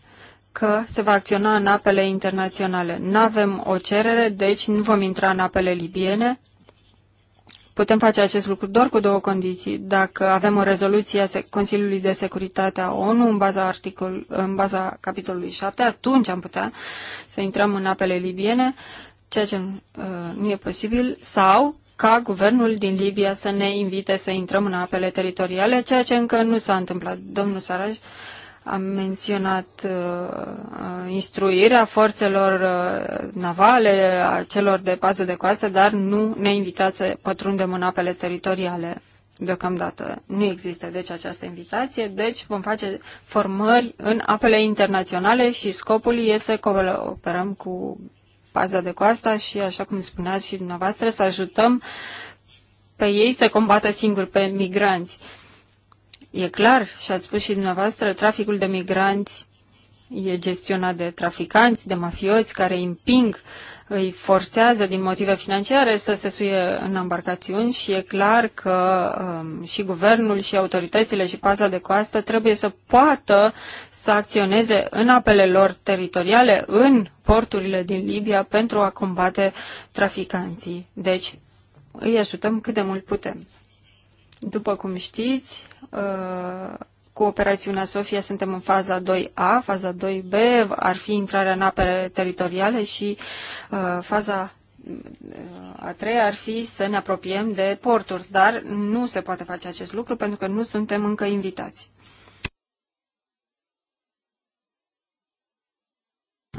că se va acționa în apele internaționale. Nu avem o cerere, deci nu vom intra în apele libiene. Putem face acest lucru doar cu două condiții. Dacă avem o rezoluție a Consiliului de Securitate a ONU în baza, articol, în baza capitolului 7, atunci am putea să intrăm în apele libiene, ceea ce uh, nu e posibil, sau ca guvernul din Libia să ne invite să intrăm în apele teritoriale, ceea ce încă nu s-a întâmplat. Domnul Saraj, uh, am menționat uh, uh, instruirea forțelor uh, navale, a celor de pază de coastă, dar nu ne invitați să pătrundem în apele teritoriale deocamdată nu există deci această invitație, deci vom face formări în apele internaționale și scopul este să cooperăm cu paza de coastă și, așa cum spuneați și dumneavoastră, să ajutăm pe ei să combată singuri pe migranți. E clar, și ați spus și dumneavoastră, traficul de migranți e gestionat de traficanți, de mafioți care îi împing, îi forțează din motive financiare să se suie în embarcațiuni și e clar că um, și guvernul și autoritățile și paza de coastă trebuie să poată să acționeze în apele lor teritoriale, în porturile din Libia pentru a combate traficanții. Deci îi ajutăm cât de mult putem. După cum știți, Uh, cu operațiunea Sofia suntem în faza 2A, faza 2B ar fi intrarea în apele teritoriale și uh, faza uh, a treia ar fi să ne apropiem de porturi, dar nu se poate face acest lucru pentru că nu suntem încă invitați.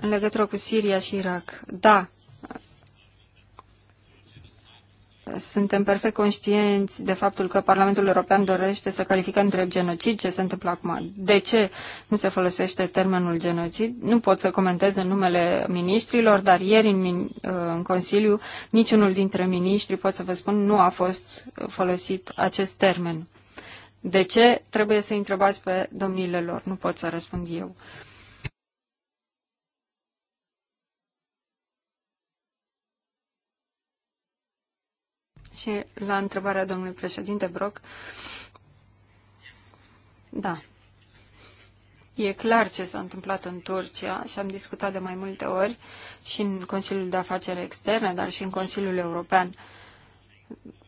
În legătură cu Siria și Irak, da, suntem perfect conștienți de faptul că Parlamentul European dorește să califică între genocid ce se întâmplă acum. De ce nu se folosește termenul genocid? Nu pot să comentez în numele ministrilor, dar ieri în, în Consiliu niciunul dintre miniștri, pot să vă spun, nu a fost folosit acest termen. De ce? Trebuie să întrebați pe domnile lor, nu pot să răspund eu. Și la întrebarea domnului președinte Brock, da, E clar ce s-a întâmplat în Turcia și am discutat de mai multe ori și în Consiliul de Afaceri Externe, dar și în Consiliul European.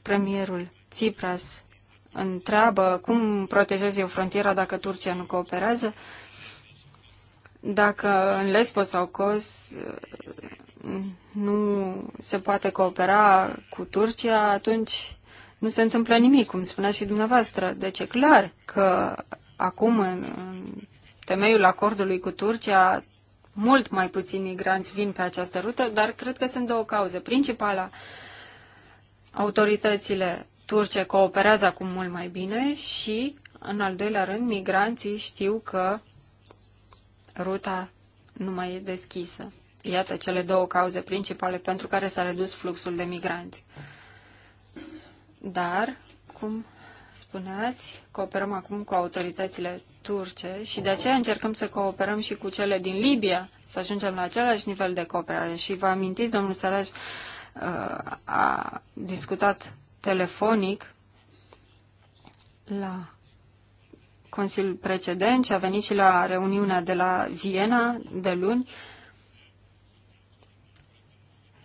Premierul Tsipras întreabă cum protejez eu frontiera dacă Turcia nu cooperează. Dacă în Lesbos sau Kos nu se poate coopera cu Turcia, atunci nu se întâmplă nimic, cum spunea și dumneavoastră. Deci e clar că acum, în, temeiul acordului cu Turcia, mult mai puțini migranți vin pe această rută, dar cred că sunt două cauze. Principala, autoritățile turce cooperează acum mult mai bine și, în al doilea rând, migranții știu că ruta nu mai e deschisă. Iată cele două cauze principale pentru care s-a redus fluxul de migranți. Dar, cum spuneați, cooperăm acum cu autoritățile turce și de aceea încercăm să cooperăm și cu cele din Libia, să ajungem la același nivel de cooperare. Și vă amintiți, domnul Saraj uh, a discutat telefonic la Consiliul precedent și a venit și la reuniunea de la Viena de luni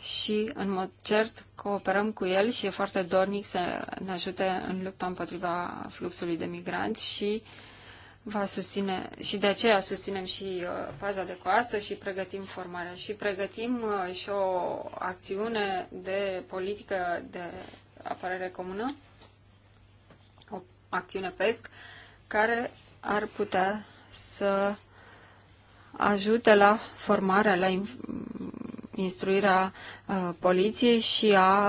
și, în mod cert, cooperăm cu el și e foarte dornic să ne ajute în lupta împotriva fluxului de migranți și va susține și de aceea susținem și uh, faza de coastă și pregătim formarea și pregătim uh, și o acțiune de politică de apărare comună, o acțiune PESC, care ar putea să ajute la formarea, la instruirea uh, poliției și a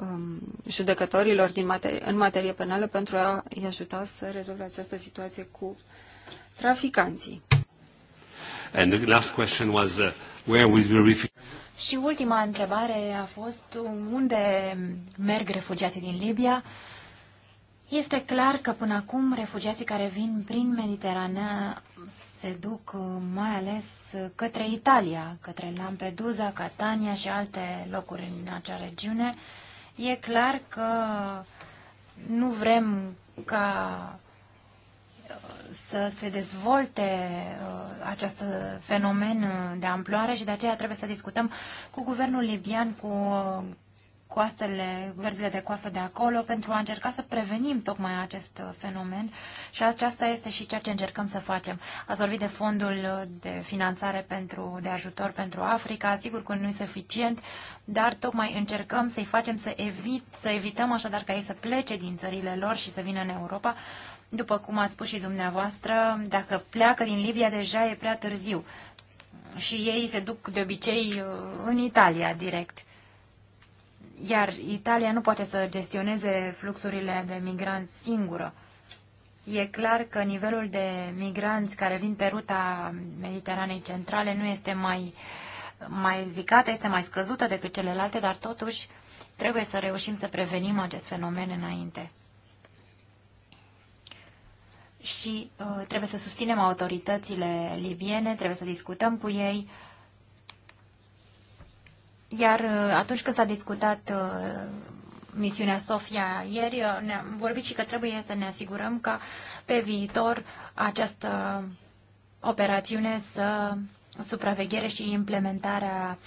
um, judecătorilor din în materie penală pentru a-i ajuta să rezolve această situație cu traficanții. And the last question was, uh, where will Și ultima întrebare a fost unde merg refugiații din Libia? Este clar că până acum refugiații care vin prin Mediterană se duc uh, mai ales uh, către Italia, către Lampedusa, Catania și alte locuri în acea regiune, e clar că nu vrem ca uh, să se dezvolte acest fenomen de amploare și de aceea trebuie să discutăm cu guvernul libian, cu coastele, verzile de coastă de acolo, pentru a încerca să prevenim tocmai acest uh, fenomen și aceasta este și ceea ce încercăm să facem. Ați vorbit de fondul de finanțare pentru, de ajutor pentru Africa, sigur că nu e suficient, dar tocmai încercăm să-i facem să, evit, să evităm așadar ca ei să plece din țările lor și să vină în Europa. După cum ați spus și dumneavoastră, dacă pleacă din Libia deja e prea târziu și ei se duc de obicei uh, în Italia direct. Iar Italia nu poate să gestioneze fluxurile de migranți singură. E clar că nivelul de migranți care vin pe ruta Mediteranei Centrale nu este mai, mai ridicată, este mai scăzută decât celelalte, dar totuși trebuie să reușim să prevenim acest fenomen înainte. Și uh, trebuie să susținem autoritățile libiene, trebuie să discutăm cu ei, uh, iar uh, atunci când s-a discutat uh, misiunea Sofia ieri, uh, ne-am vorbit și că trebuie să ne asigurăm că pe viitor această operațiune să supraveghere și implementarea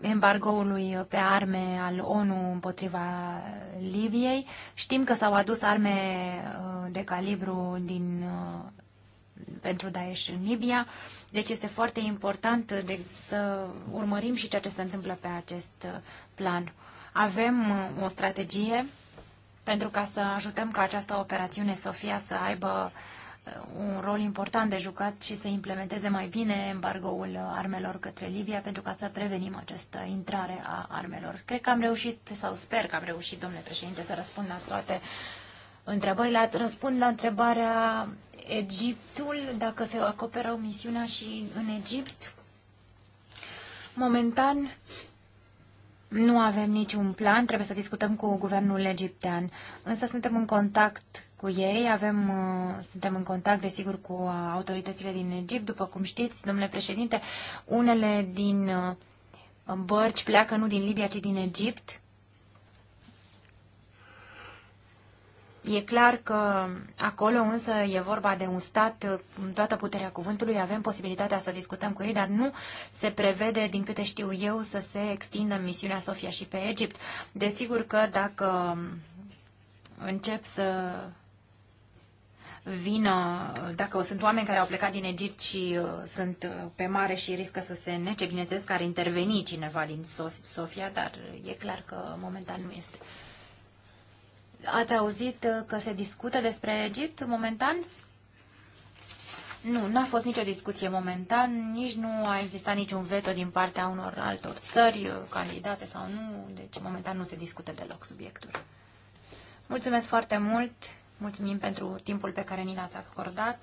embargoului pe arme al ONU împotriva Libiei. Știm că s-au adus arme de calibru din, pentru Daesh în Libia deci este foarte important de, să urmărim și ceea ce se întâmplă pe acest plan. Avem uh, o strategie pentru ca să ajutăm ca această operațiune Sofia să aibă uh, un rol important de jucat și să implementeze mai bine embargoul armelor către Libia pentru ca să prevenim această intrare a armelor. Cred că am reușit, sau sper că am reușit, domnule președinte, să răspund la toate întrebările. Ați răspund la întrebarea Egiptul, dacă se acoperă o misiunea și în Egipt. Momentan nu avem niciun plan, trebuie să discutăm cu guvernul egiptean, însă suntem în contact cu ei, avem, uh, suntem în contact, desigur, cu autoritățile din Egipt, după cum știți, domnule președinte, unele din uh, bărci pleacă nu din Libia, ci din Egipt, E clar că acolo însă e vorba de un stat în toată puterea cuvântului, avem posibilitatea să discutăm cu ei, dar nu se prevede, din câte știu eu, să se extindă misiunea Sofia și pe Egipt. Desigur că dacă încep să vină, dacă sunt oameni care au plecat din Egipt și uh, sunt uh, pe mare și riscă să se nece, bineînțeles că ar interveni cineva din Sofia, dar e clar că momentan nu este. Ați auzit uh, că se discută despre Egipt momentan? Nu, n-a fost nicio discuție momentan, nici nu a existat niciun veto din partea unor altor țări uh, candidate sau nu, deci momentan nu se discută deloc subiectul. Mulțumesc foarte mult, mulțumim pentru timpul pe care ni l-ați acordat.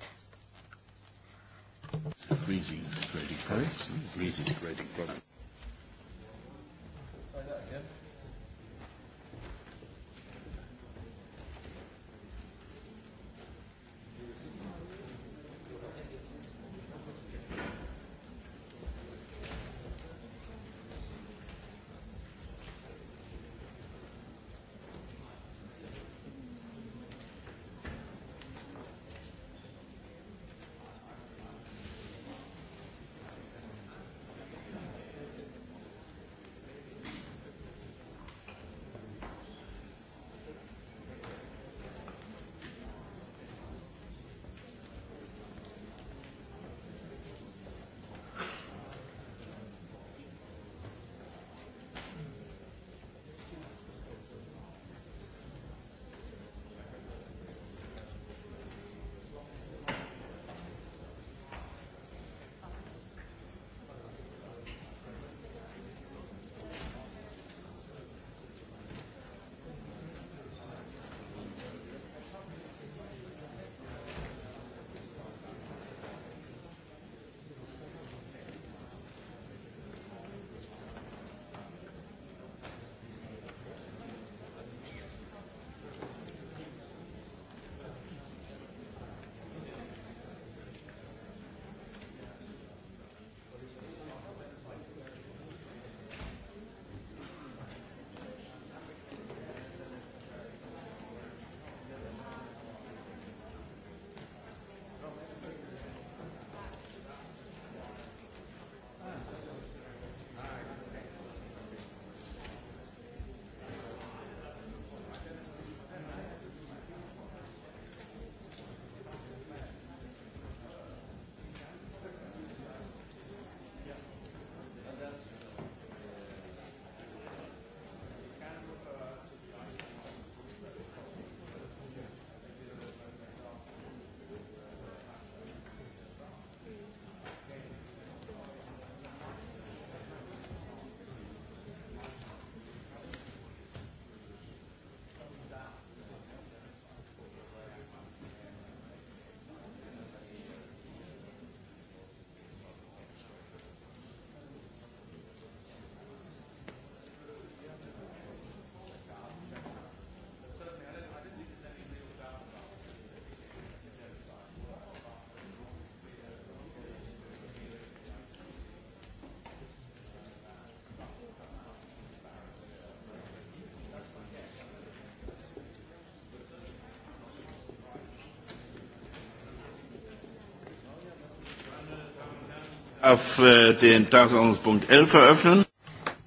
auf äh, den Tagesordnungspunkt 11 eröffnen.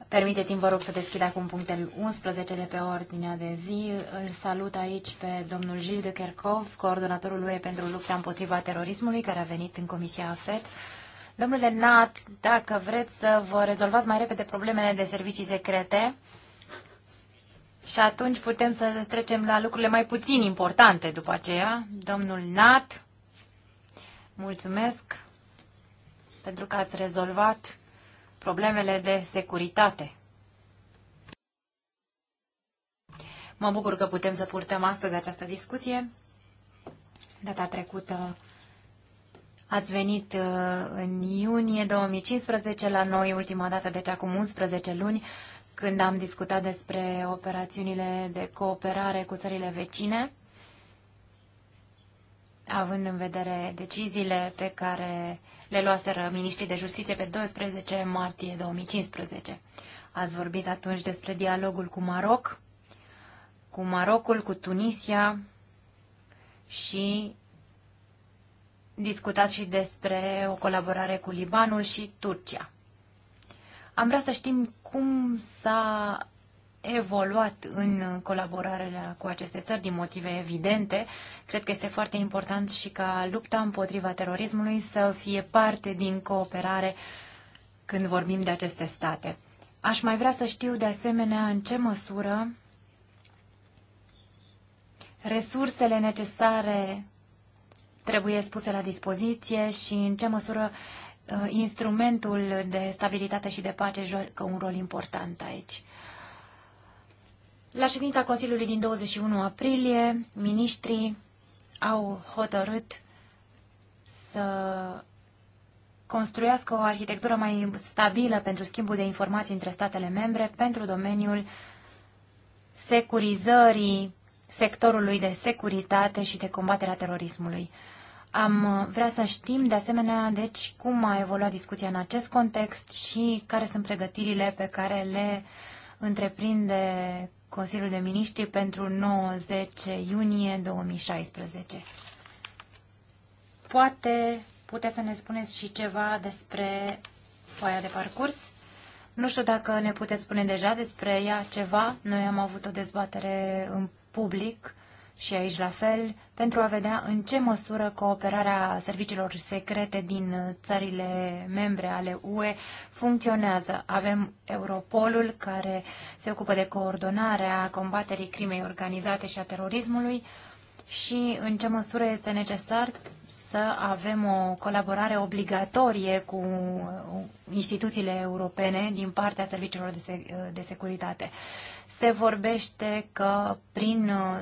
Permiteți-mi, vă rog, să deschid acum punctul 11 de pe ordinea de zi. Îl salut aici pe domnul Gil de Kerkov, coordonatorul lui pentru lupta împotriva terorismului, care a venit în Comisia AFET. Domnule Nat, dacă vreți să vă rezolvați mai repede problemele de servicii secrete, și atunci putem să trecem la lucrurile mai puțin importante după aceea. Domnul Nat, mulțumesc pentru că ați rezolvat problemele de securitate. Mă bucur că putem să purtăm astăzi această discuție. Data trecută ați venit uh, în iunie 2015 la noi, ultima dată, deci acum 11 luni, când am discutat despre operațiunile de cooperare cu țările vecine, având în vedere deciziile pe care le luaseră miniștrii de justiție pe 12 martie 2015. Ați vorbit atunci despre dialogul cu Maroc, cu Marocul, cu Tunisia și discutați și despre o colaborare cu Libanul și Turcia. Am vrea să știm cum s-a evoluat în colaborarea cu aceste țări din motive evidente. Cred că este foarte important și ca lupta împotriva terorismului să fie parte din cooperare când vorbim de aceste state. Aș mai vrea să știu de asemenea în ce măsură resursele necesare trebuie spuse la dispoziție și în ce măsură uh, instrumentul de stabilitate și de pace joacă un rol important aici. La ședința Consiliului din 21 aprilie, miniștrii au hotărât să construiască o arhitectură mai stabilă pentru schimbul de informații între statele membre pentru domeniul securizării sectorului de securitate și de combaterea terorismului. Am vrea să știm, de asemenea, deci, cum a evoluat discuția în acest context și care sunt pregătirile pe care le întreprinde Consiliul de Miniștri pentru 9 iunie 2016. Poate puteți să ne spuneți și ceva despre foaia de parcurs? Nu știu dacă ne puteți spune deja despre ea ceva. Noi am avut o dezbatere în public și aici la fel, pentru a vedea în ce măsură cooperarea serviciilor secrete din uh, țările membre ale UE funcționează. Avem Europolul, care se ocupă de coordonarea combaterii crimei organizate și a terorismului și în ce măsură este necesar să avem o colaborare obligatorie cu uh, instituțiile europene din partea serviciilor de, sec uh, de securitate se vorbește că prin uh,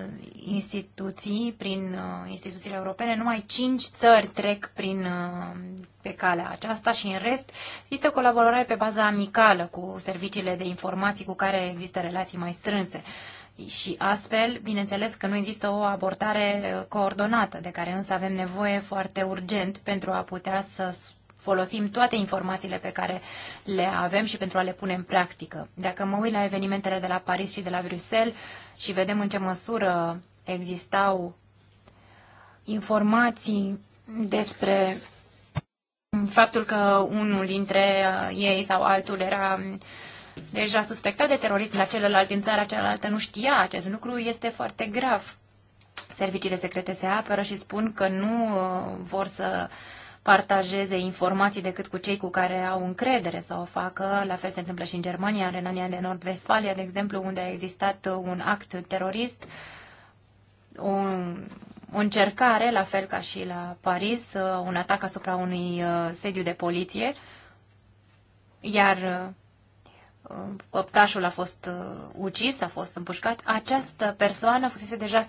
instituții, prin uh, instituțiile europene, numai cinci țări trec prin, uh, pe calea aceasta și în rest există colaborare pe bază amicală cu serviciile de informații cu care există relații mai strânse. Și astfel, bineînțeles că nu există o abordare coordonată, de care însă avem nevoie foarte urgent pentru a putea să folosim toate informațiile pe care le avem și pentru a le pune în practică. Dacă mă uit la evenimentele de la Paris și de la Bruxelles și vedem în ce măsură existau informații despre faptul că unul dintre ei sau altul era deja suspectat de terorism, dar celălalt în țara cealaltă nu știa acest lucru, este foarte grav. Serviciile secrete se apără și spun că nu uh, vor să uh, partajeze informații decât cu cei cu care au încredere să o facă. La fel se întâmplă și în Germania, în Renania de Nord-Vestfalia, de exemplu, unde a existat un act terorist, un, o încercare, la fel ca și la Paris, un atac asupra unui uh, sediu de poliție, iar uh, optașul a fost uh, ucis, a fost împușcat. Această persoană fusese deja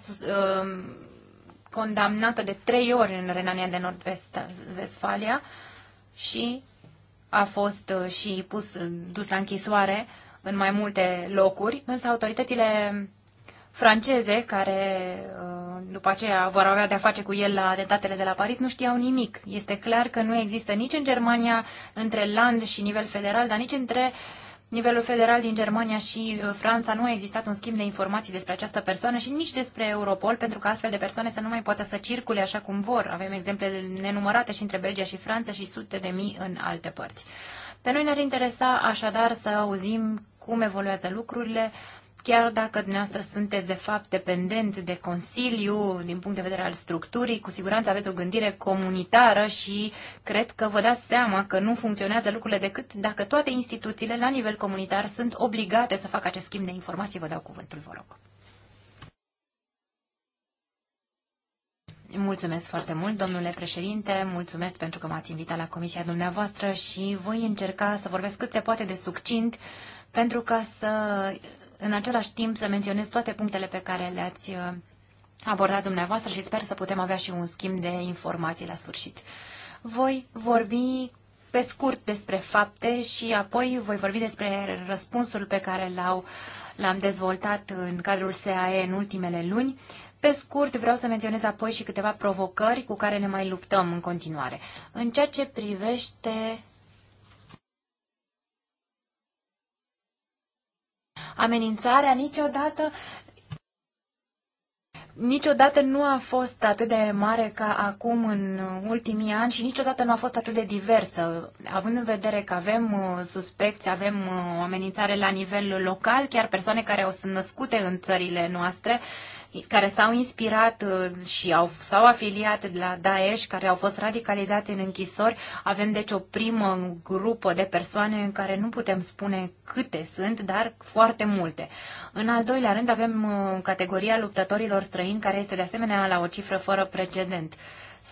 condamnată de trei ori în Renania de Nord-Vestfalia și a fost uh, și pus, uh, dus la închisoare în mai multe locuri, însă autoritățile franceze, care uh, după aceea vor avea de-a face cu el la atentatele de la Paris, nu știau nimic. Este clar că nu există nici în Germania, între land și nivel federal, dar nici între uh, nivelul federal din Germania și uh, Franța nu a existat un schimb de informații despre această persoană și nici despre Europol, pentru că astfel de persoane să nu mai poată să circule așa cum vor. Avem exemple nenumărate și între Belgia și Franța și sute de mii în alte părți. Pe noi ne-ar interesa așadar să auzim cum evoluează lucrurile, chiar dacă dumneavoastră sunteți de fapt dependenți de Consiliu din punct de vedere al structurii, cu siguranță aveți o gândire comunitară și cred că vă dați seama că nu funcționează lucrurile decât dacă toate instituțiile la nivel comunitar sunt obligate să facă acest schimb de informații. Vă dau cuvântul, vă rog. Mulțumesc foarte mult, domnule președinte, mulțumesc pentru că m-ați invitat la comisia dumneavoastră și voi încerca să vorbesc cât se poate de succint pentru ca să în același timp să menționez toate punctele pe care le-ați uh, abordat dumneavoastră și sper să putem avea și un schimb de informații la sfârșit. Voi vorbi pe scurt despre fapte și apoi voi vorbi despre răspunsul pe care l-au, l-am dezvoltat în cadrul SAE în ultimele luni. Pe scurt, vreau să menționez apoi și câteva provocări cu care ne mai luptăm în continuare. În ceea ce privește Amenințarea niciodată niciodată nu a fost atât de mare ca acum în ultimii ani și niciodată nu a fost atât de diversă. Având în vedere că avem uh, suspecți, avem uh, o amenințare la nivel local, chiar persoane care au sunt născute în țările noastre, care s-au inspirat uh, și au, s-au afiliat la Daesh, care au fost radicalizați în închisori. Avem deci o primă grupă de persoane în care nu putem spune câte sunt, dar foarte multe. În al doilea rând avem uh, categoria luptătorilor străini, care este de asemenea la o cifră fără precedent.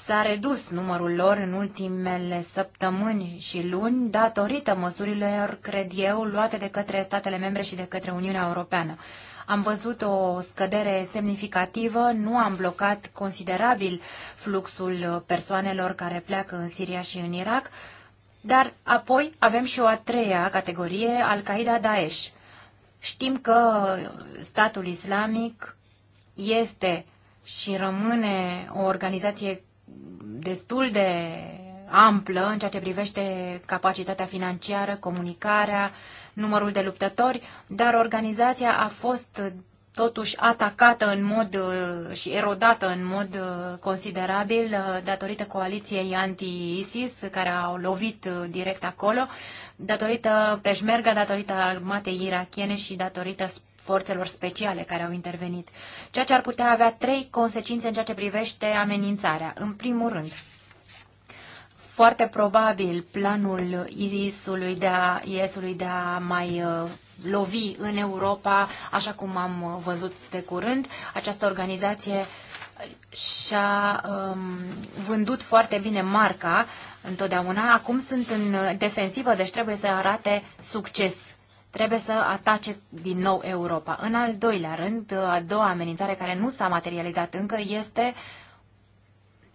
S-a redus numărul lor în ultimele săptămâni și luni datorită măsurilor, cred eu, luate de către statele membre și de către Uniunea Europeană. Am văzut o scădere semnificativă, nu am blocat considerabil fluxul persoanelor care pleacă în Siria și în Irak, dar apoi avem și o a treia categorie, Al-Qaeda-Daesh. Știm că statul islamic este și rămâne o organizație destul de amplă în ceea ce privește capacitatea financiară, comunicarea, numărul de luptători, dar organizația a fost totuși atacată în mod uh, și erodată în mod uh, considerabil uh, datorită coaliției anti-ISIS care au lovit direct acolo, datorită peșmerga, datorită armatei irachiene și datorită forțelor speciale care au intervenit, ceea ce ar putea avea trei consecințe în ceea ce privește amenințarea. În primul rând, foarte probabil planul isis ului de a, IS-ului de a mai uh, lovi în Europa, așa cum am uh, văzut de curând. Această organizație și-a um, vândut foarte bine marca întotdeauna. Acum sunt în uh, defensivă, deci trebuie să arate succes. Trebuie să atace din nou Europa. În al doilea rând, a doua amenințare care nu s-a materializat încă este uh,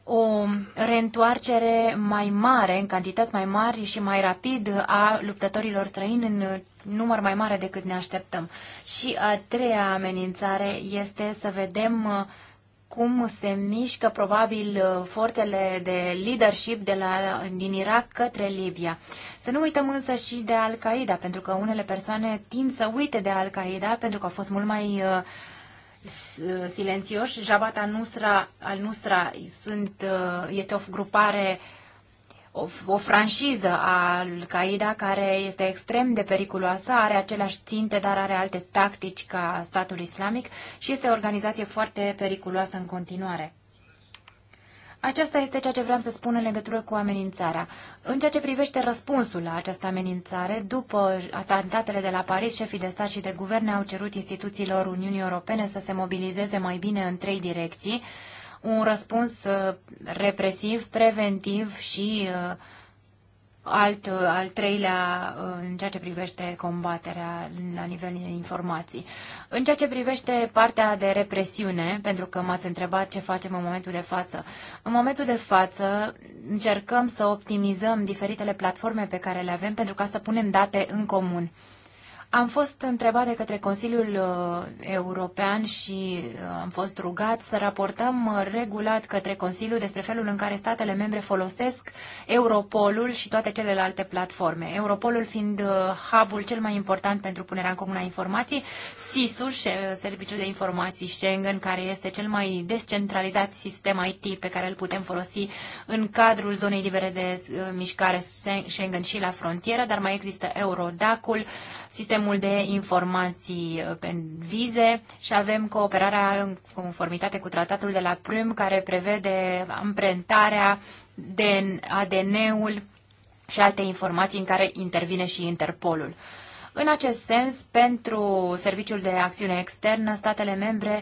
o reîntoarcere mai mare, în cantități mai mari și mai rapid a luptătorilor străini în număr mai mare decât ne așteptăm. Și a treia amenințare este să vedem uh, cum se mișcă probabil uh, forțele de leadership de la, din Irak către Libia. Să nu uităm însă și de Al-Qaeda, pentru că unele persoane tind să uite de Al-Qaeda pentru că au fost mult mai uh, silențioși. Jabhat al-Nusra, al-Nusra sunt, uh, este o grupare, o, o franciză a Al-Qaeda care este extrem de periculoasă, are aceleași ținte, dar are alte tactici ca statul islamic și este o organizație foarte periculoasă în continuare. Aceasta este ceea ce vreau să spun în legătură cu amenințarea. În ceea ce privește răspunsul la această amenințare, după atentatele de la Paris, șefii de stat și de guverne au cerut instituțiilor Uniunii Europene să se mobilizeze mai bine în trei direcții. Un răspuns uh, represiv, preventiv și uh, alt, al treilea uh, în ceea ce privește combaterea la nivel de informații. În ceea ce privește partea de represiune, pentru că m-ați întrebat ce facem în momentul de față. În momentul de față încercăm să optimizăm diferitele platforme pe care le avem pentru ca să punem date în comun. Am fost întrebat de către Consiliul uh, European și uh, am fost rugat să raportăm uh, regulat către Consiliu despre felul în care statele membre folosesc Europolul și toate celelalte platforme. Europolul fiind hub-ul cel mai important pentru punerea în comun a informației, SIS-ul, Serviciul de Informații Schengen, care este cel mai descentralizat sistem IT pe care îl putem folosi în cadrul zonei libere de mișcare Schengen și la frontieră, dar mai există Eurodacul, sistemul de informații uh, pe vize și avem cooperarea în conformitate cu tratatul de la Prüm care prevede amprentarea de ADN-ul și alte informații în care intervine și Interpolul. În acest sens, pentru Serviciul de Acțiune Externă, statele membre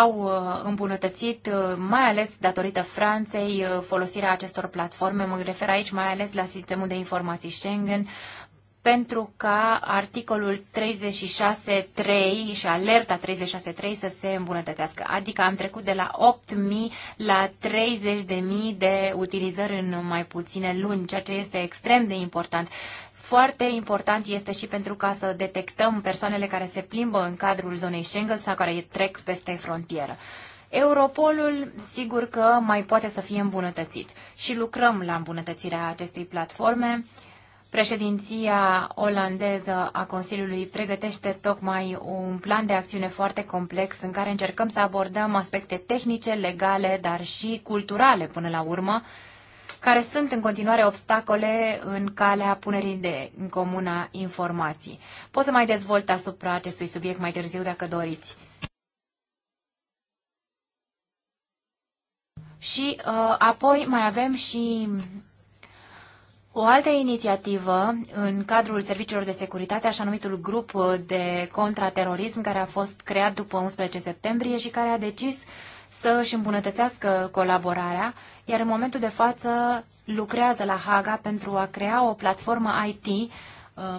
au uh, îmbunătățit, uh, mai ales datorită Franței, folosirea acestor platforme. Mă refer aici mai ales la sistemul de informații Schengen, pentru ca articolul 36.3 și alerta 36.3 să se îmbunătățească. Adică am trecut de la 8.000 la 30.000 de utilizări în mai puține luni, ceea ce este extrem de important. Foarte important este și pentru ca să detectăm persoanele care se plimbă în cadrul zonei Schengen sau care trec peste frontieră. Europolul, sigur că mai poate să fie îmbunătățit și lucrăm la îmbunătățirea acestei platforme. Uh, Președinția olandeză a Consiliului pregătește tocmai un plan de acțiune foarte complex în care încercăm să abordăm aspecte tehnice, legale, dar și culturale până la urmă, care sunt în continuare obstacole în calea punerii de, în comuna informații. Pot să mai dezvolt asupra acestui subiect mai târziu dacă doriți. Și uh, apoi mai avem și o altă inițiativă în cadrul serviciilor de securitate, așa numitul grup de contraterorism care a fost creat după 11 septembrie și care a decis să își îmbunătățească colaborarea, iar în momentul de față lucrează la Haga pentru a crea o platformă IT uh,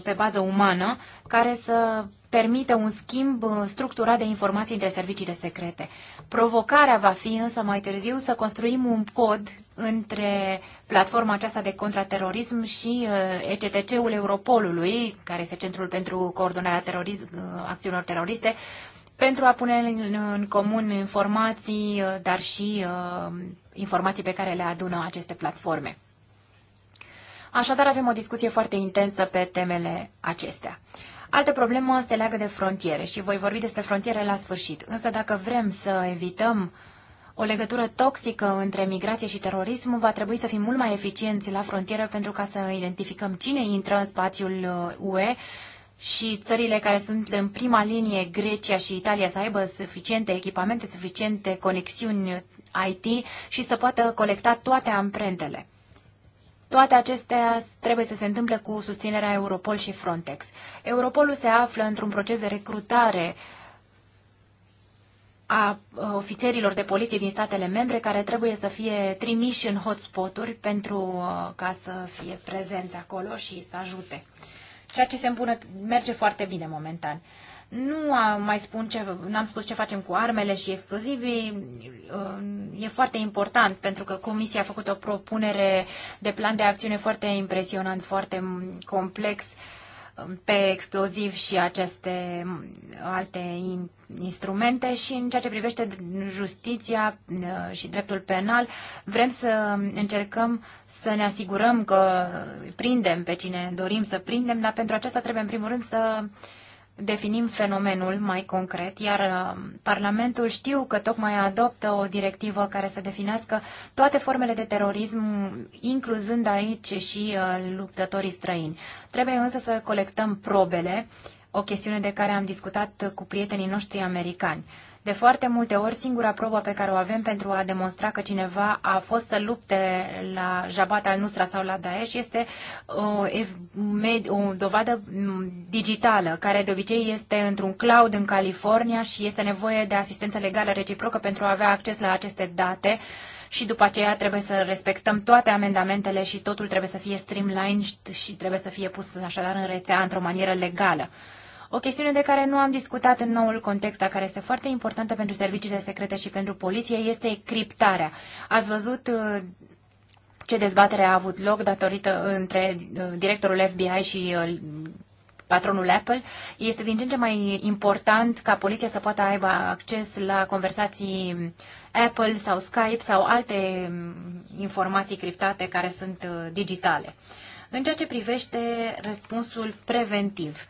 pe bază umană care să permite un schimb uh, structurat de informații între serviciile secrete. Provocarea va fi însă mai târziu să construim un pod între platforma aceasta de contraterorism și uh, ECTC-ul Europolului, care este Centrul pentru Coordonarea terorism, uh, Acțiunilor Teroriste, pentru a pune în, în comun informații, dar și uh, informații pe care le adună aceste platforme. Așadar, avem o discuție foarte intensă pe temele acestea. Altă problemă se leagă de frontiere și voi vorbi despre frontiere la sfârșit. Însă dacă vrem să evităm o legătură toxică între migrație și terorism, va trebui să fim mult mai eficienți la frontieră pentru ca să identificăm cine intră în spațiul UE uh, și țările care sunt în prima linie, Grecia și Italia, să aibă suficiente echipamente, suficiente conexiuni IT și să poată colecta toate amprentele. Toate acestea trebuie să se întâmple cu susținerea Europol și Frontex. Europolul se află într-un proces de recrutare a uh, ofițerilor de poliție din statele membre care trebuie să fie trimiși în hotspot-uri pentru uh, ca să fie prezenți acolo și să ajute. Ceea ce se îmbună, merge foarte bine momentan. Nu mai spun ce, n-am spus ce facem cu armele și explozivii. Uh, e foarte important pentru că Comisia a făcut o propunere de plan de acțiune foarte impresionant, foarte complex um, pe exploziv și aceste um, alte instrumente și în ceea ce privește justiția uh, și dreptul penal, vrem să încercăm să ne asigurăm că prindem pe cine dorim să prindem, dar pentru aceasta trebuie în primul rând să uh, definim fenomenul mai concret, iar uh, Parlamentul știu că tocmai adoptă o directivă care să definească toate formele de terorism, incluzând aici și uh, luptătorii străini. Trebuie însă să colectăm probele, o chestiune de care am discutat cu prietenii noștri americani. De foarte multe ori, singura probă pe care o avem pentru a demonstra că cineva a fost să lupte la Jabhat al-Nusra sau la Daesh este o, uh, o dovadă mm, digitală, care de obicei este într-un cloud în California și este nevoie de asistență legală reciprocă pentru a avea acces la aceste date și după aceea trebuie să respectăm toate amendamentele și totul trebuie să fie streamlined și trebuie să fie pus așadar în rețea într-o manieră legală. O chestiune de care nu am discutat în noul context, dar care este foarte importantă pentru serviciile secrete și pentru poliție, este criptarea. Ați văzut uh, ce dezbatere a avut loc datorită între uh, directorul FBI și uh, patronul Apple, este din ce în ce mai important ca poliția să poată aibă acces la conversații Apple sau Skype sau alte mm, informații criptate care sunt digitale. În ceea ce privește răspunsul preventiv,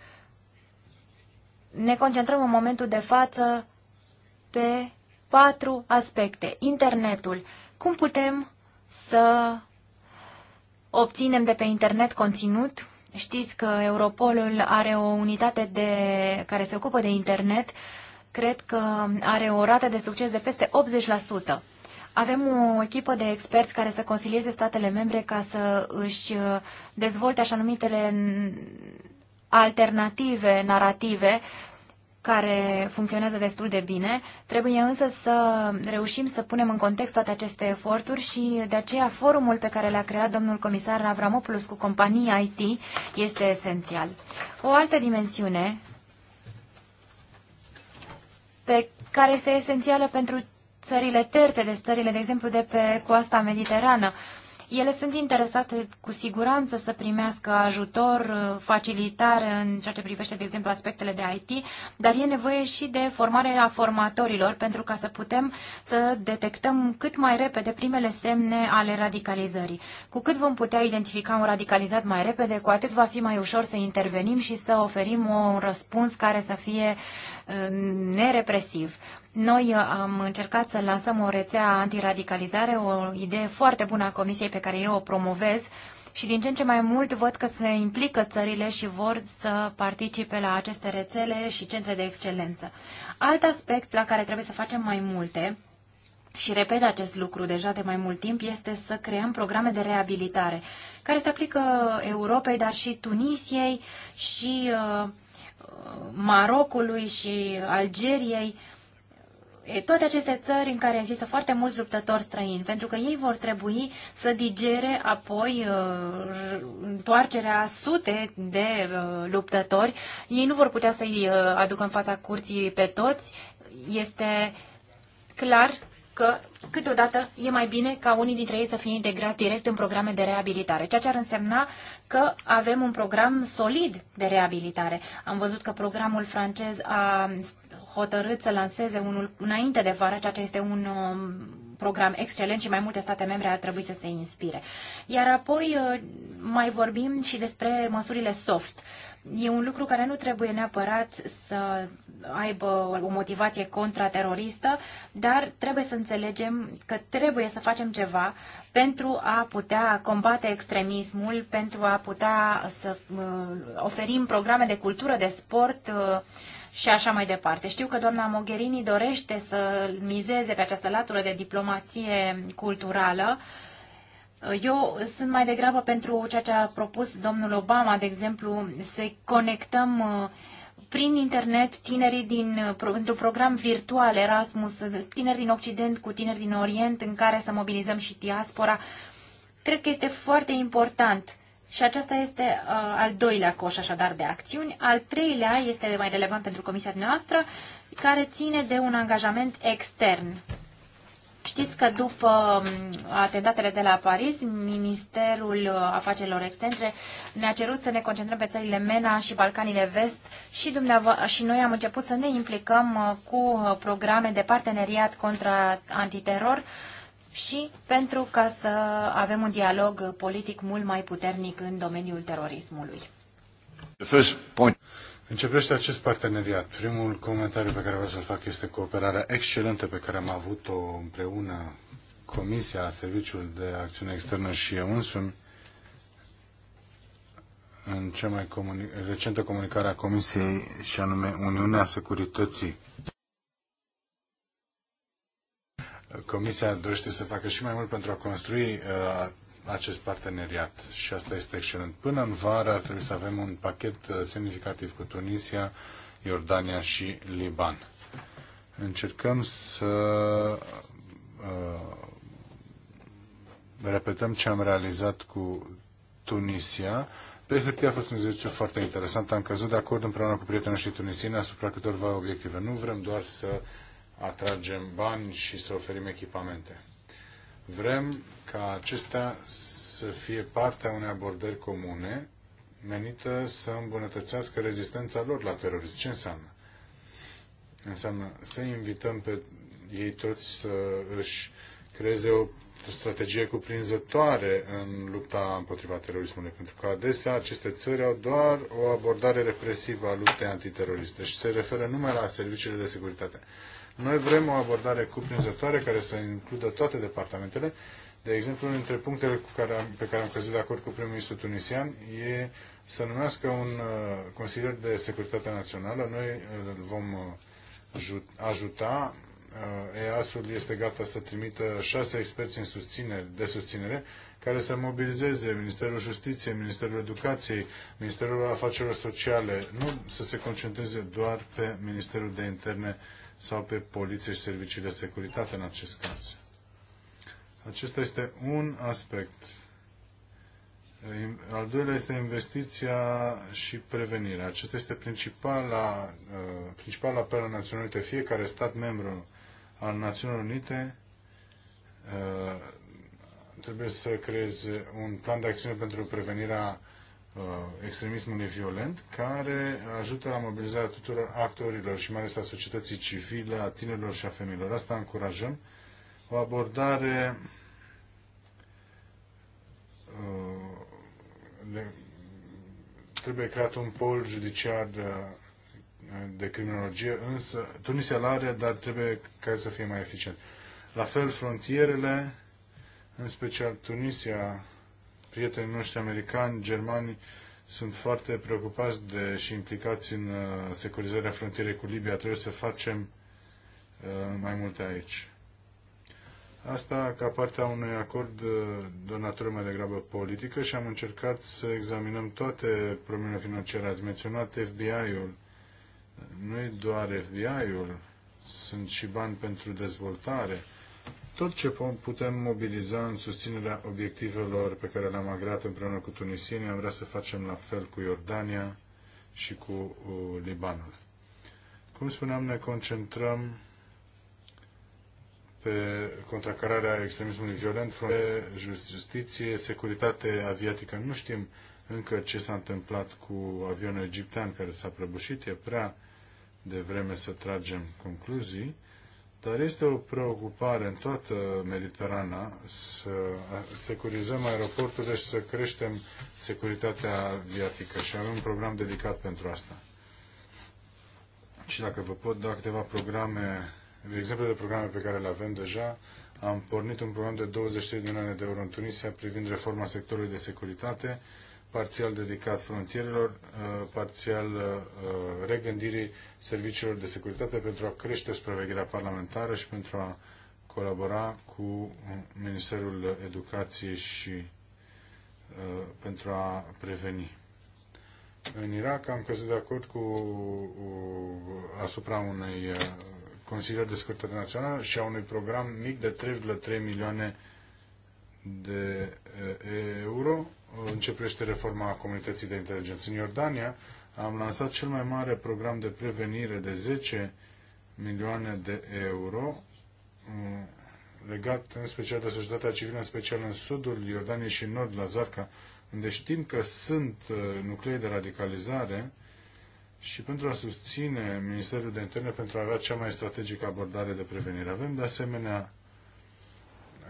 ne concentrăm în momentul de față pe patru aspecte. Internetul. Cum putem să obținem de pe internet conținut? Știți că Europolul are o unitate de, care se ocupă de internet. Cred că are o rată de succes de peste 80%. Avem o echipă de experți care să consilieze statele membre ca să își dezvolte așa numitele alternative narrative care funcționează destul de bine. Trebuie însă să reușim să punem în context toate aceste eforturi și de aceea forumul pe care l-a creat domnul comisar Avramopoulos cu companii IT este esențial. O altă dimensiune pe care este esențială pentru țările terțe, deci țările, de exemplu, de pe coasta mediterană, ele sunt interesate cu siguranță să primească ajutor, uh, facilitare în ceea ce privește, de exemplu, aspectele de IT, dar e nevoie și de formare a formatorilor pentru ca să putem să detectăm cât mai repede primele semne ale radicalizării. Cu cât vom putea identifica un radicalizat mai repede, cu atât va fi mai ușor să intervenim și să oferim un răspuns care să fie uh, nerepresiv. Noi uh, am încercat să lansăm o rețea antiradicalizare, o idee foarte bună a Comisiei pe care eu o promovez și din ce în ce mai mult văd că se implică țările și vor să participe la aceste rețele și centre de excelență. Alt aspect la care trebuie să facem mai multe și repet acest lucru deja de mai mult timp, este să creăm programe de reabilitare, care se aplică Europei, dar și Tunisiei și uh, Marocului și Algeriei. Uh, toate aceste țări în care există foarte mulți luptători străini, pentru că ei vor trebui să digere apoi uh, întoarcerea sute de uh, luptători. Ei nu vor putea să-i uh, aducă în fața curții pe toți. Este clar că câteodată e mai bine ca unii dintre ei să fie integrați direct în programe de reabilitare, ceea ce ar însemna că avem un program solid de reabilitare. Am văzut că programul francez a hotărât să lanseze unul înainte de vară, ceea ce este un um, program excelent și mai multe state membre ar trebui să se inspire. Iar apoi uh, mai vorbim și despre măsurile soft. E un lucru care nu trebuie neapărat să aibă o motivație contrateroristă, dar trebuie să înțelegem că trebuie să facem ceva pentru a putea combate extremismul, pentru a putea să uh, oferim programe de cultură, de sport, uh, și așa mai departe. Știu că doamna Mogherini dorește să mizeze pe această latură de diplomație culturală. Eu sunt mai degrabă pentru ceea ce a propus domnul Obama, de exemplu, să conectăm uh, prin internet tinerii din, uh, într-un program virtual Erasmus, uh, tineri din Occident cu tineri din Orient, în care să mobilizăm și diaspora. Cred că este foarte important și acesta este uh, al doilea coș, așadar, de acțiuni. Al treilea este mai relevant pentru comisia noastră, care ține de un angajament extern. Știți că după um, atentatele de la Paris, Ministerul Afacerilor Externe ne-a cerut să ne concentrăm pe țările MENA și Balcanii de Vest și, și noi am început să ne implicăm uh, cu uh, programe de parteneriat contra antiteror uh, și pentru ca să avem un dialog politic mult mai puternic în domeniul terorismului. Începește acest parteneriat. Primul comentariu pe care vreau să-l fac este cooperarea excelentă pe care am avut-o împreună Comisia, Serviciul de Acțiune Externă și eu însumi în cea mai comuni recentă comunicare a Comisiei și anume Uniunea Securității Comisia dorește să facă și mai mult pentru a construi uh, acest parteneriat și asta este excelent. Până în vară ar trebui să avem un pachet uh, semnificativ cu Tunisia, Iordania și Liban. Încercăm să uh, repetăm ce am realizat cu Tunisia. Pe hârtie a fost un exercițiu foarte interesant. Am căzut de acord împreună cu prietenii noștri tunisieni asupra câtorva obiective. Nu vrem doar să atragem bani și să oferim echipamente. Vrem ca acestea să fie partea unei abordări comune menită să îmbunătățească rezistența lor la terorism. Ce înseamnă? Înseamnă să invităm pe ei toți să își creeze o strategie cuprinzătoare în lupta împotriva terorismului, pentru că adesea aceste țări au doar o abordare represivă a luptei antiteroriste și se referă numai la serviciile de securitate. Noi vrem o abordare cuprinzătoare care să includă toate departamentele. De exemplu, unul dintre punctele cu care am, pe care am căzut de acord cu primul tunisian e să numească un uh, consilier de securitate națională. Noi uh, îl vom uh, ajuta. Uh, EAS-ul este gata să trimită șase experți în susținere, de susținere care să mobilizeze Ministerul Justiției, Ministerul Educației, Ministerul Afacerilor Sociale, nu să se concentreze doar pe Ministerul de Interne uh, sau pe poliție și serviciile de securitate în acest caz. Acesta este un aspect. Al doilea este investiția și prevenirea. Acesta este principala, uh, principal apel al Națiunilor Unite. Fiecare stat membru al Națiunilor Unite uh, trebuie să creeze un plan de acțiune pentru prevenirea Uh, extremismului violent, care ajută la mobilizarea tuturor actorilor și mai ales a societății civile, a tinerilor și a femeilor. Asta încurajăm. O abordare de, uh, trebuie creat un pol judiciar de, de criminologie, însă Tunisia are, dar trebuie ca să fie mai eficient. La fel, frontierele, în special Tunisia, prietenii noștri americani, germani, sunt foarte preocupați de și implicați în uh, securizarea frontierei cu Libia. Trebuie să facem uh, mai multe aici. Asta ca parte a unui acord uh, de o natură mai degrabă politică și am încercat să examinăm toate problemele financiare. Ați menționat FBI-ul. Nu e doar FBI-ul, sunt și bani pentru dezvoltare tot ce putem mobiliza în susținerea obiectivelor pe care le-am agreat împreună cu tunisia, am vrea să facem la fel cu Iordania și cu uh, Libanul. Cum spuneam, ne concentrăm pe contracararea extremismului violent, pe justiție, securitate aviatică. Nu știm încă ce s-a întâmplat cu avionul egiptean care s-a prăbușit, e prea devreme să tragem concluzii dar este o preocupare în toată Mediterana să securizăm aeroporturile și să creștem securitatea aviatică și avem un program dedicat pentru asta. Și dacă vă pot da câteva programe, exemple de programe pe care le avem deja, am pornit un program de 23 de milioane de euro în Tunisia privind reforma sectorului de securitate, parțial dedicat frontierelor, uh, parțial uh, regândirii serviciilor de securitate pentru a crește supravegherea parlamentară și pentru a colabora cu Ministerul Educației și uh, pentru a preveni. În Irak am căzut de acord cu asupra unei Consiliului de Securitate Națională și a unui program mic de 3,3 milioane de euro începește reforma comunității de inteligență. În Iordania am lansat cel mai mare program de prevenire de 10 milioane de euro mm, legat în special de societatea civilă, în special în sudul Iordaniei și în nord, la Zarca, unde știm că sunt uh, nuclee de radicalizare și pentru a susține Ministerul de Interne pentru a avea cea mai strategică abordare de prevenire. Avem de asemenea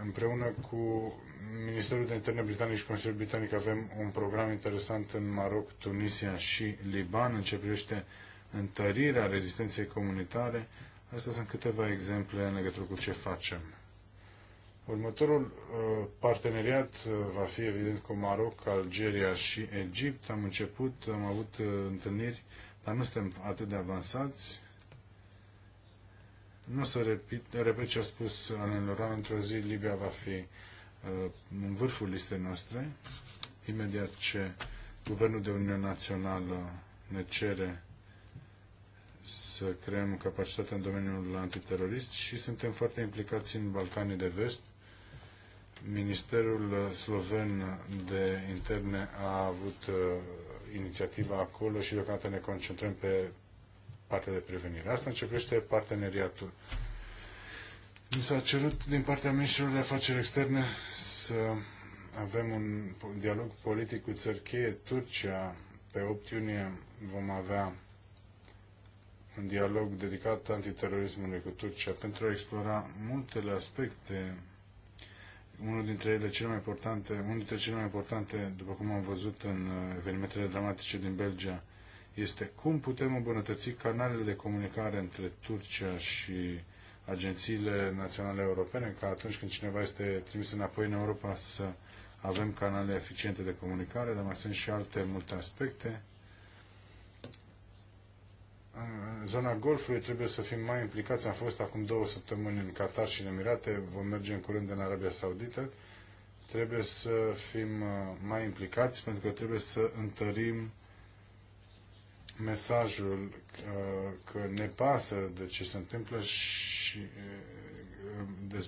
Împreună cu Ministerul de Interne Britanic și Consiliul Britanic avem un program interesant în Maroc, Tunisia și Liban în ce privește întărirea rezistenței comunitare. Astea sunt câteva exemple în legătură cu ce facem. Următorul uh, parteneriat uh, va fi evident cu Maroc, Algeria și Egipt. Am început, am avut uh, întâlniri, dar nu suntem atât de avansați. Nu să repet, repet ce a spus Alain Laurent, într-o zi Libia va fi uh, în vârful listei noastre, imediat ce Guvernul de Uniune Națională ne cere să creăm capacitatea în domeniul antiterorist și suntem foarte implicați în Balcanii de Vest. Ministerul uh, Sloven de Interne a avut uh, inițiativa acolo și deocamdată ne concentrăm pe partea de prevenire. Asta începește parteneriatul. Mi s-a cerut din partea Ministrului de afaceri externe să avem un dialog politic cu țări cheie. Turcia, pe 8 iunie, vom avea un dialog dedicat antiterorismului cu Turcia pentru a explora multele aspecte, unul dintre ele cele mai importante, unul dintre cele mai importante, după cum am văzut în evenimentele dramatice din Belgia, este cum putem îmbunătăți canalele de comunicare între Turcia și agențiile naționale europene, ca atunci când cineva este trimis înapoi în Europa să avem canale eficiente de comunicare, dar mai sunt și alte multe aspecte. În zona Golfului trebuie să fim mai implicați. Am fost acum două săptămâni în Qatar și în Emirate, vom merge în curând în Arabia Saudită. Trebuie să fim uh, mai implicați pentru că trebuie să întărim mesajul uh, că ne pasă de ce se întâmplă și uh, de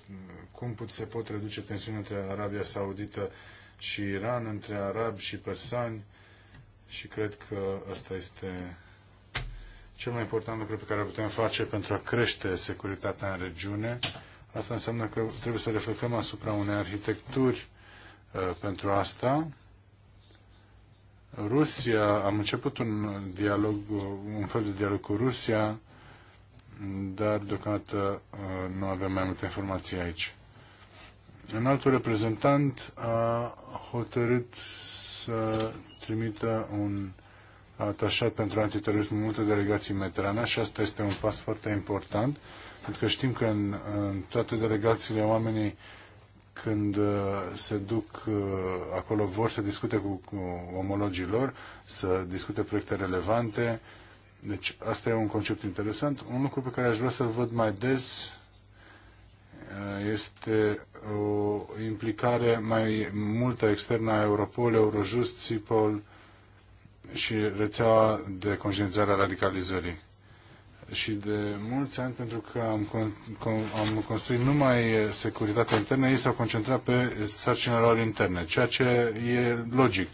cum se pot reduce tensiunea între Arabia Saudită și Iran, între arabi și persani și cred că asta este cel mai important lucru pe care putem face pentru a crește securitatea în regiune. Asta înseamnă că trebuie să reflectăm asupra unei arhitecturi uh, pentru asta Rusia, am început un dialog, un fel de dialog cu Rusia, dar deocamdată uh, nu avem mai multe informații aici. Un altul reprezentant a hotărât să trimită un atașat pentru antiterorism în multe delegații mediterane și asta este un pas foarte important, pentru că știm că în, în toate delegațiile oamenii când uh, se duc uh, acolo, vor să discute cu omologii lor, să discute proiecte relevante. Deci asta e un concept interesant. Un lucru pe care aș vrea să-l văd mai des uh, este o implicare mai multă externă a Europol, Eurojust, CIPOL și rețeaua de conștientizare a radicalizării și de mulți ani pentru că am, am construit numai securitatea internă, ei s-au concentrat pe sarcinile lor interne, ceea ce e logic.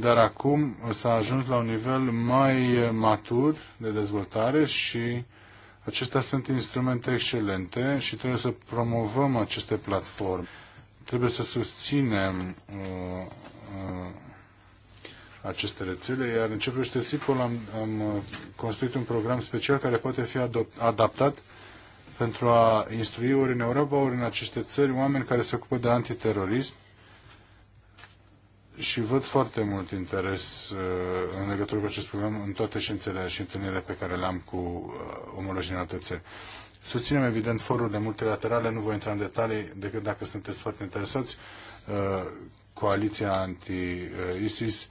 Dar acum s-a ajuns la un nivel mai matur de dezvoltare și acestea sunt instrumente excelente și trebuie să promovăm aceste platforme. Trebuie să susținem uh, uh, aceste rețele, iar în ce privește SIPOL am, am uh, construit un program special care poate fi adopt, adaptat pentru a instrui ori în Europa, ori în aceste țări, oameni care se ocupă de antiterorism și văd foarte mult interes uh, în legătură cu acest program în toate științele, și întâlnirile pe care le-am cu uh, omologii în alte țări. Susținem, evident, forurile multilaterale, nu voi intra în detalii decât dacă sunteți foarte interesați. Coaliția anti-ISIS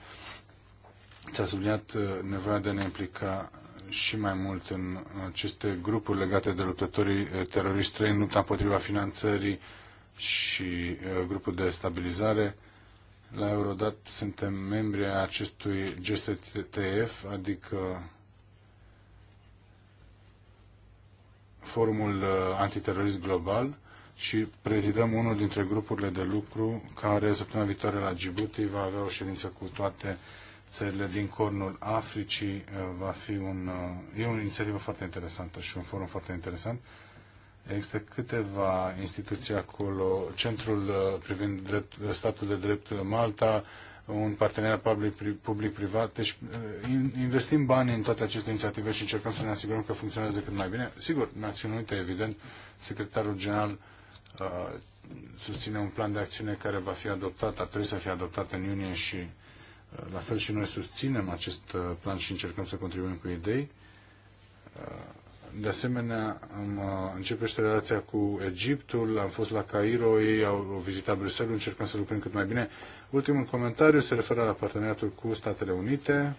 S-a subliniat uh, nevoia de a ne implica și mai mult în aceste grupuri legate de luptătorii uh, teroriști străini, lupta împotriva finanțării și uh, grupul de stabilizare. La Eurodat suntem membri ai acestui GSTF, adică Forumul Antiterorist Global și prezidăm unul dintre grupurile de lucru care săptămâna viitoare la Djibouti va avea o ședință cu toate uh, țările din cornul Africii uh, va fi un, uh, e o inițiativă foarte interesantă și un forum foarte interesant. Există câteva instituții acolo, centrul uh, privind drept, statul de drept Malta, un partener public-privat. Deci investim bani în toate aceste inițiative și încercăm să ne asigurăm că funcționează cât mai bine. Sigur, Națiunile Unite, evident, secretarul general uh, susține un plan de acțiune care va fi adoptat, ar trebui să fie adoptat în iunie și la fel și noi susținem acest uh, plan și încercăm să contribuim cu idei. Uh, de asemenea, am uh, începește relația cu Egiptul, am fost la Cairo, ei au vizitat Bruxelles, încercăm să lucrăm cât mai bine. Ultimul comentariu se referă la parteneriatul cu Statele Unite.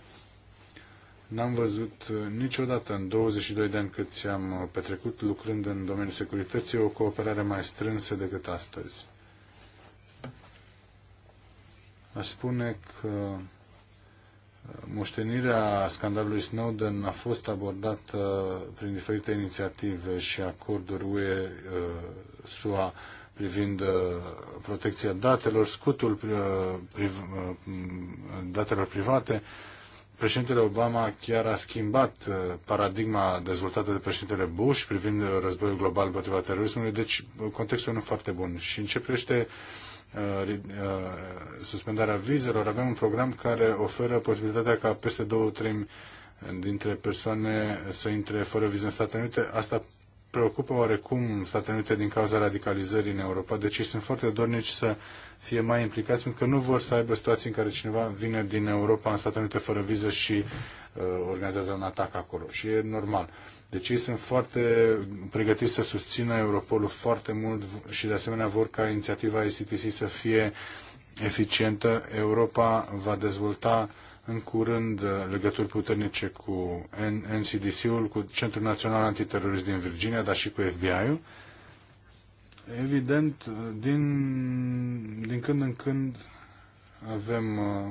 N-am văzut niciodată în 22 de ani cât am petrecut lucrând în domeniul securității o cooperare mai strânsă decât astăzi aș spune că uh, moștenirea scandalului Snowden a fost abordată prin diferite inițiative și acorduri UE-SUA uh, privind uh, protecția datelor, scutul priv, mm, datelor private. Președintele Obama chiar a schimbat paradigma dezvoltată de președintele Bush privind războiul global împotriva terorismului, deci contextul nu foarte bun. Și începește uh, Uh, uh, suspendarea vizelor. Avem un program care oferă posibilitatea ca peste două trei dintre persoane să intre fără viză în Statele Unite. Asta preocupă oarecum Statele Unite din cauza radicalizării în Europa, deci sunt foarte dornici să fie mai implicați, pentru că nu vor să aibă situații în care cineva vine din Europa în Statele Unite fără viză și uh, organizează un atac acolo. Și e normal. Uh, deci ei sunt foarte pregătiți să susțină Europolul foarte mult și de asemenea vor ca inițiativa ICTC să fie eficientă. Europa va dezvolta în curând legături puternice cu NCDC-ul, cu Centrul Național Antiterorist din Virginia, dar și cu FBI-ul. Evident, din, din când în când avem uh,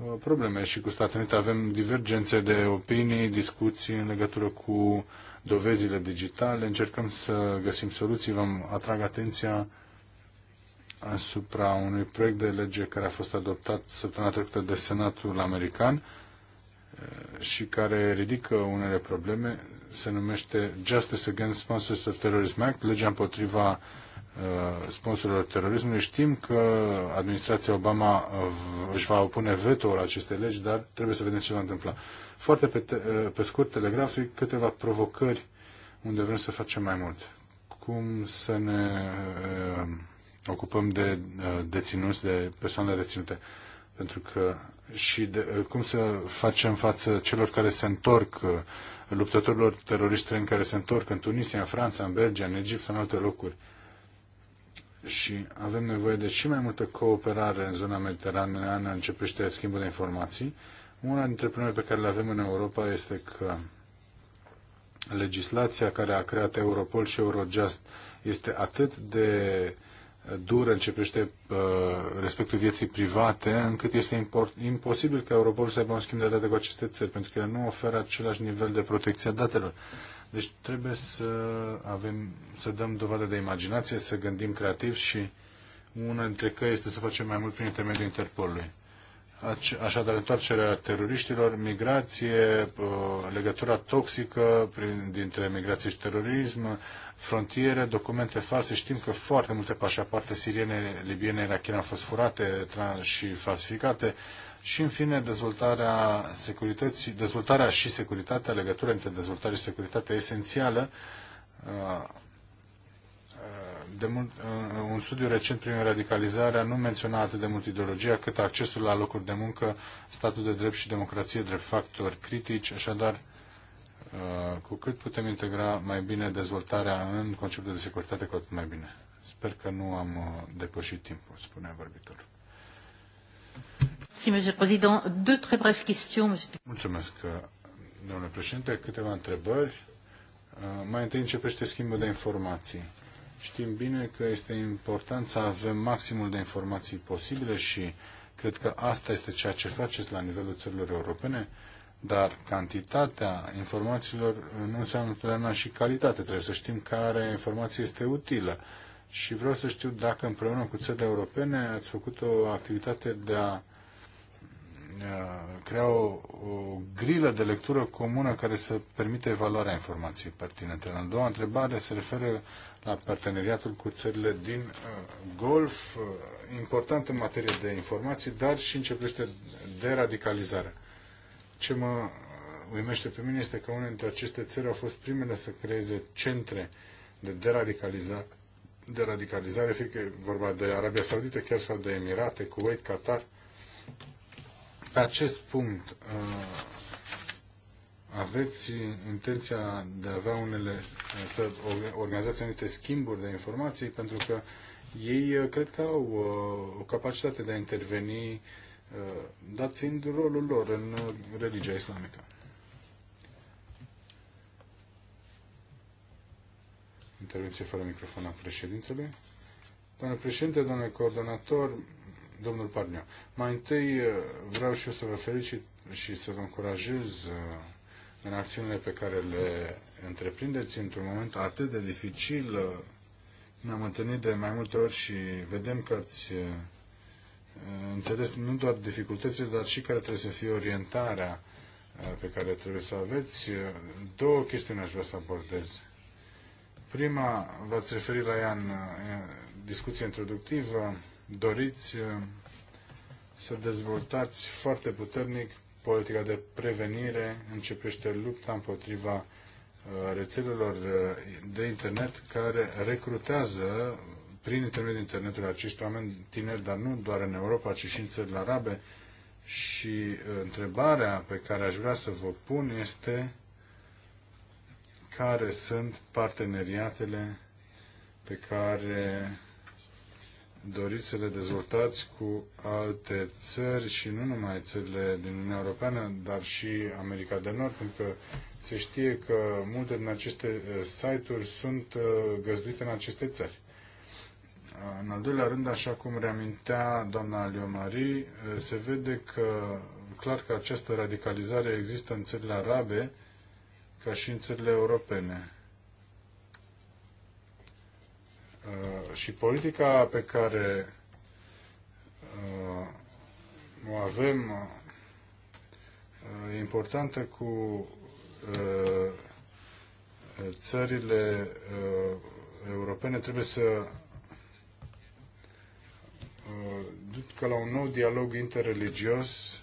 Uh, probleme și cu Statele Unite. Avem divergențe de opinii, discuții în legătură cu dovezile digitale. Încercăm să găsim soluții. Vă atrag atenția asupra unui proiect de lege care a fost adoptat săptămâna trecută de Senatul American uh, și care ridică unele probleme. Se numește Justice Against Sponsors of Terrorism Act, legea împotriva uh, Uh, sponsorilor terorismului. Știm că administrația Obama uh, își va opune veto la aceste legi, dar trebuie să vedem ce va întâmpla. Foarte pe, te, uh, pe scurt, telegrafic, câteva provocări unde vrem să facem mai mult. Cum să ne ocupăm de deținuți, de persoane reținute. Pentru că și de, cum să facem față celor care se întorc, luptătorilor teroriști care se întorc în Tunisia, în Franța, în Belgia, în Egipt sau în alte locuri. Uh, și avem nevoie de și mai multă cooperare în zona mediteraneană, începește schimbul de informații. Una dintre problemele pe care le avem în Europa este că legislația care a creat Europol și Eurojust este atât de dură, începește uh, respectul vieții private, încât este import, imposibil ca Europol să aibă un schimb de date cu aceste țări, pentru că ele nu oferă același nivel de protecție a datelor. Uh, deci trebuie să avem, să dăm dovadă de imaginație, să gândim creativ și una dintre căi este să facem mai mult prin intermediul Interpolului. Așadar, întoarcerea teroriștilor, migrație, uh, legătura toxică prin, dintre migrație și terorism, frontiere, documente false. Știm că foarte multe pașapoarte siriene, libiene, irachiene au fost furate și falsificate și, în fine, dezvoltarea, securității, dezvoltarea și securitatea, legătura între dezvoltare și securitate esențială. Uh, uh, de mult, uh, un studiu recent privind radicalizarea nu menționa atât de mult ideologia cât accesul la locuri de muncă, statul de drept și democrație drept factori critici, așadar cu cât putem integra mai bine dezvoltarea în conceptul de securitate, cu atât mai bine. Sper că nu am depășit timpul, spunea vorbitorul. Mulțumesc, domnule președinte. Câteva întrebări. Uh, mai întâi începește schimbul de informații. Știm bine că este important să avem maximul de informații posibile și cred că asta este ceea ce faceți la nivelul țărilor europene, dar cantitatea informațiilor nu înseamnă întotdeauna și calitate. Trebuie să știm care informație este utilă. Și vreau să știu dacă împreună cu țările europene ați făcut o activitate de a Uh, crea o, o grilă de lectură comună care să permită evaluarea informației pertinente. În doua întrebare se referă la parteneriatul cu țările din uh, Golf, uh, important în materie de informații, dar și începește deradicalizarea. Ce mă uh, uimește pe mine este că unele dintre aceste țări au fost primele să creeze centre de deradicalizare, de radicalizare, fie că e vorba de Arabia Saudită chiar sau de Emirate, Kuwait, Qatar, pe acest punct uh, aveți intenția de a avea unele, să organizați anumite schimburi de informații, pentru că ei uh, cred că au uh, o capacitate de a interveni, dat fiind rolul lor în religia islamică. Intervenție fără microfon a președintelui. Doamne președinte, doamne coordonator, domnul Parnia. Mai întâi uh, vreau și eu să vă felicit și să vă încurajez uh, în acțiunile pe care le întreprindeți într-un moment atât de dificil. Uh, ne-am întâlnit de mai multe ori și vedem că ați înțeles nu doar dificultățile, dar și care trebuie să fie orientarea pe care trebuie să o aveți. Două chestiuni aș vrea să abordez. Prima, v-ați referit la ea în discuție introductivă, doriți uh, să dezvoltați foarte puternic politica de prevenire, începește lupta împotriva uh, rețelelor uh, de internet care recrutează prin intermediul internetului acești oameni tineri, dar nu doar în Europa, ci și în țările arabe. Și întrebarea pe care aș vrea să vă pun este care sunt parteneriatele pe care doriți să le dezvoltați cu alte țări și nu numai țările din Uniunea Europeană, dar și America de Nord, pentru că se știe că multe din aceste eh, site-uri sunt eh, găzduite în aceste țări. În al doilea rând, așa cum reamintea doamna Leomari, eh, se vede că clar că această radicalizare există în țările arabe ca și în țările europene. Uh, și politica pe care uh, o avem uh, e importantă cu țările europene trebuie să ducă la un nou dialog interreligios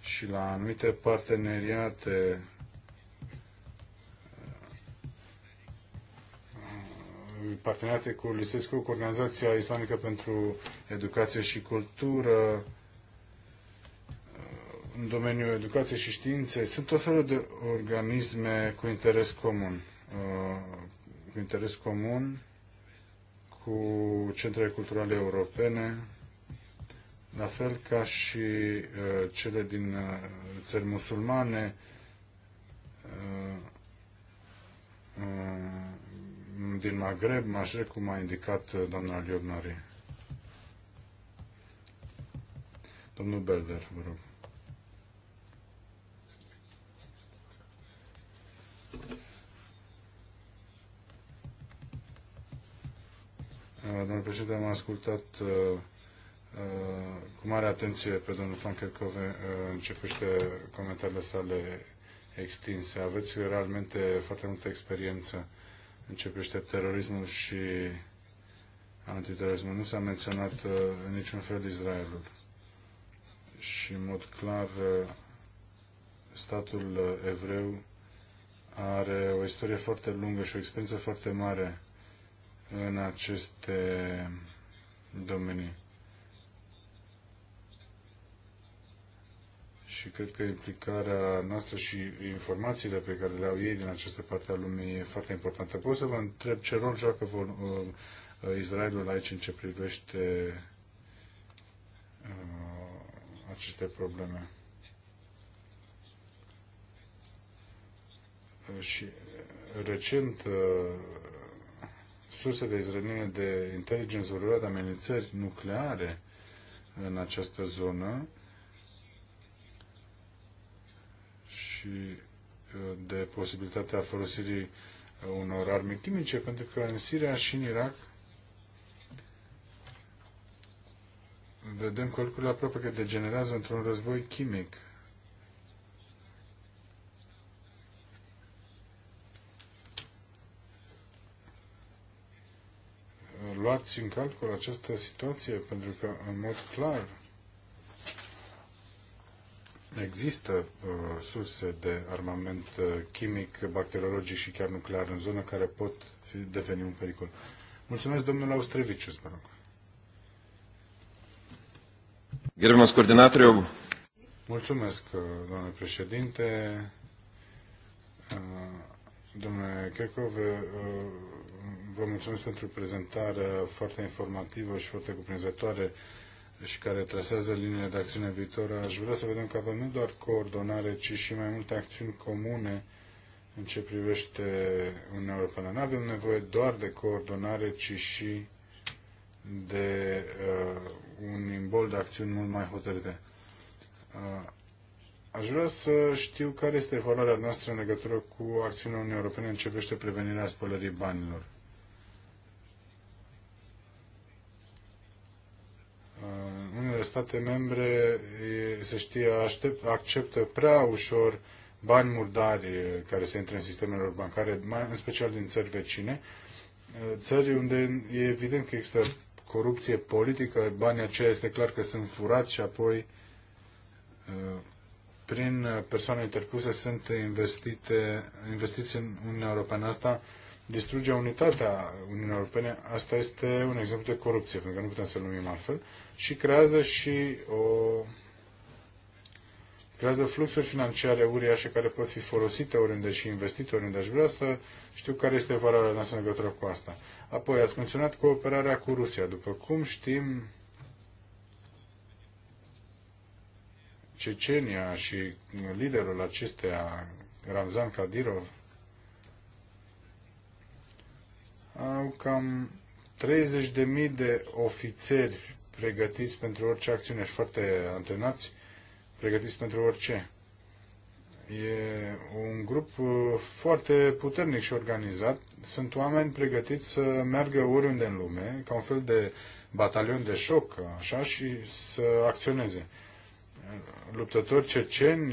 și la anumite parteneriate parteneriate cu Lisescu, cu Organizația Islamică pentru Educație și Cultură, în domeniul educației și științei. Sunt tot felul de organisme cu interes comun. Uh, cu interes comun cu centrele culturale europene, la fel ca și uh, cele din uh, țări musulmane, din Maghreb, așa cum a indicat uh, doamna Liobnari. Domnul Belder, vă rog. Uh, domnul președinte, am ascultat uh, uh, cu mare atenție pe domnul uh, începește comentariile sale extinse. Aveți realmente foarte multă experiență începește terorismul și antiterorismul. Nu s-a menționat uh, în niciun fel Israelul. Și, în mod clar, uh, statul uh, evreu are o istorie foarte lungă și o experiență foarte mare în aceste domenii. și cred că implicarea noastră și informațiile pe care le au ei din această parte a lumii e foarte importantă. Pot să vă întreb ce rol joacă uh, uh, Israelul aici în ce privește uh, aceste probleme? Și recent surse de izraeliene de inteligență vorbea de amenințări nucleare în această zonă și uh, de posibilitatea folosirii uh, unor arme chimice, pentru că în Siria și în Irak vedem că lucrurile aproape că degenerează într-un război chimic. Luați în calcul această situație, pentru că, în mod clar, Există uh, surse de armament uh, chimic, bacteriologic și chiar nuclear în zonă care pot fi, deveni un pericol. Mulțumesc, domnul Austreviciu, vă rog. Gerbimas Mulțumesc, uh, domnule președinte. Uh, domnule Checov, uh, vă mulțumesc pentru prezentarea foarte informativă și foarte cuprinzătoare și care trasează liniile de acțiune viitoare, aș vrea să vedem că avem nu doar coordonare, ci și mai multe acțiuni comune în ce privește Uniunea Europeană. Nu avem nevoie doar de coordonare, ci și de uh, un imbol de acțiuni mult mai hotărâte. Uh, aș vrea să știu care este evaluarea noastră în legătură cu acțiunea Uniunii Europene în ce privește prevenirea spălării banilor. unele state membre, se știe, aștept, acceptă prea ușor bani murdari care se intre în sistemele lor bancare, mai, în special din țări vecine, țări unde e evident că există corupție politică, banii aceia este clar că sunt furați și apoi prin persoane interpuse sunt investite, investiți în Uniunea Europeană. Asta distruge unitatea Uniunii Europene. Asta este un exemplu de corupție, pentru că nu putem să-l numim altfel și creează și o creează fluxuri financiare uriașe care pot fi folosite oriunde și investite oriunde aș vrea să știu care este valoarea noastră în legătură cu asta. Apoi, ați menționat cooperarea cu Rusia. După cum știm, Cecenia și liderul acesteia, Ramzan Kadirov, au cam 30.000 de ofițeri pregătiți pentru orice acțiune și foarte antrenați, pregătiți pentru orice. E un grup uh, foarte puternic și organizat. Sunt oameni pregătiți să meargă oriunde în lume, ca un fel de batalion de șoc, așa, și să acționeze. Luptători ceceni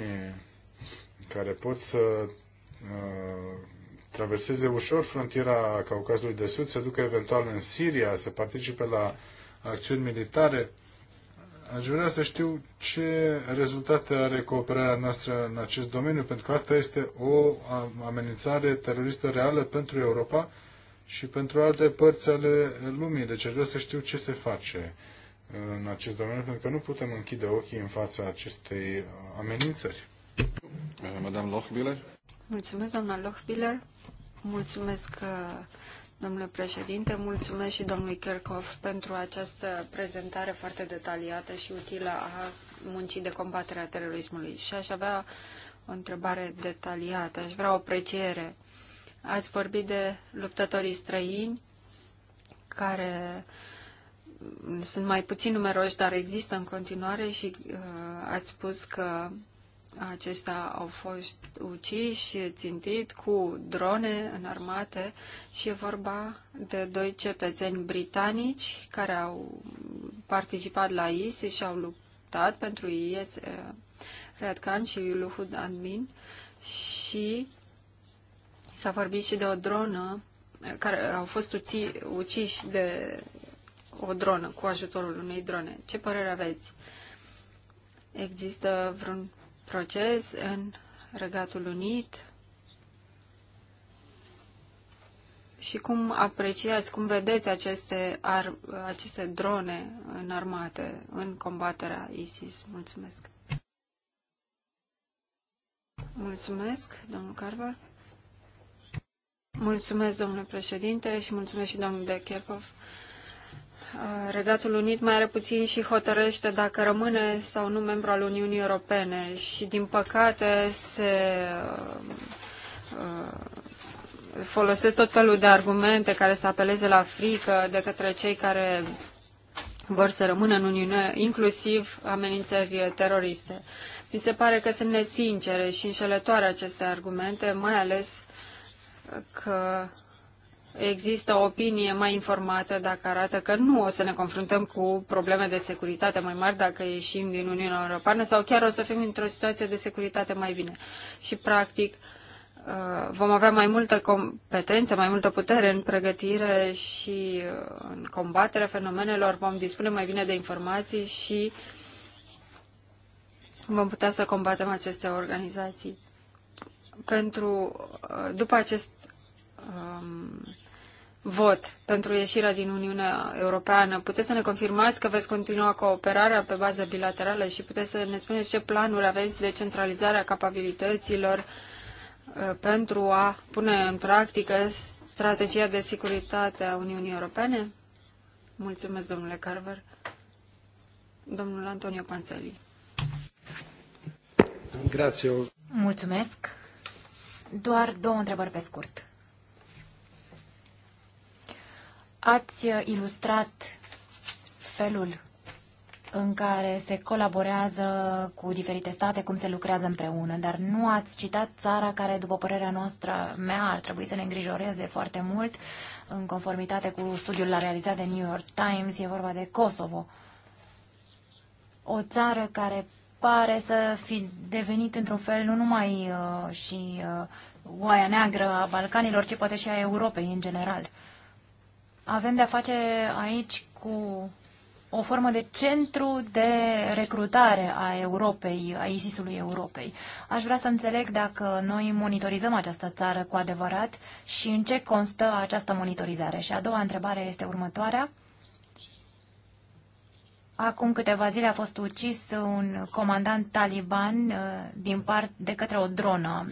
care pot să uh, traverseze ușor frontiera Caucazului de Sud, se ducă eventual în Siria, să participe la acțiuni militare. Aș vrea să știu ce rezultate are cooperarea noastră în acest domeniu, pentru că asta este o amenințare teroristă reală pentru Europa și pentru alte părți ale lumii. Deci aș vrea să știu ce se face în acest domeniu, pentru că nu putem închide ochii în fața acestei amenințări. Madame Lochbiller. Mulțumesc, doamna Lochbiller. Mulțumesc uh, Domnule președinte, mulțumesc și domnului Kirchhoff pentru această prezentare foarte detaliată și utilă a muncii de combatere a terorismului. Și aș avea o întrebare detaliată, aș vrea o apreciere. Ați vorbit de luptătorii străini care sunt mai puțin numeroși, dar există în continuare și uh, ați spus că acestea au fost uciși, țintit cu drone armate și e vorba de doi cetățeni britanici care au participat la ISIS și au luptat pentru IS, eh, Red Khan și Luhud Admin și s-a vorbit și de o dronă eh, care au fost uci, uciși de o dronă, cu ajutorul unei drone. Ce părere aveți? Există vreun proces în Regatul Unit și cum apreciați, cum vedeți aceste, ar, aceste drone armate în combaterea ISIS. Mulțumesc! Mulțumesc, domnul Carver. Mulțumesc, domnule președinte, și mulțumesc și domnul Decherpov Uh, Regatul Unit mai are puțin și hotărăște dacă rămâne sau nu membru al Uniunii Europene și, din păcate, se uh, folosesc tot felul de argumente care să apeleze la frică de către cei care vor să rămână în Uniune, inclusiv amenințări teroriste. Mi se pare că sunt nesincere și înșelătoare aceste argumente, mai ales că există o opinie mai informată dacă arată că nu o să ne confruntăm cu probleme de securitate mai mari dacă ieșim din Uniunea Europeană sau chiar o să fim într-o situație de securitate mai bine. Și, practic, uh, vom avea mai multă competență, mai multă putere în pregătire și uh, în combaterea fenomenelor, vom dispune mai bine de informații și vom putea să combatem aceste organizații. Pentru, uh, după acest um, vot pentru ieșirea din Uniunea Europeană. Puteți să ne confirmați că veți continua cooperarea pe bază bilaterală și puteți să ne spuneți ce planuri aveți de centralizare a capabilităților uh, pentru a pune în practică strategia de securitate a Uniunii Europene? Mulțumesc, domnule Carver. Domnul Antonio Panțeli. Mulțumesc. Doar două întrebări pe scurt. Ați uh, ilustrat felul în care se colaborează cu diferite state, cum se lucrează împreună, dar nu ați citat țara care, după părerea noastră mea, ar trebui să ne îngrijoreze foarte mult în conformitate cu studiul la realizat de New York Times, e vorba de Kosovo. O țară care pare să fi devenit într-un fel nu numai uh, și uh, oaia neagră a Balcanilor, ci poate și a Europei în general. Uh, avem de-a face aici cu o formă de centru de recrutare a Europei, a ISIS-ului Europei. Aș vrea să înțeleg dacă noi monitorizăm această țară cu adevărat și în ce constă această monitorizare. Și a doua întrebare este următoarea. Acum câteva zile a fost ucis un comandant taliban uh, din part, de către o dronă.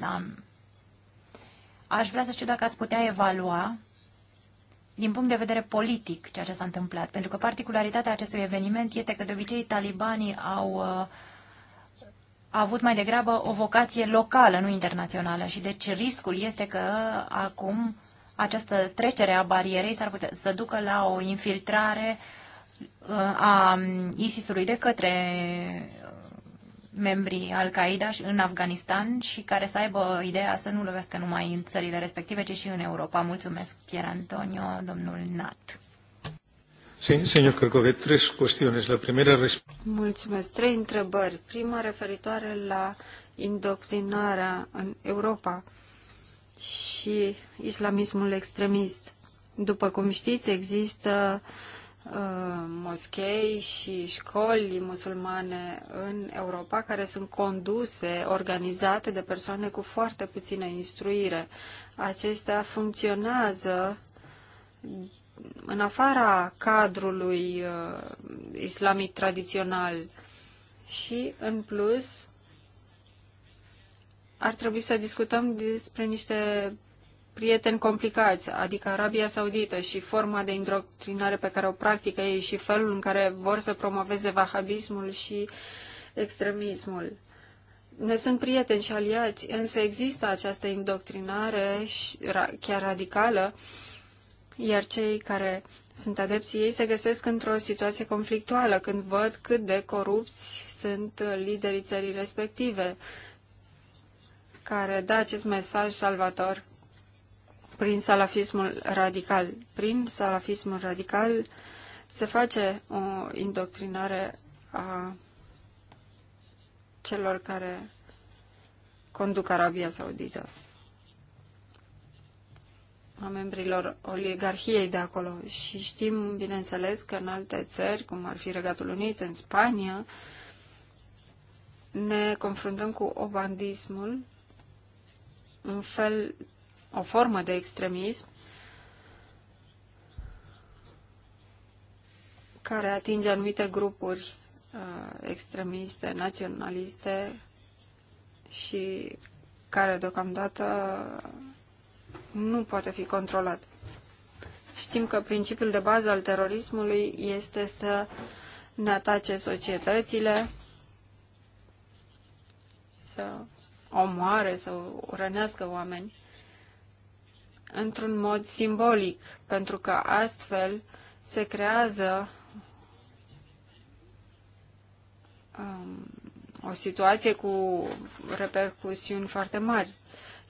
Aș vrea să știu dacă ați putea evalua din punct de vedere politic ceea ce s-a întâmplat. Pentru că particularitatea acestui eveniment este că de obicei talibanii au uh, a avut mai degrabă o vocație locală, nu internațională. Și deci riscul este că acum această trecere a barierei s-ar putea să ducă la o infiltrare uh, a um, ISIS-ului de către membrii Al-Qaeda în Afganistan și care să aibă ideea să nu lovească numai în țările respective, ci și în Europa. Mulțumesc, Pier Antonio, domnul Nat. Sí, señor Cărcove, tres cuestiones. La primera... Mulțumesc. Trei întrebări. Prima referitoare la indoctrinarea în Europa și islamismul extremist. După cum știți, există uh, Uh, moschei și școli musulmane în Europa care sunt conduse, organizate de persoane cu foarte puțină instruire. Acestea funcționează în afara cadrului uh, islamic tradițional și, în plus, ar trebui să discutăm despre niște prieteni complicați, adică Arabia Saudită și forma de indoctrinare pe care o practică ei și felul în care vor să promoveze vahabismul și extremismul. Ne sunt prieteni și aliați, însă există această indoctrinare și chiar radicală, iar cei care sunt adepții ei se găsesc într-o situație conflictuală când văd cât de corupți sunt liderii țării respective, care dă da, acest mesaj salvator prin salafismul radical. Prin salafismul radical se face o indoctrinare a celor care conduc Arabia Saudită, a membrilor oligarhiei de acolo. Și știm, bineînțeles, că în alte țări, cum ar fi Regatul Unit, în Spania, ne confruntăm cu obandismul, un fel o formă de extremism care atinge anumite grupuri uh, extremiste, naționaliste și care deocamdată nu poate fi controlat. Știm că principiul de bază al terorismului este să ne atace societățile, să omoare, să rănească oameni într-un mod simbolic, pentru că astfel se creează um, o situație cu repercusiuni foarte mari.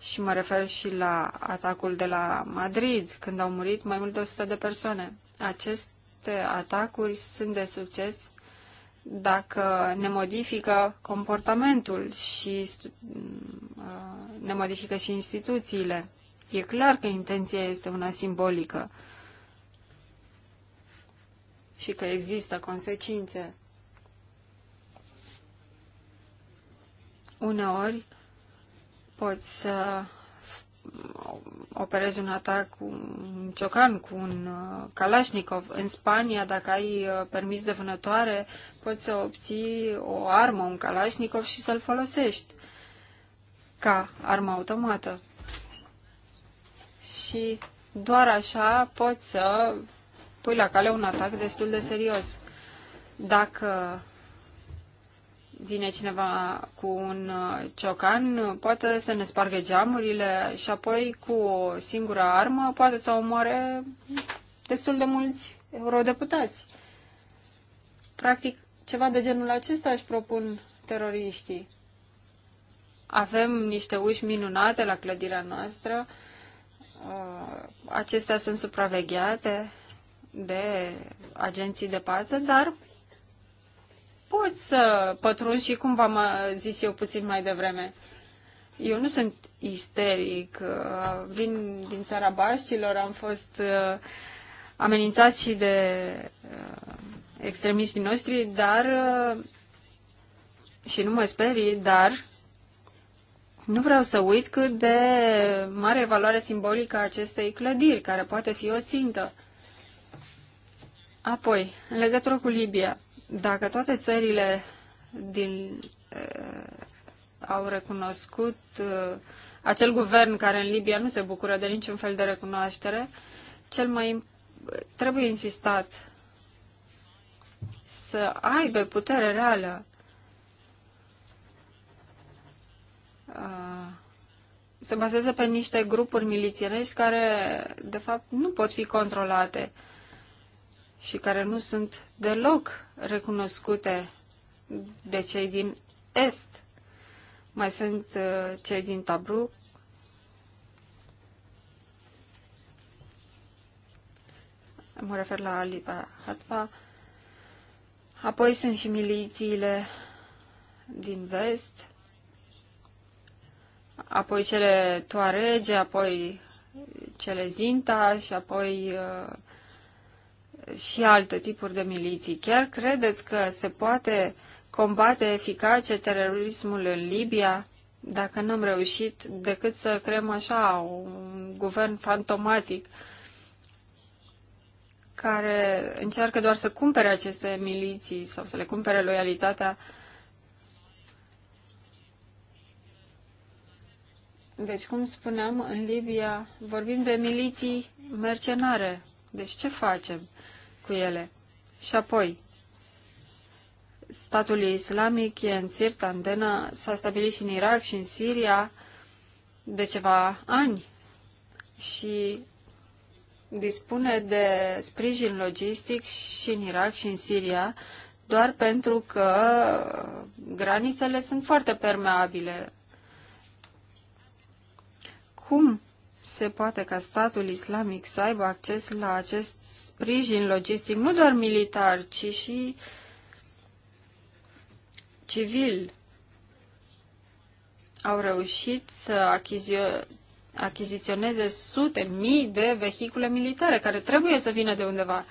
Și mă refer și la atacul de la Madrid, când au murit mai mult de 100 de persoane. Aceste atacuri sunt de succes dacă ne modifică comportamentul și uh, ne modifică și instituțiile. E clar că intenția este una simbolică și că există consecințe. Uneori poți să operezi un atac cu un ciocan, cu un uh, Kalashnikov. În Spania, dacă ai uh, permis de vânătoare, poți să obții o armă, un Kalashnikov și să-l folosești ca armă automată și doar așa poți să pui la cale un atac destul de serios. Dacă vine cineva cu un uh, ciocan, poate să ne spargă geamurile și apoi cu o singură armă poate să omoare destul de mulți eurodeputați. Practic, ceva de genul acesta își propun teroriștii. Avem niște uși minunate la clădirea noastră, Uh, acestea sunt supravegheate de agenții de pază, dar poți să pătrunzi și cum v-am uh, zis eu puțin mai devreme. Eu nu sunt isteric, uh, vin din țara Baștilor, am fost amenințat și de extremiștii noștri, dar și nu mă sperii, dar nu vreau să uit cât de mare valoare simbolică a acestei clădiri, care poate fi o țintă. Apoi, în legătură cu Libia, dacă toate țările din, uh, au recunoscut uh, acel guvern care în Libia nu se bucură de niciun fel de recunoaștere, cel mai trebuie insistat să aibă putere reală Uh, se bazează pe niște grupuri milițienești care, de fapt, nu pot fi controlate și care nu sunt deloc recunoscute de cei din Est. Mai sunt uh, cei din Tabruk, mă refer la Alipa Hatva, apoi sunt și milițiile din vest, apoi cele toarege, apoi cele zinta și apoi uh, și alte tipuri de miliții. Chiar credeți că se poate combate eficace terorismul în Libia dacă n-am reușit decât să creăm așa un guvern fantomatic care încearcă doar să cumpere aceste miliții sau să le cumpere loialitatea uh, Deci, cum spuneam, în Libia vorbim de miliții mercenare. Deci ce facem cu ele? Și apoi, statul islamic e în Sirta, în Dena, s-a stabilit și în Irak și în Siria de ceva ani și dispune de sprijin logistic și în Irak și în Siria, doar pentru că granițele sunt foarte permeabile cum se poate ca statul islamic să aibă acces la acest sprijin logistic, nu doar militar, ci și civil? Au reușit să achizio- achiziționeze sute, mii de vehicule militare care trebuie să vină de undeva.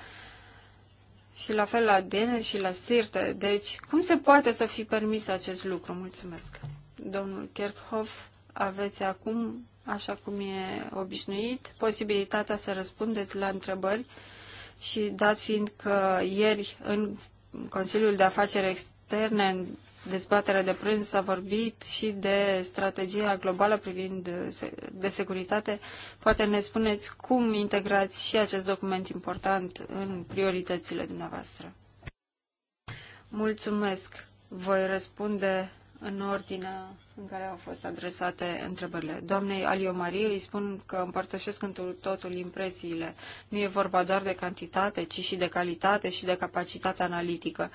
Și la fel la Dene și la Sirte. Deci, cum se poate să fi permis acest lucru? Mulțumesc. Domnul Kerkhoff, aveți acum așa cum e obișnuit, posibilitatea să răspundeți la întrebări și dat fiind că ieri în Consiliul de Afaceri Externe, în dezbaterea de prânz, s-a vorbit și de strategia globală privind de securitate, poate ne spuneți cum integrați și acest document important în prioritățile dumneavoastră. Mulțumesc! Voi răspunde în ordinea în care au fost adresate întrebările. Doamnei Alio Marie îi spun că împărtășesc întru totul impresiile. Nu e vorba doar de cantitate, ci și de calitate și de capacitate analitică.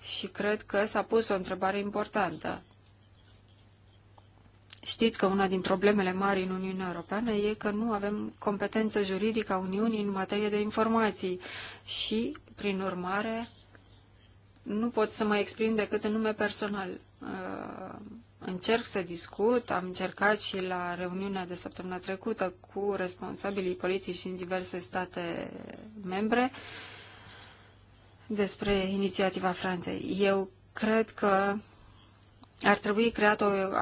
Și cred că s-a pus o întrebare importantă. Știți că una din problemele mari în Uniunea Europeană e că nu avem competență juridică a Uniunii în materie de informații și, prin urmare, nu pot să mă exprim decât în nume personal. Uh, încerc să discut, am încercat și la reuniunea de săptămâna trecută cu responsabilii politici din diverse state membre despre inițiativa Franței. Eu cred că ar trebui creată o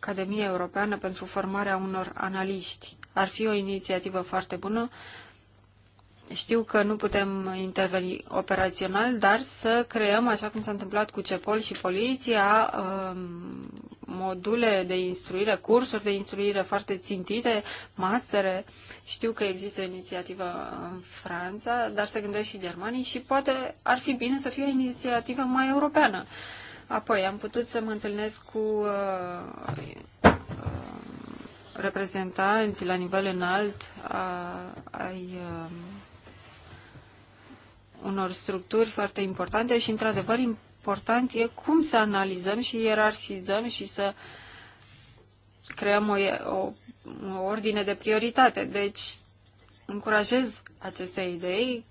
Academie Europeană pentru formarea unor analiști. Ar fi o inițiativă foarte bună știu că nu putem interveni operațional, dar să creăm, așa cum s-a întâmplat cu CEPOL și poliția, um, module de instruire, cursuri de instruire foarte țintite, mastere. Știu că există o inițiativă în Franța, dar se gândesc și germanii și poate ar fi bine să fie o inițiativă mai europeană. Apoi am putut să mă întâlnesc cu uh, uh, reprezentanți la nivel înalt uh, ai unor structuri foarte importante și, într-adevăr, important e cum să analizăm și ierarhizăm și să creăm o, o, o ordine de prioritate. Deci, încurajez aceste idei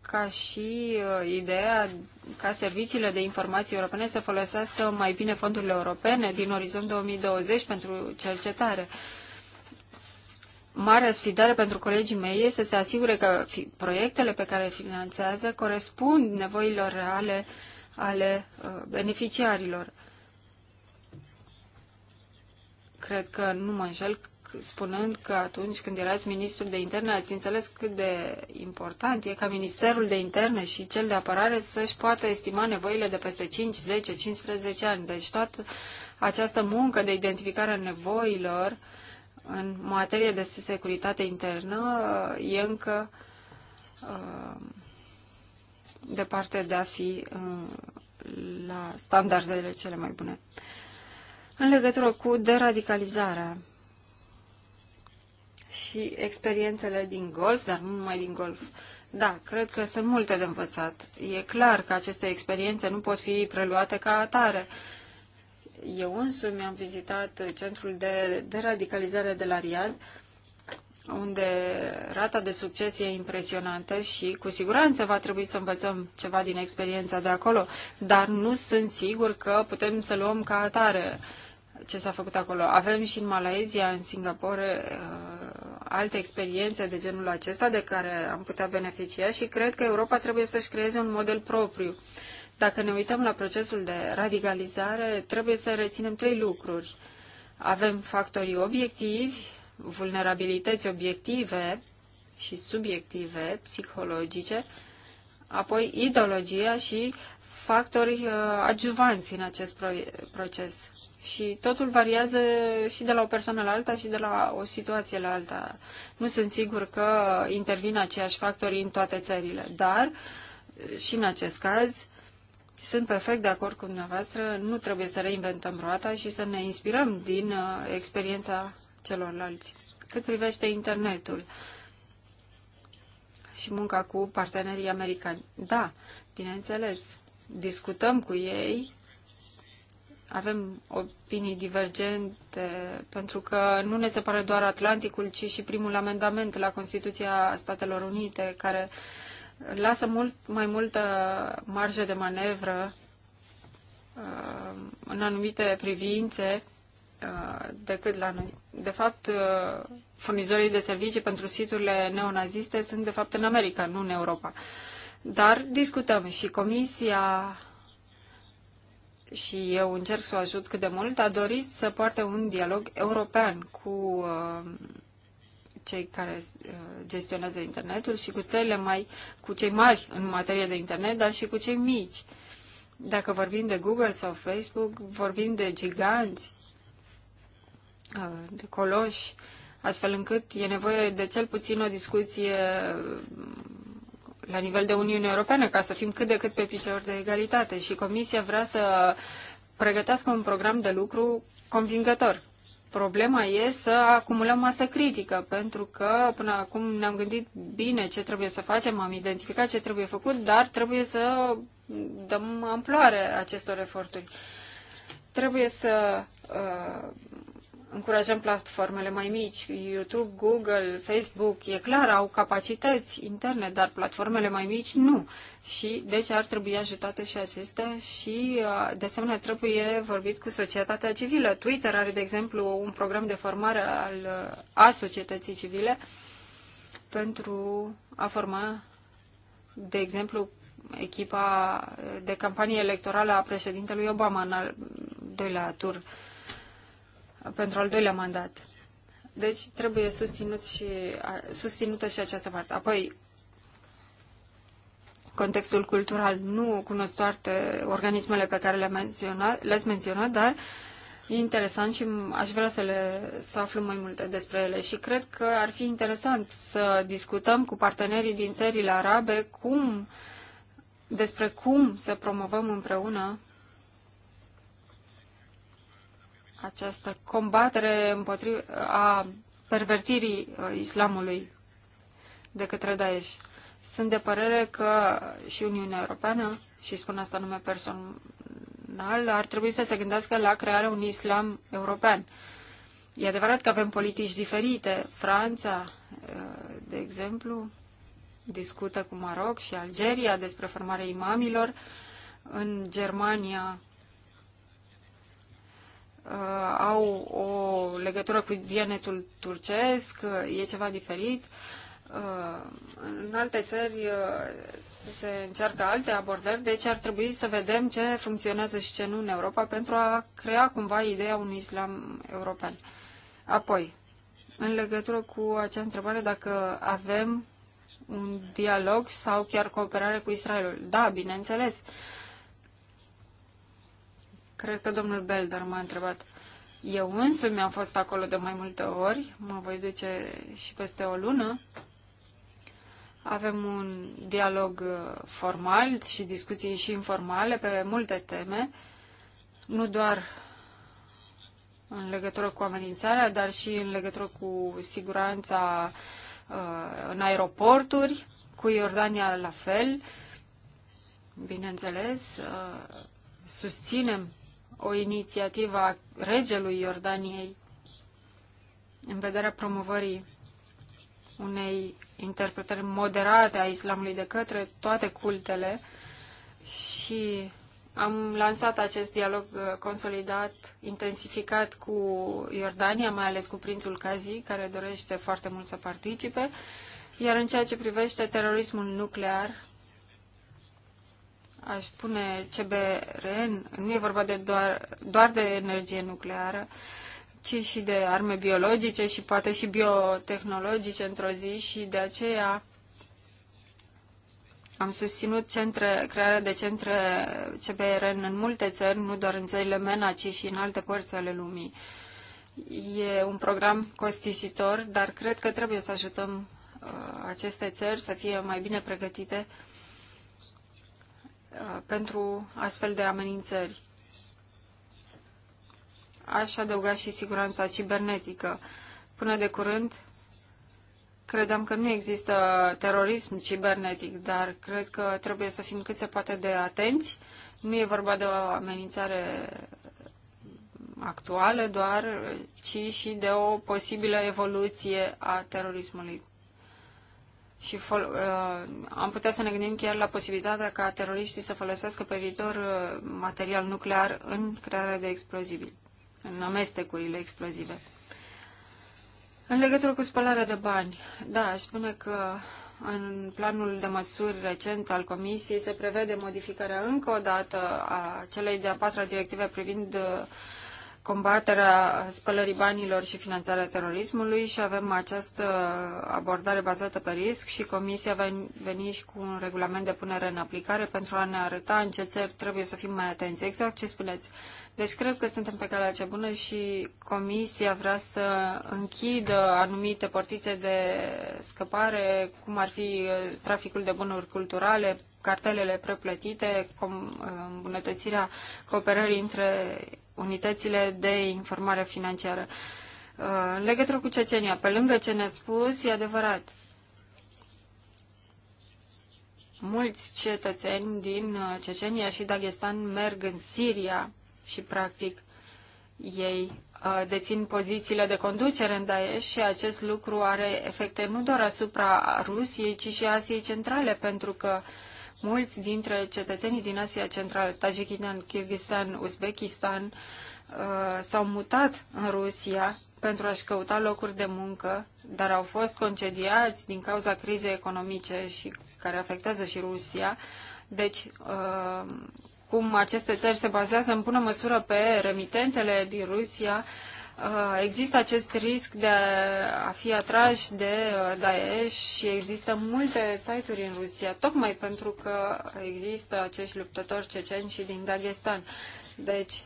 ca și uh, ideea ca serviciile de informații europene să folosească mai bine fondurile europene din orizont 2020 pentru cercetare. Uh, marea sfidare pentru colegii mei este să se asigure că proiectele pe care le finanțează corespund nevoilor reale ale uh, beneficiarilor. Cred că nu mă înșel spunând că atunci când erați ministrul de interne ați înțeles cât de important e ca Ministerul de Interne și cel de apărare să-și poată estima nevoile de peste 5, 10, 15 ani. Deci toată această muncă de identificare a nevoilor în materie de securitate internă e încă uh, departe de a fi uh, la standardele cele mai bune. În legătură cu deradicalizarea și experiențele din golf, dar nu numai din golf, da, cred că sunt multe de învățat. E clar că aceste experiențe nu pot fi preluate ca atare. Uh, eu însumi am vizitat centrul de de radicalizare de la Riad, unde rata de succes e impresionantă și cu siguranță va trebui să învățăm ceva din experiența de acolo, dar nu sunt sigur că putem să luăm ca atare ce s-a făcut acolo. Avem și în Malaezia, în Singapore, uh, alte experiențe de genul acesta de care am putea beneficia și cred că Europa trebuie să-și creeze un model propriu. Dacă ne uităm la procesul de radicalizare, trebuie să reținem trei lucruri. Avem factorii obiectivi, vulnerabilități obiective și subiective, psihologice, apoi ideologia și factori uh, adjuvanți în acest proces. Și totul variază și de la o persoană la alta și de la o situație la alta. Nu sunt sigur că intervin aceiași factori în toate țările, dar uh, și în acest caz sunt perfect de acord cu dumneavoastră, nu trebuie să reinventăm roata și să ne inspirăm din uh, experiența celorlalți. Cât privește internetul și munca cu partenerii americani. Da, bineînțeles, discutăm cu ei, avem opinii divergente, pentru că nu ne separă doar Atlanticul, ci și primul amendament la Constituția Statelor Unite, care uh, lasă mult mai multă marjă de manevră uh, în anumite privințe uh, decât la noi. De fapt, uh, furnizorii de servicii pentru siturile neonaziste sunt de fapt în America, nu în Europa. Dar discutăm și Comisia și eu încerc să o ajut cât de mult, a dorit să poarte un dialog european cu cei care uh, gestionează internetul și cu țările mai, cu cei mari în materie de internet, dar și cu cei mici. Dacă vorbim de Google sau Facebook, vorbim de giganți, uh, de coloși, astfel încât e nevoie de cel puțin o discuție uh, la nivel de Uniune Europeană, ca să fim cât de cât pe picior de egalitate. Și Comisia vrea să pregătească un program de lucru convingător. Problema e să acumulăm masă critică, pentru că până acum ne-am gândit bine ce trebuie să facem, am identificat ce trebuie făcut, dar trebuie să dăm amploare acestor eforturi. Trebuie să uh, încurajăm platformele mai mici, YouTube, Google, Facebook, e clar, au capacități interne, dar platformele mai mici nu. Și deci ar trebui ajutate și acestea și uh, de asemenea trebuie vorbit cu societatea civilă. Twitter are, de exemplu, un program de formare al, uh, a societății civile pentru a forma, de exemplu, echipa de campanie electorală a președintelui Obama în al doilea tur pentru al doilea mandat. Deci trebuie susținut și, susținută și această parte. Apoi, contextul cultural. Nu cunosc toate organismele pe care le-ați menționat, le menționat, dar e interesant și aș vrea să, le, să aflu mai multe despre ele. Și cred că ar fi interesant să discutăm cu partenerii din țările arabe cum, despre cum să promovăm împreună această combatere împotriva a pervertirii uh, islamului de către Daesh. Sunt de părere că și Uniunea Europeană, și spun asta nume personal, ar trebui să se gândească la crearea unui islam european. E adevărat că avem politici diferite. Franța, uh, de exemplu, discută cu Maroc și Algeria despre formarea imamilor. În Germania uh, au o legătură cu vienetul turcesc, uh, e ceva diferit. Uh, în alte țări uh, se încearcă alte abordări, deci ar trebui să vedem ce funcționează și ce nu în Europa pentru a crea cumva ideea unui islam european. Apoi, în legătură cu acea întrebare dacă avem un dialog sau chiar cooperare cu Israelul. Da, bineînțeles. Uh, Cred că domnul Belder m-a întrebat. Eu însumi am fost acolo de mai multe ori, mă voi duce și peste o lună. Avem un dialog uh, formal și discuții și informale pe multe teme, nu doar în legătură cu amenințarea, dar și în legătură cu siguranța uh, în aeroporturi, cu Iordania la fel. Bineînțeles, uh, susținem o inițiativă a regelui Iordaniei în vederea promovării unei interpretări moderate a islamului de către toate cultele și am lansat acest dialog uh, consolidat, intensificat cu Iordania, mai ales cu prințul Kazi, care dorește foarte mult să participe. Iar în ceea ce privește terorismul nuclear, aș spune CBRN, nu e vorba de doar, doar de energie nucleară, ci și de arme biologice și poate și biotehnologice într-o zi și de aceea am susținut centre, crearea de centre CBRN în multe țări, nu doar în țările MENA, ci și în alte părți ale lumii. E un program costisitor, dar cred că trebuie să ajutăm uh, aceste țări să fie mai bine pregătite uh, Uh, pentru astfel de amenințări. Aș adăuga și siguranța cibernetică. Până de curând, credeam că nu există terorism cibernetic, dar cred că trebuie să fim cât se poate de atenți. Nu e vorba de o amenințare actuală doar, ci și de o posibilă evoluție a terorismului și fol- uh, am putea să ne gândim chiar la posibilitatea ca teroriștii să folosească pe viitor uh, material nuclear în crearea de explozibili, în amestecurile explozive. În legătură cu spălarea de bani, da, aș spune că în planul de măsuri recent al Comisiei se prevede modificarea încă o dată a celei de-a patra directive privind uh, combaterea spălării banilor și finanțarea terorismului și avem această abordare bazată pe risc și Comisia va veni și cu un regulament de punere în aplicare pentru a ne arăta în ce țări trebuie să fim mai atenți. Exact ce spuneți, deci cred că suntem pe calea cea bună și Comisia vrea să închidă anumite portițe de scăpare, cum ar fi uh, traficul de bunuri culturale, cartelele preplătite, uh, îmbunătățirea cooperării între unitățile de informare financiară. Uh, în legătură cu Cecenia, pe lângă ce ne-a spus, e adevărat, mulți cetățeni din Cecenia și Dagestan merg în Siria și practic ei uh, dețin pozițiile de conducere în Daesh și acest lucru are efecte nu doar asupra Rusiei, ci și Asiei Centrale, pentru că mulți dintre cetățenii din Asia Centrală, Tajikistan, Kyrgyzstan, Uzbekistan, uh, s-au mutat în Rusia pentru a-și căuta locuri de muncă, dar au fost concediați din cauza crizei economice și care afectează și Rusia. Deci, uh, cum aceste țări se bazează în bună măsură pe remitentele din Rusia, uh, există acest risc de a fi atrași de uh, Daesh și există multe site-uri în Rusia, tocmai pentru că există acești luptători ceceni și din Dagestan. Deci,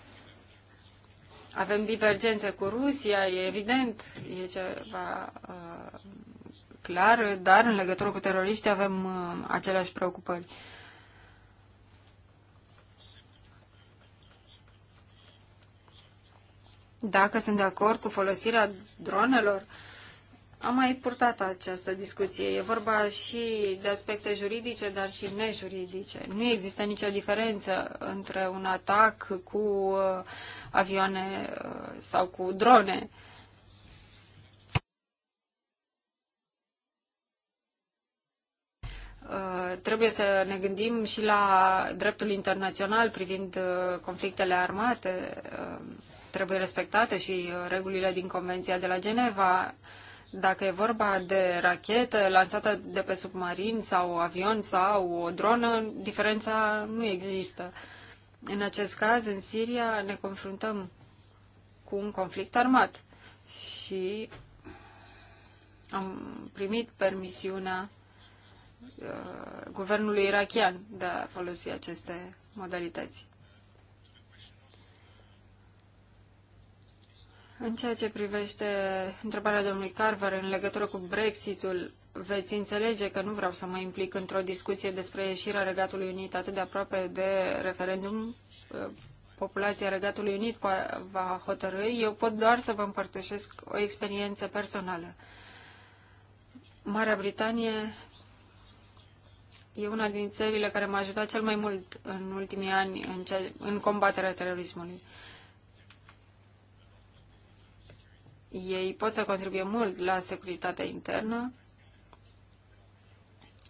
avem divergențe cu Rusia, e evident, e ceva uh, clar, dar în legătură cu teroriști avem uh, aceleași preocupări. Uh, dacă sunt de acord cu folosirea dronelor. Am mai purtat această discuție. E vorba și de aspecte juridice, dar și nejuridice. Nu există nicio diferență între un atac cu uh, avioane uh, sau cu drone. Uh, trebuie să ne gândim și la dreptul internațional privind conflictele armate trebuie respectate și uh, regulile din Convenția de la Geneva. Dacă e vorba de rachetă lansată de pe submarin sau avion sau o dronă, diferența nu există. În acest caz, în Siria, ne confruntăm cu un conflict armat și am primit permisiunea uh, guvernului irachian de a folosi aceste modalități. În ceea ce privește întrebarea domnului Carver în legătură cu Brexitul, veți înțelege că nu vreau să mă implic într-o discuție despre ieșirea Regatului Unit atât de aproape de referendum. Uh, populația Regatului Unit va hotărâi. Eu pot doar să vă împărtășesc o experiență personală. Marea Britanie e una din țările care m-a ajutat cel mai mult în ultimii ani în, ce, în combaterea terorismului. Ei pot să contribuie mult la securitatea internă.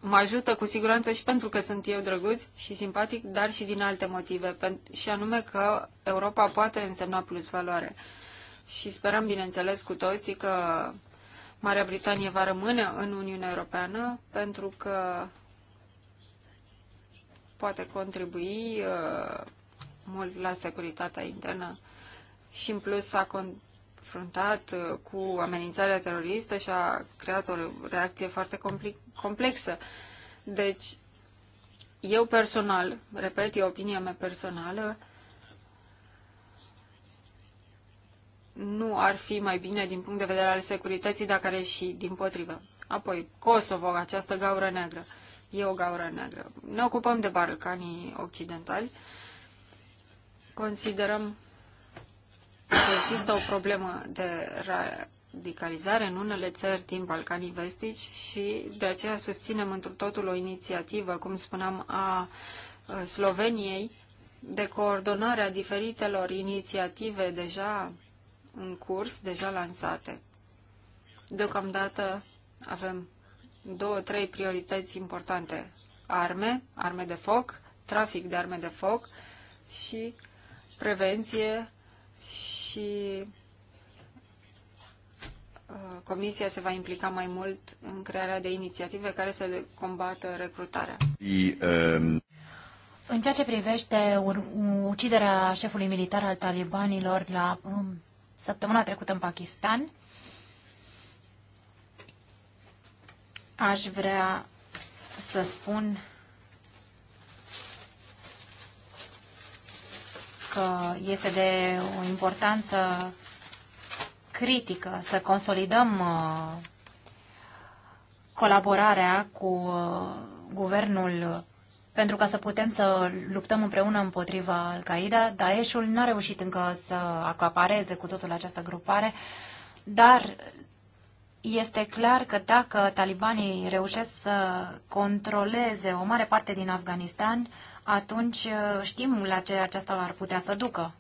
Mă ajută cu siguranță și pentru că sunt eu drăguț și simpatic, dar și din alte motive, și anume că Europa poate însemna plus valoare. Și sperăm, bineînțeles, cu toții că Marea Britanie va rămâne în Uniunea Europeană pentru că poate contribui uh, mult la securitatea internă și în plus a con- confruntat uh, cu amenințarea teroristă și a creat o reacție foarte complexă. Deci, eu personal, repet, e opinia mea personală, nu ar fi mai bine din punct de vedere al securității, dacă are și din potrivă. Apoi, Kosovo, această gaură neagră. E o gaură neagră. Ne ocupăm de Balcanii Occidentali. Considerăm că există o problemă de radicalizare în unele țări din Balcanii Vestici și de aceea susținem într totul o inițiativă, cum spuneam, a Sloveniei de coordonare a diferitelor inițiative deja în curs, deja lansate. Deocamdată avem două, trei priorități importante. Arme, arme de foc, trafic de arme de foc și prevenție și uh, Comisia se va implica mai mult în crearea de inițiative care să combată recrutarea. Um, în ceea ce privește uciderea șefului militar al talibanilor la um, săptămâna trecută în Pakistan, aș vrea să spun că este de o importanță critică să consolidăm uh, colaborarea cu uh, guvernul pentru ca să putem să luptăm împreună împotriva Al-Qaeda. Daeshul n-a reușit încă să acapareze cu totul această grupare, dar este clar că dacă talibanii reușesc să controleze o mare parte din Afganistan, atunci uh, știm la ce aceasta ar putea să ducă.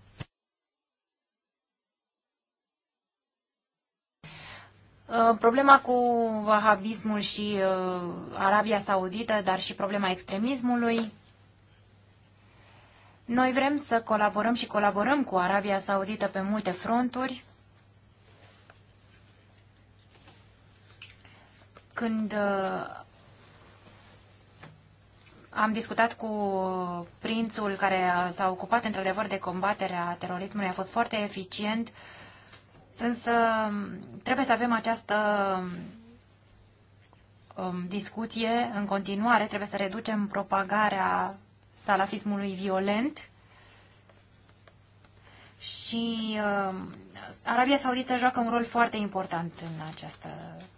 Uh, problema cu wahabismul și uh, Arabia Saudită, dar și problema extremismului. Noi vrem să colaborăm și colaborăm cu Arabia Saudită pe multe fronturi. Când am discutat cu prințul care s-a ocupat într-adevăr de combaterea terorismului, a fost foarte eficient, însă trebuie să avem această um, discuție în continuare, trebuie să reducem propagarea salafismului violent și uh, Arabia Saudită joacă un rol foarte important în această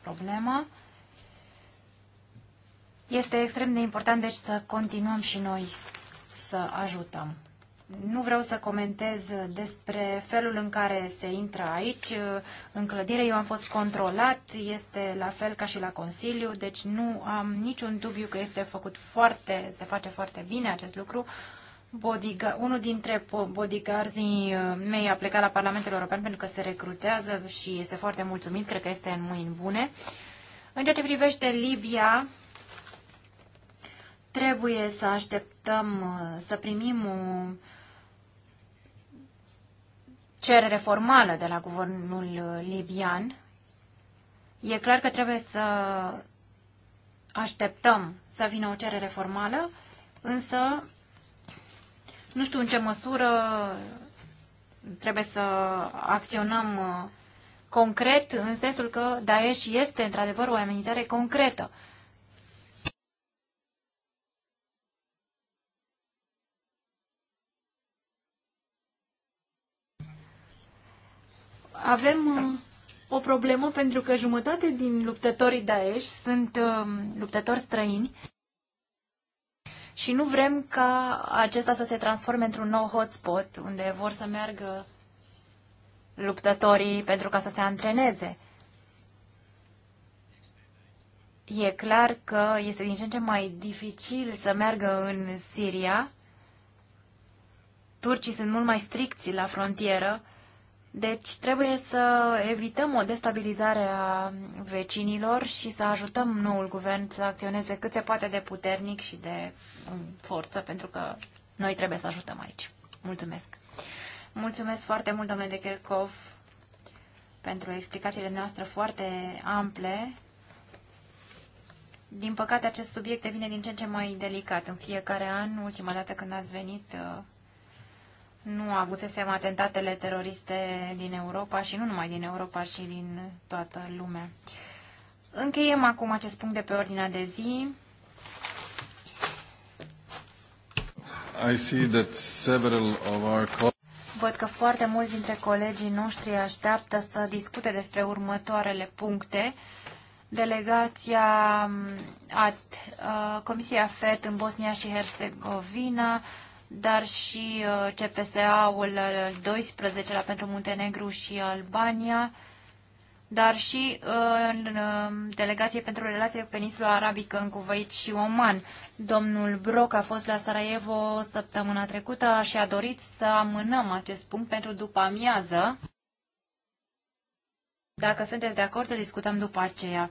problemă. Este extrem de important, deci, să continuăm și noi să ajutăm. Nu vreau să comentez despre felul în care se intră aici. În clădire eu am fost controlat, este la fel ca și la Consiliu, deci nu am niciun dubiu că este făcut foarte, se face foarte bine acest lucru. Bodyguard, unul dintre bodyguardii uh, mei a plecat la Parlamentul European pentru că se recrutează și este foarte mulțumit, cred că este în mâini bune. În ceea ce privește Libia, Trebuie să așteptăm să primim o cerere formală de la guvernul libian. E clar că trebuie să așteptăm să vină o cerere formală, însă nu știu în ce măsură trebuie să acționăm uh, concret, în sensul că Daesh este într-adevăr o amenințare concretă. avem um, o problemă pentru că jumătate din luptătorii Daesh sunt um, luptători străini și nu vrem ca acesta să se transforme într-un nou hotspot unde vor să meargă luptătorii pentru ca să se antreneze. E clar că este din ce în ce mai dificil să meargă în Siria. Turcii sunt mult mai stricți la frontieră deci trebuie să evităm o destabilizare a vecinilor și să ajutăm noul guvern să acționeze cât se poate de puternic și de forță, pentru că noi trebuie să ajutăm aici. Mulțumesc! Mulțumesc foarte mult, domnule de Kerkov, pentru explicațiile noastre foarte ample. Din păcate, acest subiect devine din ce în ce mai delicat. În fiecare an, ultima dată când ați venit uh, nu avusesem atentatele teroriste din Europa și nu numai din Europa, și din toată lumea. Încheiem acum acest punct de pe ordinea de zi. I see that several of our Văd că foarte mulți dintre colegii noștri așteaptă să discute despre următoarele puncte. Delegația mm, a, a, uh, Comisia în Bosnia și Herzegovina, dar și uh, CPSA-ul 12 uh, la pentru Muntenegru și Albania, dar și uh, în delegație pentru relații cu peninsula arabică în Cuvăit și Oman. Domnul Broc a fost la Sarajevo săptămâna trecută și a dorit să amânăm acest punct pentru după amiază. Dacă sunteți de acord, să discutăm după aceea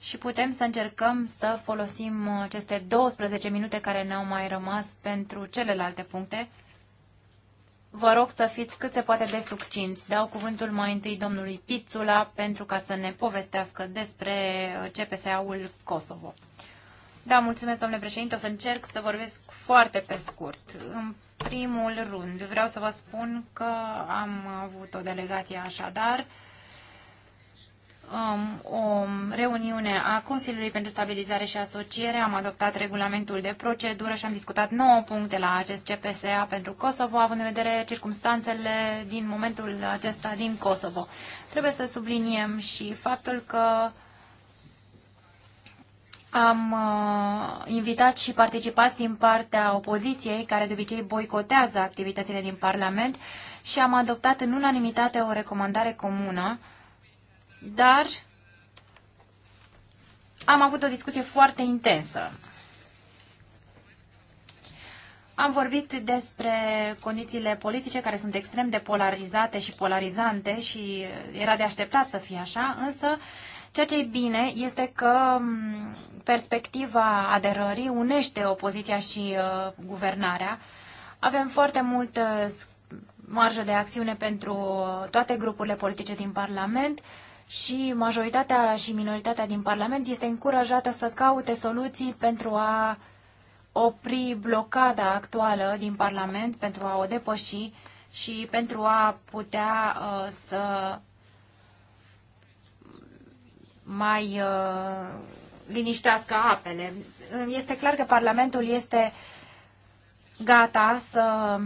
și putem să încercăm să folosim aceste 12 minute care ne-au mai rămas pentru celelalte puncte. Vă rog să fiți cât se poate de succinți. Dau cuvântul mai întâi domnului Pițula pentru ca să ne povestească despre CPSA-ul Kosovo. Da, mulțumesc, domnule președinte. O să încerc să vorbesc foarte pe scurt. În primul rând, vreau să vă spun că am avut o delegație așadar Um, o reuniune a Consiliului pentru Stabilizare și Asociere, am adoptat regulamentul de procedură și am discutat 9 puncte la acest CPSA pentru Kosovo, având în vedere circumstanțele din momentul acesta din Kosovo. Trebuie să subliniem și faptul că am uh, invitat și participați din partea opoziției, care de obicei boicotează activitățile din Parlament, și am adoptat în unanimitate o recomandare comună uh, dar am avut o discuție foarte intensă. Am vorbit despre condițiile politice care sunt extrem de polarizate și polarizante și era de așteptat să fie așa, însă ceea ce e bine este că perspectiva aderării unește opoziția și uh, guvernarea. Avem foarte multă marjă de acțiune pentru toate grupurile politice din Parlament. Uh, și majoritatea și minoritatea din Parlament este încurajată să caute soluții pentru a opri blocada actuală din Parlament, pentru a o depăși și pentru a putea uh, să mai uh, liniștească apele. Este clar că Parlamentul este gata să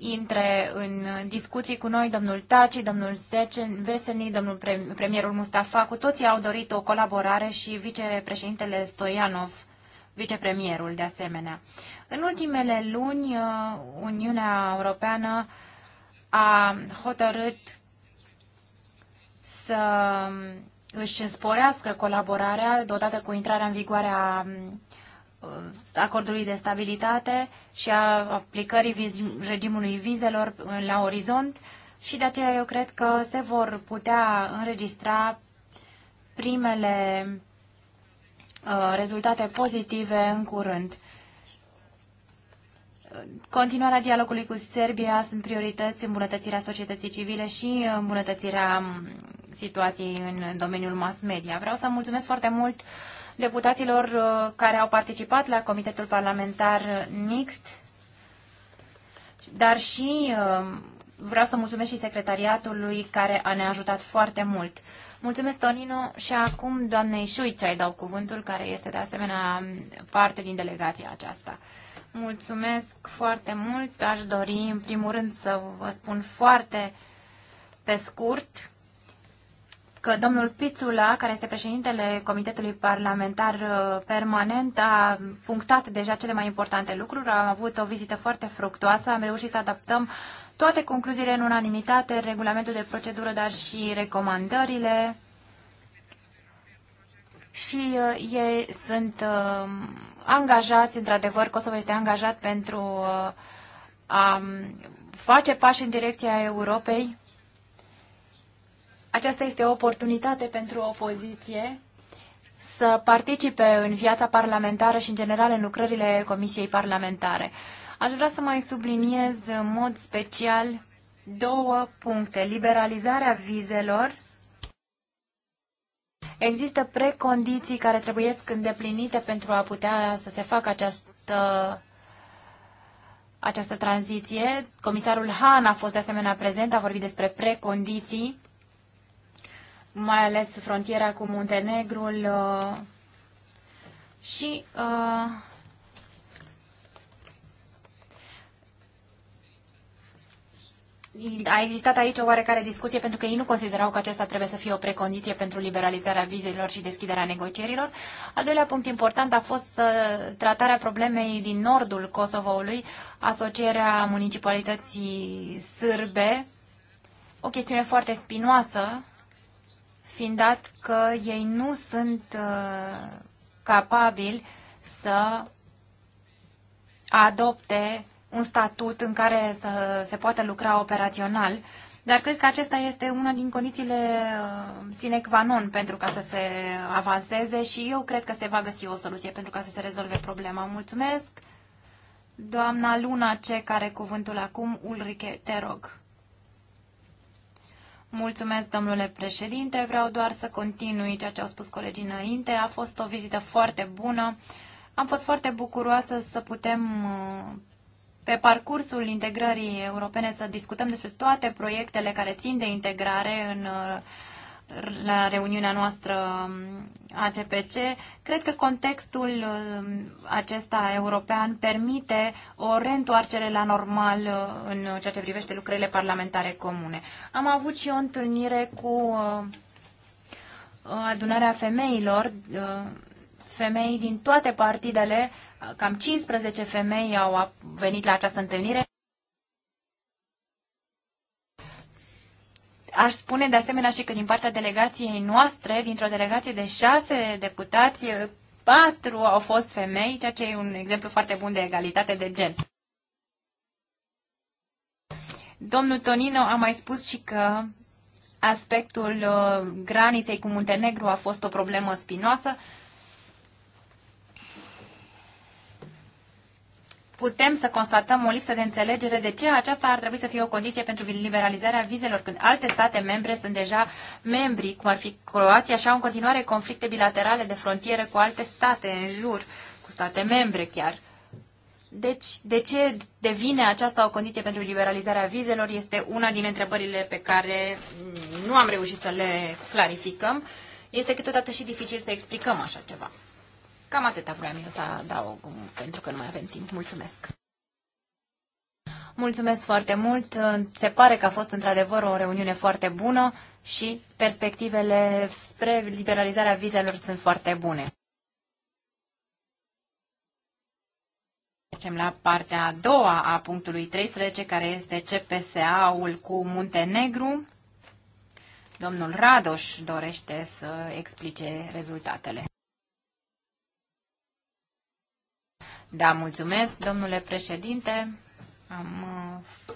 intre în discuții cu noi domnul Taci, domnul Secen, Veseni, domnul premierul Mustafa. Cu toții au dorit o colaborare și vicepreședintele Stoianov, vicepremierul de asemenea. În ultimele luni, uh, Uniunea Europeană a hotărât să um, își însporească colaborarea odată cu intrarea în vigoare a um, acordului de stabilitate și a aplicării viz, regimului vizelor la orizont și de aceea eu cred că se vor putea înregistra primele uh, rezultate pozitive în curând. Continuarea dialogului cu Serbia sunt priorități, îmbunătățirea societății civile și îmbunătățirea um, situației în domeniul mass media. Vreau să mulțumesc foarte mult uh, deputaților uh, care au participat la Comitetul Parlamentar Mixt, dar și uh, vreau să mulțumesc și secretariatului care a ne ajutat foarte mult. Mulțumesc, Tonino, și acum doamnei Șuicea ai dau cuvântul, care este de asemenea parte din delegația aceasta. Mulțumesc foarte mult. Aș dori, în primul rând, să vă spun foarte pe scurt că domnul Pițula, care este președintele Comitetului Parlamentar uh, Permanent, a punctat deja cele mai importante lucruri. Am avut o vizită foarte fructuoasă, am reușit să adaptăm toate concluziile în unanimitate, regulamentul de procedură, dar și recomandările. Și uh, ei sunt uh, angajați, într-adevăr, Kosovo este angajat pentru uh, a um, face pași în direcția Europei aceasta este o oportunitate pentru opoziție să participe în viața parlamentară și, în general, în lucrările Comisiei Parlamentare. Aș vrea să mai subliniez în mod special două puncte. Liberalizarea vizelor. Există precondiții care trebuie îndeplinite pentru a putea să se facă această această tranziție. Comisarul Han a fost de asemenea prezent, a vorbit despre precondiții mai ales frontiera cu Muntenegrul uh, și uh, a existat aici o oarecare discuție pentru că ei nu considerau că acesta trebuie să fie o precondiție pentru liberalizarea vizelor și deschiderea negocierilor. Al doilea punct important a fost uh, tratarea problemei din nordul Kosovoului, asocierea municipalității sârbe, o chestiune foarte spinoasă fiind dat că ei nu sunt uh, capabili să adopte un statut în care să se poată lucra operațional, dar cred că acesta este una din condițiile uh, sine qua non pentru ca să se avanseze și eu cred că se va găsi o soluție pentru ca să se rezolve problema. Mulțumesc! Doamna Luna, ce care cuvântul acum, Ulrike, te rog. Mulțumesc, domnule președinte. Vreau doar să continui ceea ce au spus colegii înainte. A fost o vizită foarte bună. Am fost foarte bucuroasă să putem uh, pe parcursul integrării europene să discutăm despre toate proiectele care țin de integrare în uh, la reuniunea noastră um, ACPC, cred că contextul um, acesta european permite o reîntoarcere la normal uh, în ceea ce privește lucrările parlamentare comune. Am avut și o întâlnire cu uh, adunarea femeilor, uh, femei din toate partidele, cam 15 femei au venit la această întâlnire. Aș spune de asemenea și că din partea delegației noastre, dintr-o delegație de șase deputați, patru au fost femei, ceea ce e un exemplu foarte bun de egalitate de gen. Domnul Tonino a mai spus și că aspectul uh, graniței cu Muntenegru a fost o problemă spinoasă putem să constatăm o lipsă de înțelegere de ce aceasta ar trebui să fie o condiție pentru liberalizarea vizelor, când alte state membre sunt deja membri, cum ar fi Croația, și au în continuare conflicte bilaterale de frontieră cu alte state în jur, cu state membre chiar. Deci, de ce devine aceasta o condiție pentru liberalizarea vizelor este una din întrebările pe care nu am reușit să le clarificăm. Este câteodată și dificil să explicăm așa ceva. Cam atâta vreau eu să adaug, pentru că nu mai avem timp. Mulțumesc! Mulțumesc foarte mult. Se pare că a fost într-adevăr o reuniune foarte bună și perspectivele spre liberalizarea vizelor sunt foarte bune. Trecem la partea a doua a punctului 13, care este CPSA-ul cu Muntenegru. Domnul Radoș dorește să explice rezultatele. Da, mulțumesc, domnule președinte. Am uh,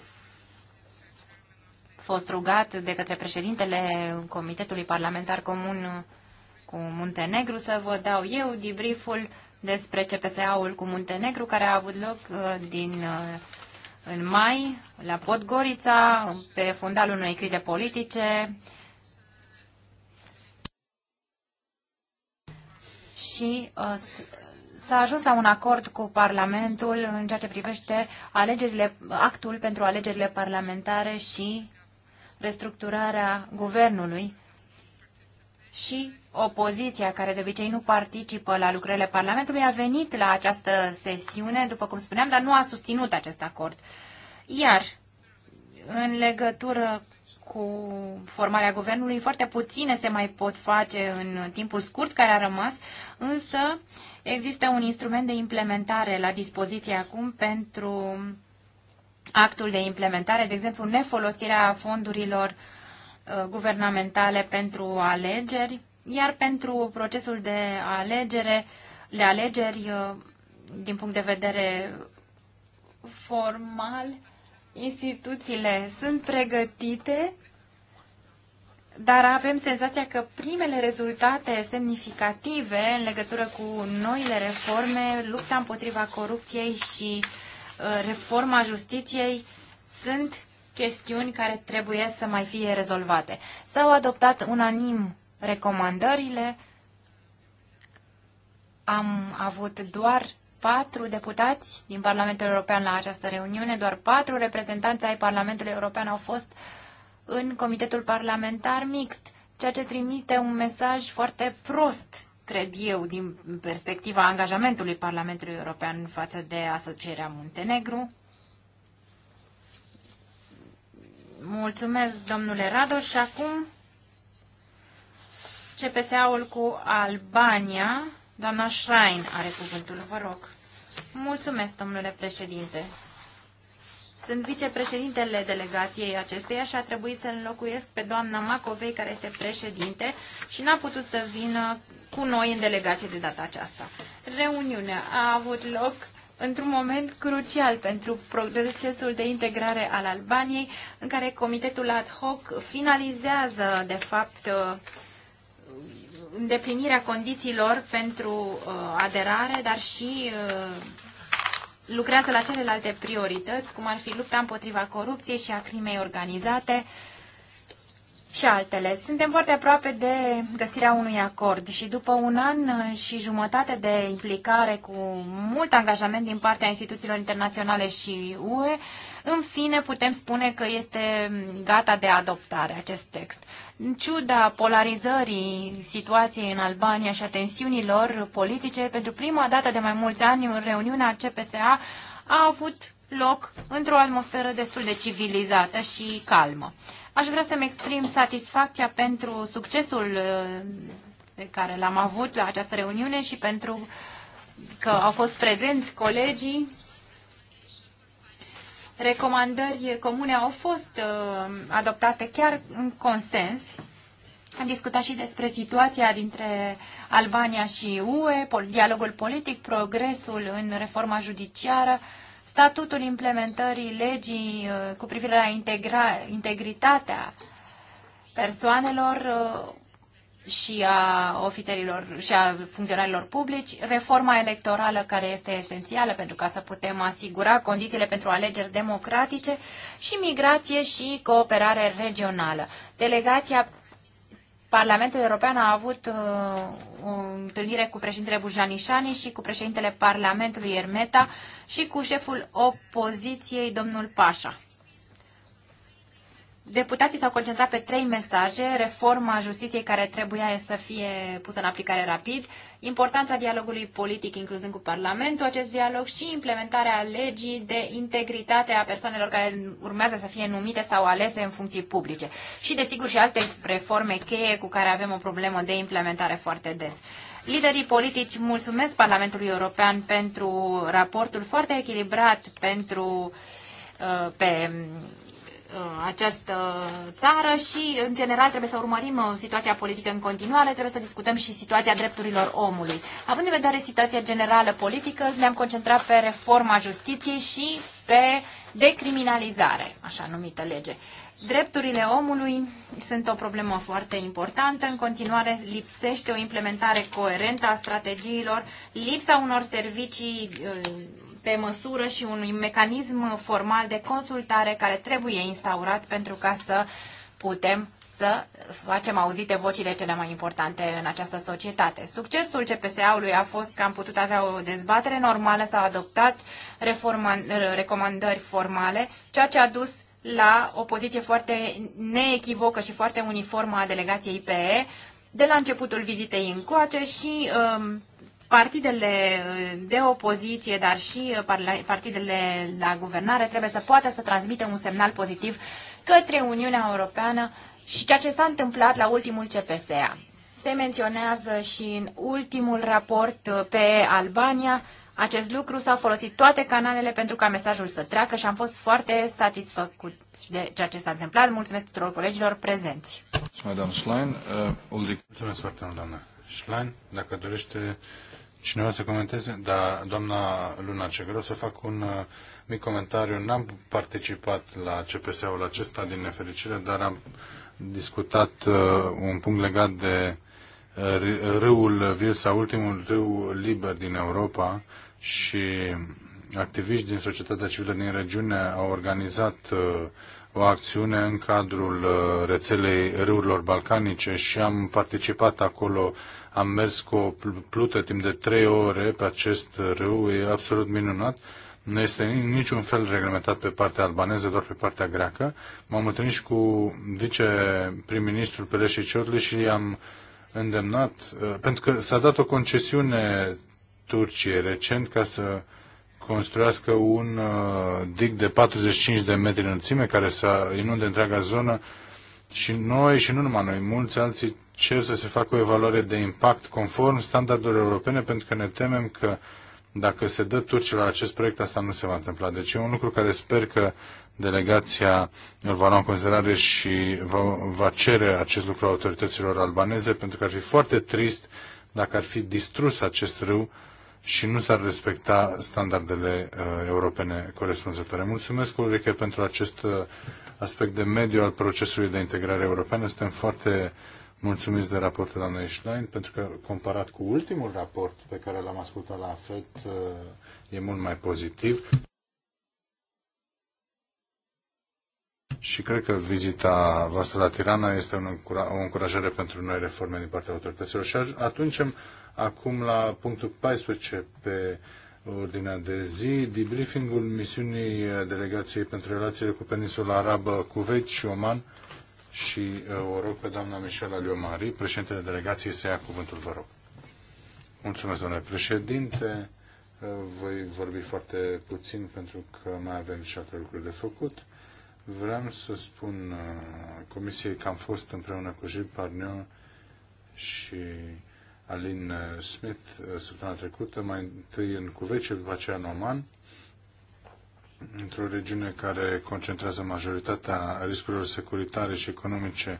fost rugat de către președintele Comitetului Parlamentar Comun cu Muntenegru să vă dau eu debrieful despre CPSA-ul cu Muntenegru care a avut loc uh, din, uh, în mai la Podgorița pe fundalul unei crize politice și s-a ajuns la un acord cu Parlamentul în ceea ce privește alegerile, actul pentru alegerile parlamentare și restructurarea guvernului și opoziția, care de obicei nu participă la lucrările Parlamentului, a venit la această sesiune, după cum spuneam, dar nu a susținut acest acord. Iar, în legătură cu formarea guvernului, foarte puține se mai pot face în timpul scurt care a rămas, însă uh, Există un instrument de implementare la dispoziție acum pentru actul de implementare, de exemplu, nefolosirea fondurilor uh, guvernamentale pentru alegeri, iar pentru procesul de alegere, de alegeri, uh, din punct de vedere formal, instituțiile sunt pregătite dar avem senzația că primele rezultate semnificative în legătură cu noile reforme, lupta împotriva corupției și uh, reforma justiției sunt chestiuni care trebuie să mai fie rezolvate. S-au adoptat unanim recomandările. Am avut doar patru deputați din Parlamentul European la această reuniune, doar patru reprezentanți ai Parlamentului European au fost uh, în Comitetul Parlamentar Mixt, ceea ce trimite un mesaj foarte prost, cred eu, din perspectiva angajamentului Parlamentului European față de asocierea Muntenegru. Mulțumesc, domnule Rado, Și acum CPSA-ul cu Albania. Doamna Schrein are cuvântul, vă rog. Mulțumesc, domnule președinte. Sunt vicepreședintele delegației acesteia și a trebuit să înlocuiesc pe doamna Macovei, care este președinte, și n-a putut să vină cu noi în delegație de data aceasta. Reuniunea a avut loc într-un moment crucial pentru procesul de integrare al Albaniei, în care comitetul ad hoc finalizează, de fapt, îndeplinirea condițiilor pentru uh, aderare, dar și uh, lucrează la celelalte priorități, cum ar fi lupta împotriva corupției și a crimei organizate și altele. Suntem foarte aproape de găsirea unui acord și după un an și jumătate de implicare cu mult angajament din partea instituțiilor internaționale și UE, în fine, putem spune că este gata de adoptare acest text. În ciuda polarizării situației în Albania și a tensiunilor politice, pentru prima dată de mai mulți ani, reuniunea CPSA a avut loc într-o atmosferă destul de civilizată și calmă. Aș vrea să-mi exprim satisfacția pentru succesul uh, pe care l-am avut la această reuniune și pentru că au fost prezenți colegii recomandări comune au fost uh, adoptate chiar în consens. Am discutat și despre situația dintre Albania și UE, dialogul politic, progresul în reforma judiciară, statutul implementării legii uh, cu privire la integritatea persoanelor, uh, și a ofițerilor și a funcționarilor publici, reforma electorală care este esențială pentru ca să putem asigura condițiile pentru alegeri democratice și migrație și cooperare regională. Delegația Parlamentul European a avut uh, o întâlnire cu președintele Bujanișani și cu președintele Parlamentului Ermeta și cu șeful opoziției, domnul Pașa. Deputații s-au concentrat pe trei mesaje, reforma justiției care trebuia să fie pusă în aplicare rapid, importanța dialogului politic incluzând cu Parlamentul acest dialog și implementarea legii de integritate a persoanelor care urmează să fie numite sau alese în funcții publice. Și desigur și alte reforme cheie cu care avem o problemă de implementare foarte des. Liderii politici mulțumesc Parlamentului European pentru raportul foarte echilibrat pentru uh, pe Uh, această țară și, în general, trebuie să urmărim uh, situația politică în continuare, trebuie să discutăm și situația drepturilor omului. Având în vedere situația generală politică, ne-am concentrat pe reforma justiției și pe decriminalizare, așa numită lege. Drepturile omului sunt o problemă foarte importantă. În continuare lipsește o implementare coerentă a strategiilor, lipsa unor servicii uh, pe măsură și unui mecanism formal de consultare care trebuie instaurat pentru ca să putem să facem auzite vocile cele mai importante în această societate. Succesul CPSA-ului a fost că am putut avea o dezbatere normală, s-au adoptat reforma, recomandări formale, ceea ce a dus la o poziție foarte neechivocă și foarte uniformă a delegației PE de la începutul vizitei încoace și um, partidele uh, de opoziție, dar și uh, partidele la guvernare trebuie să poată să transmită un semnal pozitiv către Uniunea Europeană și ceea ce s-a întâmplat la ultimul CPSA. Se menționează și în ultimul raport uh, pe Albania acest lucru, s-au folosit toate canalele pentru ca mesajul să treacă și am fost foarte satisfăcut de ceea ce s-a întâmplat. Mulțumesc tuturor colegilor prezenți. Mulțumesc, doamnă Schlein. Uh, Mulțumesc foarte mult, doamnă. Schlein, dacă dorește cineva să comenteze. Da, doamna Luna ce vreau să fac un uh, mic comentariu. N-am participat la CPS-ul acesta, din nefericire, dar am discutat uh, un punct legat de uh, râul Vilsa, ultimul râu liber din Europa și activiști din societatea civilă din regiune au organizat uh, o acțiune în cadrul uh, rețelei râurilor balcanice și am participat acolo, am mers cu o plută timp de trei ore pe acest râu, e absolut minunat. Nu este niciun fel reglementat pe partea albaneză, doar pe partea greacă. M-am întâlnit și cu prim ministrul Peleșe Ciorli și am îndemnat, uh, pentru că s-a dat o concesiune Turciei recent ca să construiască un uh, dig de 45 de metri înălțime care să inunde întreaga zonă și noi și nu numai noi, mulți alții cer să se facă o evaluare de impact conform standardelor europene pentru că ne temem că dacă se dă turcilor acest proiect, asta nu se va întâmpla. Deci e un lucru care sper că delegația îl va lua în considerare și va, va cere acest lucru autorităților albaneze, pentru că ar fi foarte trist dacă ar fi distrus acest râu și nu s-ar respecta standardele uh, europene corespunzătoare. Mulțumesc, Ulrike, pentru acest uh, aspect de mediu al procesului de integrare europeană. Suntem foarte mulțumiți de raportul la Neuschlein, pentru că, comparat cu ultimul raport pe care l-am ascultat la FED, uh, e mult mai pozitiv. Și cred că vizita voastră la Tirana este o încurajare pentru noi reforme din partea autorităților. Și atunci Acum la punctul 14 pe ordinea de zi, debriefingul misiunii delegației pentru relațiile cu peninsula arabă, Cuveit și Oman uh, și o rog pe doamna Michela Liomari, președintele delegației, să ia cuvântul, vă rog. Mulțumesc, domnule președinte. Uh, voi vorbi foarte puțin pentru că mai avem și alte lucruri de făcut. Vreau să spun uh, Comisiei că am fost împreună cu Gilles Parnion și Alin uh, Smith uh, săptămâna trecută, mai întâi în Cuvece, după aceea în Oman, într-o regiune care concentrează majoritatea riscurilor securitare și economice,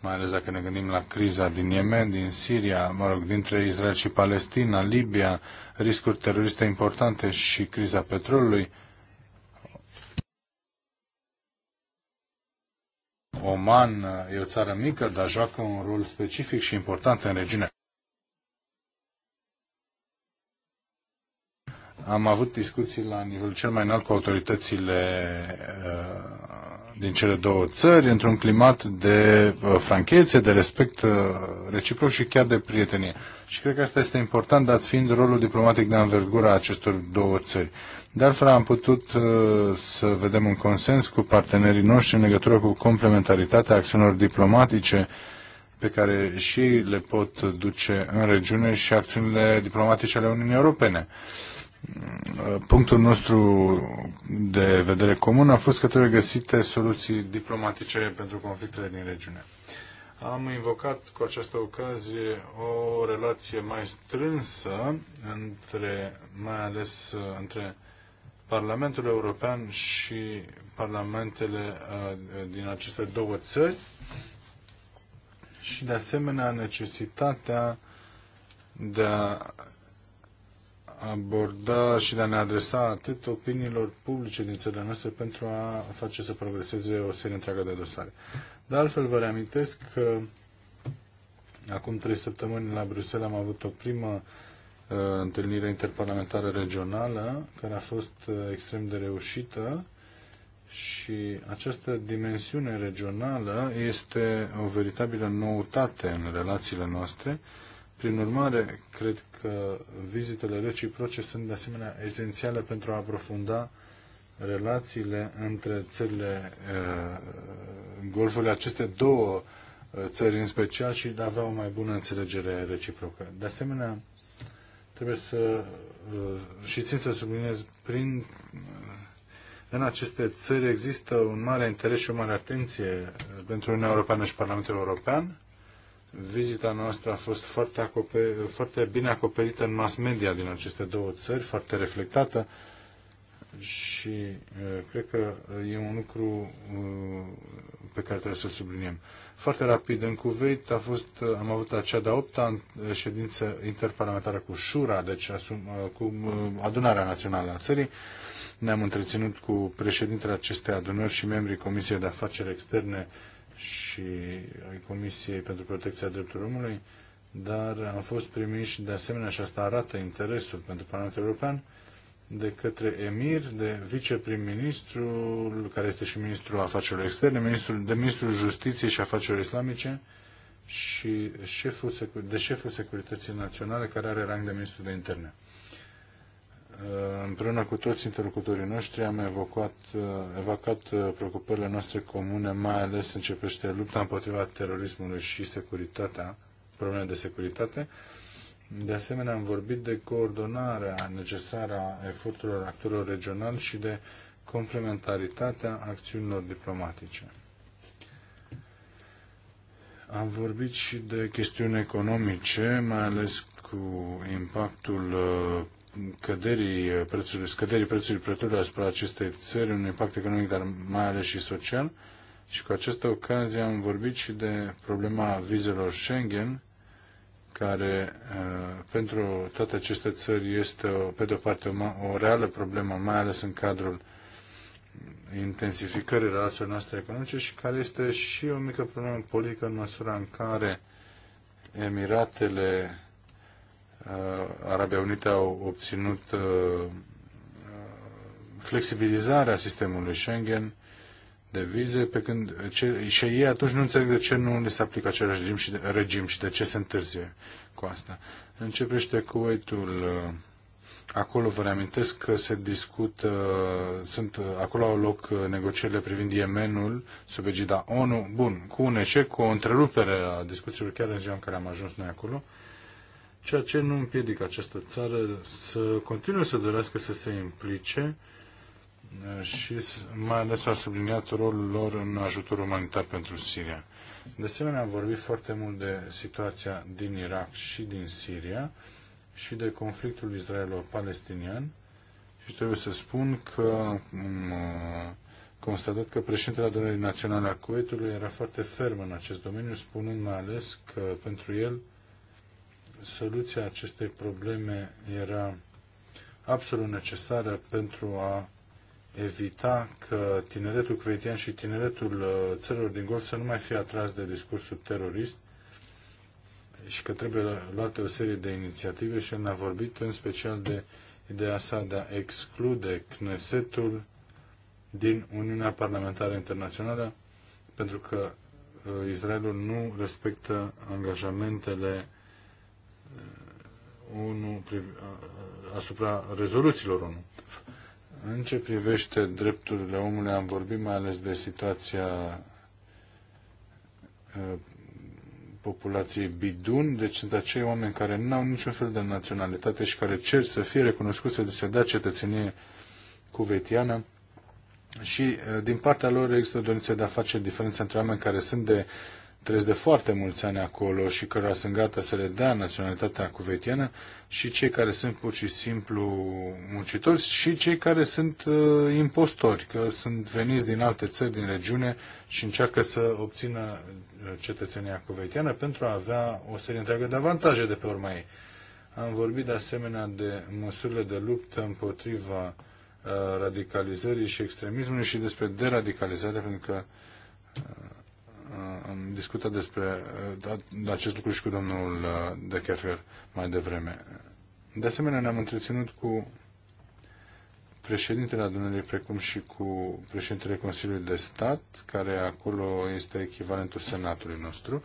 mai ales dacă ne gândim la criza din Yemen, din Siria, mă rog, dintre Israel și Palestina, Libia, riscuri teroriste importante și criza petrolului, Oman uh, e o țară mică, dar joacă un rol specific și important în regiune. Am avut discuții la nivelul cel mai înalt cu autoritățile uh, din cele două țări, într-un climat de uh, franchețe, de respect uh, reciproc și chiar de prietenie. Și cred că asta este important, dat fiind rolul diplomatic de a acestor două țări. De altfel, am putut să vedem un consens cu partenerii noștri în legătură cu complementaritatea acțiunilor diplomatice pe care și le pot duce în regiune și acțiunile diplomatice ale Uniunii Europene. Uh, punctul nostru de vedere comun a fost că trebuie găsite soluții diplomatice pentru conflictele din regiune. Am invocat cu această ocazie o relație mai strânsă între, mai ales între Parlamentul European și parlamentele din aceste două țări și de asemenea necesitatea de a aborda și de a ne adresa atât opiniilor publice din țările noastre pentru a face să progreseze o serie întreagă de dosare. De altfel, vă reamintesc că acum trei săptămâni la Bruxelles am avut o primă uh, întâlnire interparlamentară regională care a fost uh, extrem de reușită și această dimensiune regională este o veritabilă noutate în relațiile noastre uh, prin urmare, cred că vizitele reciproce sunt de asemenea esențiale pentru a aprofunda relațiile între țările uh, Golfului, aceste două uh, țări în special și de a avea o mai bună înțelegere reciprocă. De asemenea, trebuie să uh, și țin să subliniez prin în aceste țări există un mare interes și o mare atenție pentru Uniunea Europeană și Parlamentul European Vizita noastră a fost foarte, acoperi, foarte bine acoperită în mass media din aceste două țări, foarte reflectată și uh, cred că e un lucru uh, pe care trebuie să-l subliniem. Foarte rapid, în Cuveit a fost, uh, am avut acea de-a opta ședință interparlamentară cu Shura, deci asum, cu adunarea națională a țării. Ne-am întreținut cu președintele acestei adunări și membrii Comisiei de Afaceri Externe și ai Comisiei pentru Protecția Drepturilor Omului, dar am fost primiși de asemenea, și asta arată interesul pentru Parlamentul European, de către emir, de viceprim-ministrul, care este și ministrul afacerilor externe, ministrul, de ministrul justiției și afacerilor islamice și șeful, de șeful securității naționale, care are rang de ministru de interne. Uh, împreună cu toți interlocutorii noștri am evocat, uh, evacat uh, preocupările noastre comune, mai ales începește lupta împotriva terorismului și securitatea, problemele de securitate. De asemenea, am vorbit de coordonarea necesară a eforturilor actorilor regionali și de complementaritatea acțiunilor diplomatice. Am vorbit și de chestiuni economice, mai ales cu impactul căderii prețului, scăderii prețului plăturilor asupra acestei țări, un impact economic, dar mai ales și social. Și cu această ocazie am vorbit și de problema vizelor Schengen, care uh, pentru toate aceste țări este, pe de-o parte, o, o reală problemă, mai ales în cadrul intensificării relațiilor noastre economice și care este și o mică problemă politică în măsura în care Emiratele Uh, Arabia Unită au obținut uh, uh, flexibilizarea sistemului Schengen de vize, pe când ce, și ei atunci nu înțeleg de ce nu le se aplică același regim și de, regim și de ce se întârzie cu asta. Începește Kuwaitul. Acolo vă reamintesc că se discută, sunt, acolo au loc negocierile privind Yemenul sub egida ONU. Bun, cu UNC, cu o întrerupere a discuțiilor chiar în ziua în care am ajuns noi acolo. Uh, ceea ce nu împiedică această țară să continue să dorească să se implice uh, și mai ales a subliniat rolul lor în ajutor umanitar pentru Siria. De asemenea, am vorbit foarte mult de situația din Irak și din Siria și de conflictul israelo-palestinian și trebuie să spun că uh, constatat că președintele Adunării Naționale a Cuvetului era foarte ferm în acest domeniu, spunând mai ales că pentru el soluția acestei probleme era absolut necesară pentru a evita că tineretul cuvetian și tineretul uh, țărilor din Golf să nu mai fie atras de discursul terorist și că trebuie luate o serie de inițiative și ne-a vorbit în special de ideea sa de a exclude Knesetul din Uniunea Parlamentară Internațională pentru că uh, Israelul nu respectă angajamentele 1 asupra rezoluțiilor 1. În ce privește drepturile omului, am vorbit mai ales de situația populației bidun, deci sunt acei oameni care nu au niciun fel de naționalitate și care cer să fie recunoscuți, să se dea cetățenie cuvetiană și din partea lor există dorință de a face diferența între oameni care sunt de trăiesc de foarte mulți ani acolo și cărora sunt gata să le dea naționalitatea cuvetiană și cei care sunt pur și simplu muncitori și cei care sunt uh, impostori, că sunt veniți din alte țări, din regiune și încearcă să obțină uh, cetățenia cuvetiană pentru a avea o serie întreagă de avantaje de pe urma ei. Am vorbit de asemenea de măsurile de luptă împotriva uh, radicalizării și extremismului și despre deradicalizare, pentru că uh, Uh, am discutat despre uh, de da, da, acest lucru și cu domnul uh, de Kerfer mai devreme. De asemenea, ne-am întreținut cu președintele adunării, precum și cu președintele Consiliului de Stat, care acolo este echivalentul Senatului nostru,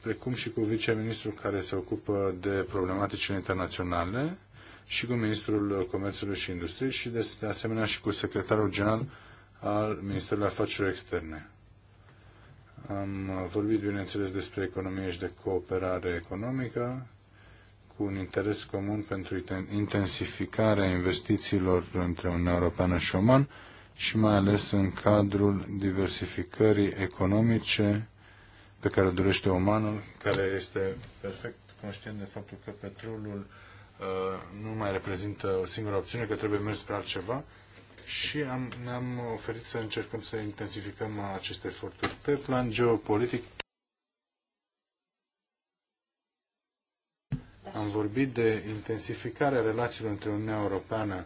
precum și cu viceministrul care se ocupă de problematicile internaționale și cu ministrul Comerțului și Industriei și de asemenea și cu secretarul general al Ministerului Afacerilor Externe. Am vorbit, bineînțeles, despre economie și de cooperare economică, cu un interes comun pentru intensificarea investițiilor între Uniunea Europeană și Oman și mai ales în cadrul diversificării economice pe care o dorește Omanul, care este perfect conștient de faptul că petrolul uh, nu mai reprezintă o singură opțiune, că trebuie mers spre altceva și am, ne-am oferit să încercăm să intensificăm aceste eforturi. Pe plan geopolitic, am vorbit de intensificarea relațiilor între Uniunea Europeană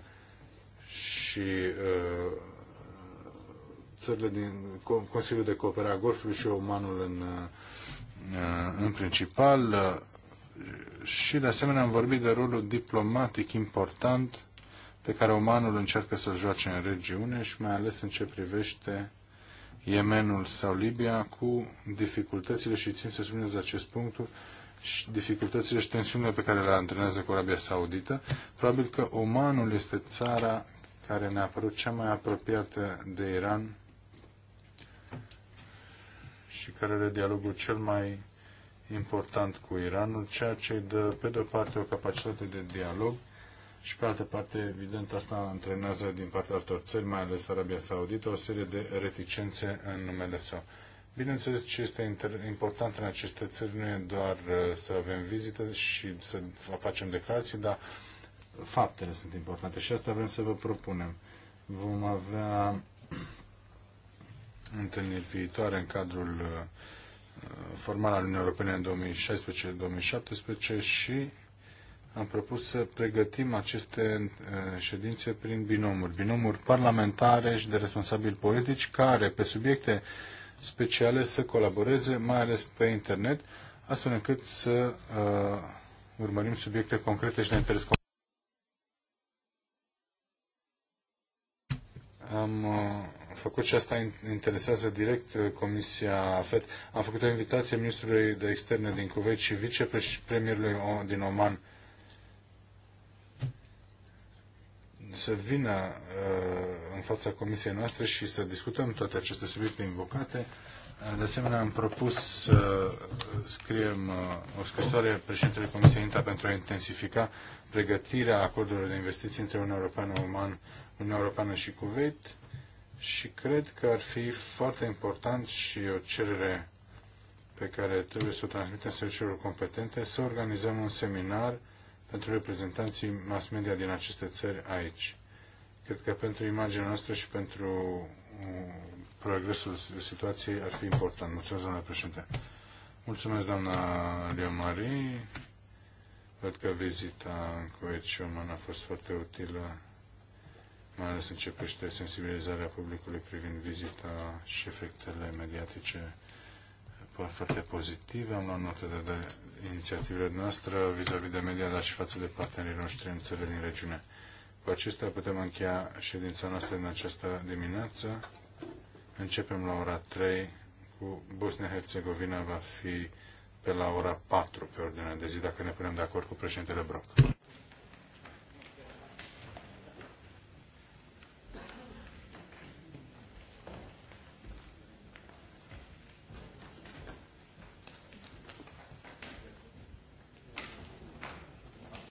și uh, țările din Consiliul de Cooperare a Golfului și Omanul în, uh, în principal uh, și de asemenea am vorbit de rolul diplomatic important pe care Omanul încearcă să-l joace în regiune și mai ales în ce privește Yemenul sau Libia cu dificultățile și țin să spuneți acest punct și dificultățile și tensiunile pe care le antrenează cu Arabia Saudită. Probabil că Omanul este țara care ne-a părut cea mai apropiată de Iran și care are dialogul cel mai important cu Iranul, ceea ce îi dă, pe de-o parte, o capacitate de dialog și pe altă parte, evident, asta antrenează din partea altor țări, mai ales Arabia Saudită, o serie de reticențe în numele său. Bineînțeles, ce este important în aceste țări nu e doar uh, să avem vizite și să facem declarații, dar faptele sunt importante și asta vrem să vă propunem. Vom avea întâlniri viitoare în cadrul uh, formal al Uniunii Europene în 2016-2017 și am propus să pregătim aceste uh, ședințe prin binomuri, binomuri parlamentare și de responsabili politici care, pe subiecte speciale, să colaboreze, mai ales pe internet, astfel încât să uh, urmărim subiecte concrete și de interes concret. Am uh, făcut și asta interesează direct uh, Comisia FED. Am făcut o invitație ministrului de externe din Cuveit și vicepremierului din Oman să vină uh, în fața comisiei noastre și să discutăm toate aceste subiecte invocate. Uh, de asemenea, am propus să scriem uh, o scrisoare președintele Comisiei INTA pentru a intensifica pregătirea acordurilor de investiții între Uniunea Europeană, Oman, Uniunea Europeană și Kuwait și cred că ar fi foarte important și o cerere pe care trebuie să o transmitem serviciilor competente, să organizăm un seminar uh, pentru reprezentanții mass media din aceste țări aici. Cred că pentru imaginea noastră și pentru uh, progresul situației ar fi important. Mulțumesc, doamna președinte. Mulțumesc, doamna Leomari. Văd că vizita în Coet Oman a fost foarte utilă, mai ales în ce privește sensibilizarea publicului privind vizita și efectele mediatice uh, foarte pozitive. Am luat note de, de inițiativele noastre vis-a-vis -vis de media, dar și față de partenerii noștri în țările din regiune. Cu acestea putem încheia ședința noastră în această dimineață. Începem la ora 3 cu Bosnia-Herzegovina va fi pe la ora 4 pe ordinea de zi, dacă ne punem de acord cu președintele Brock.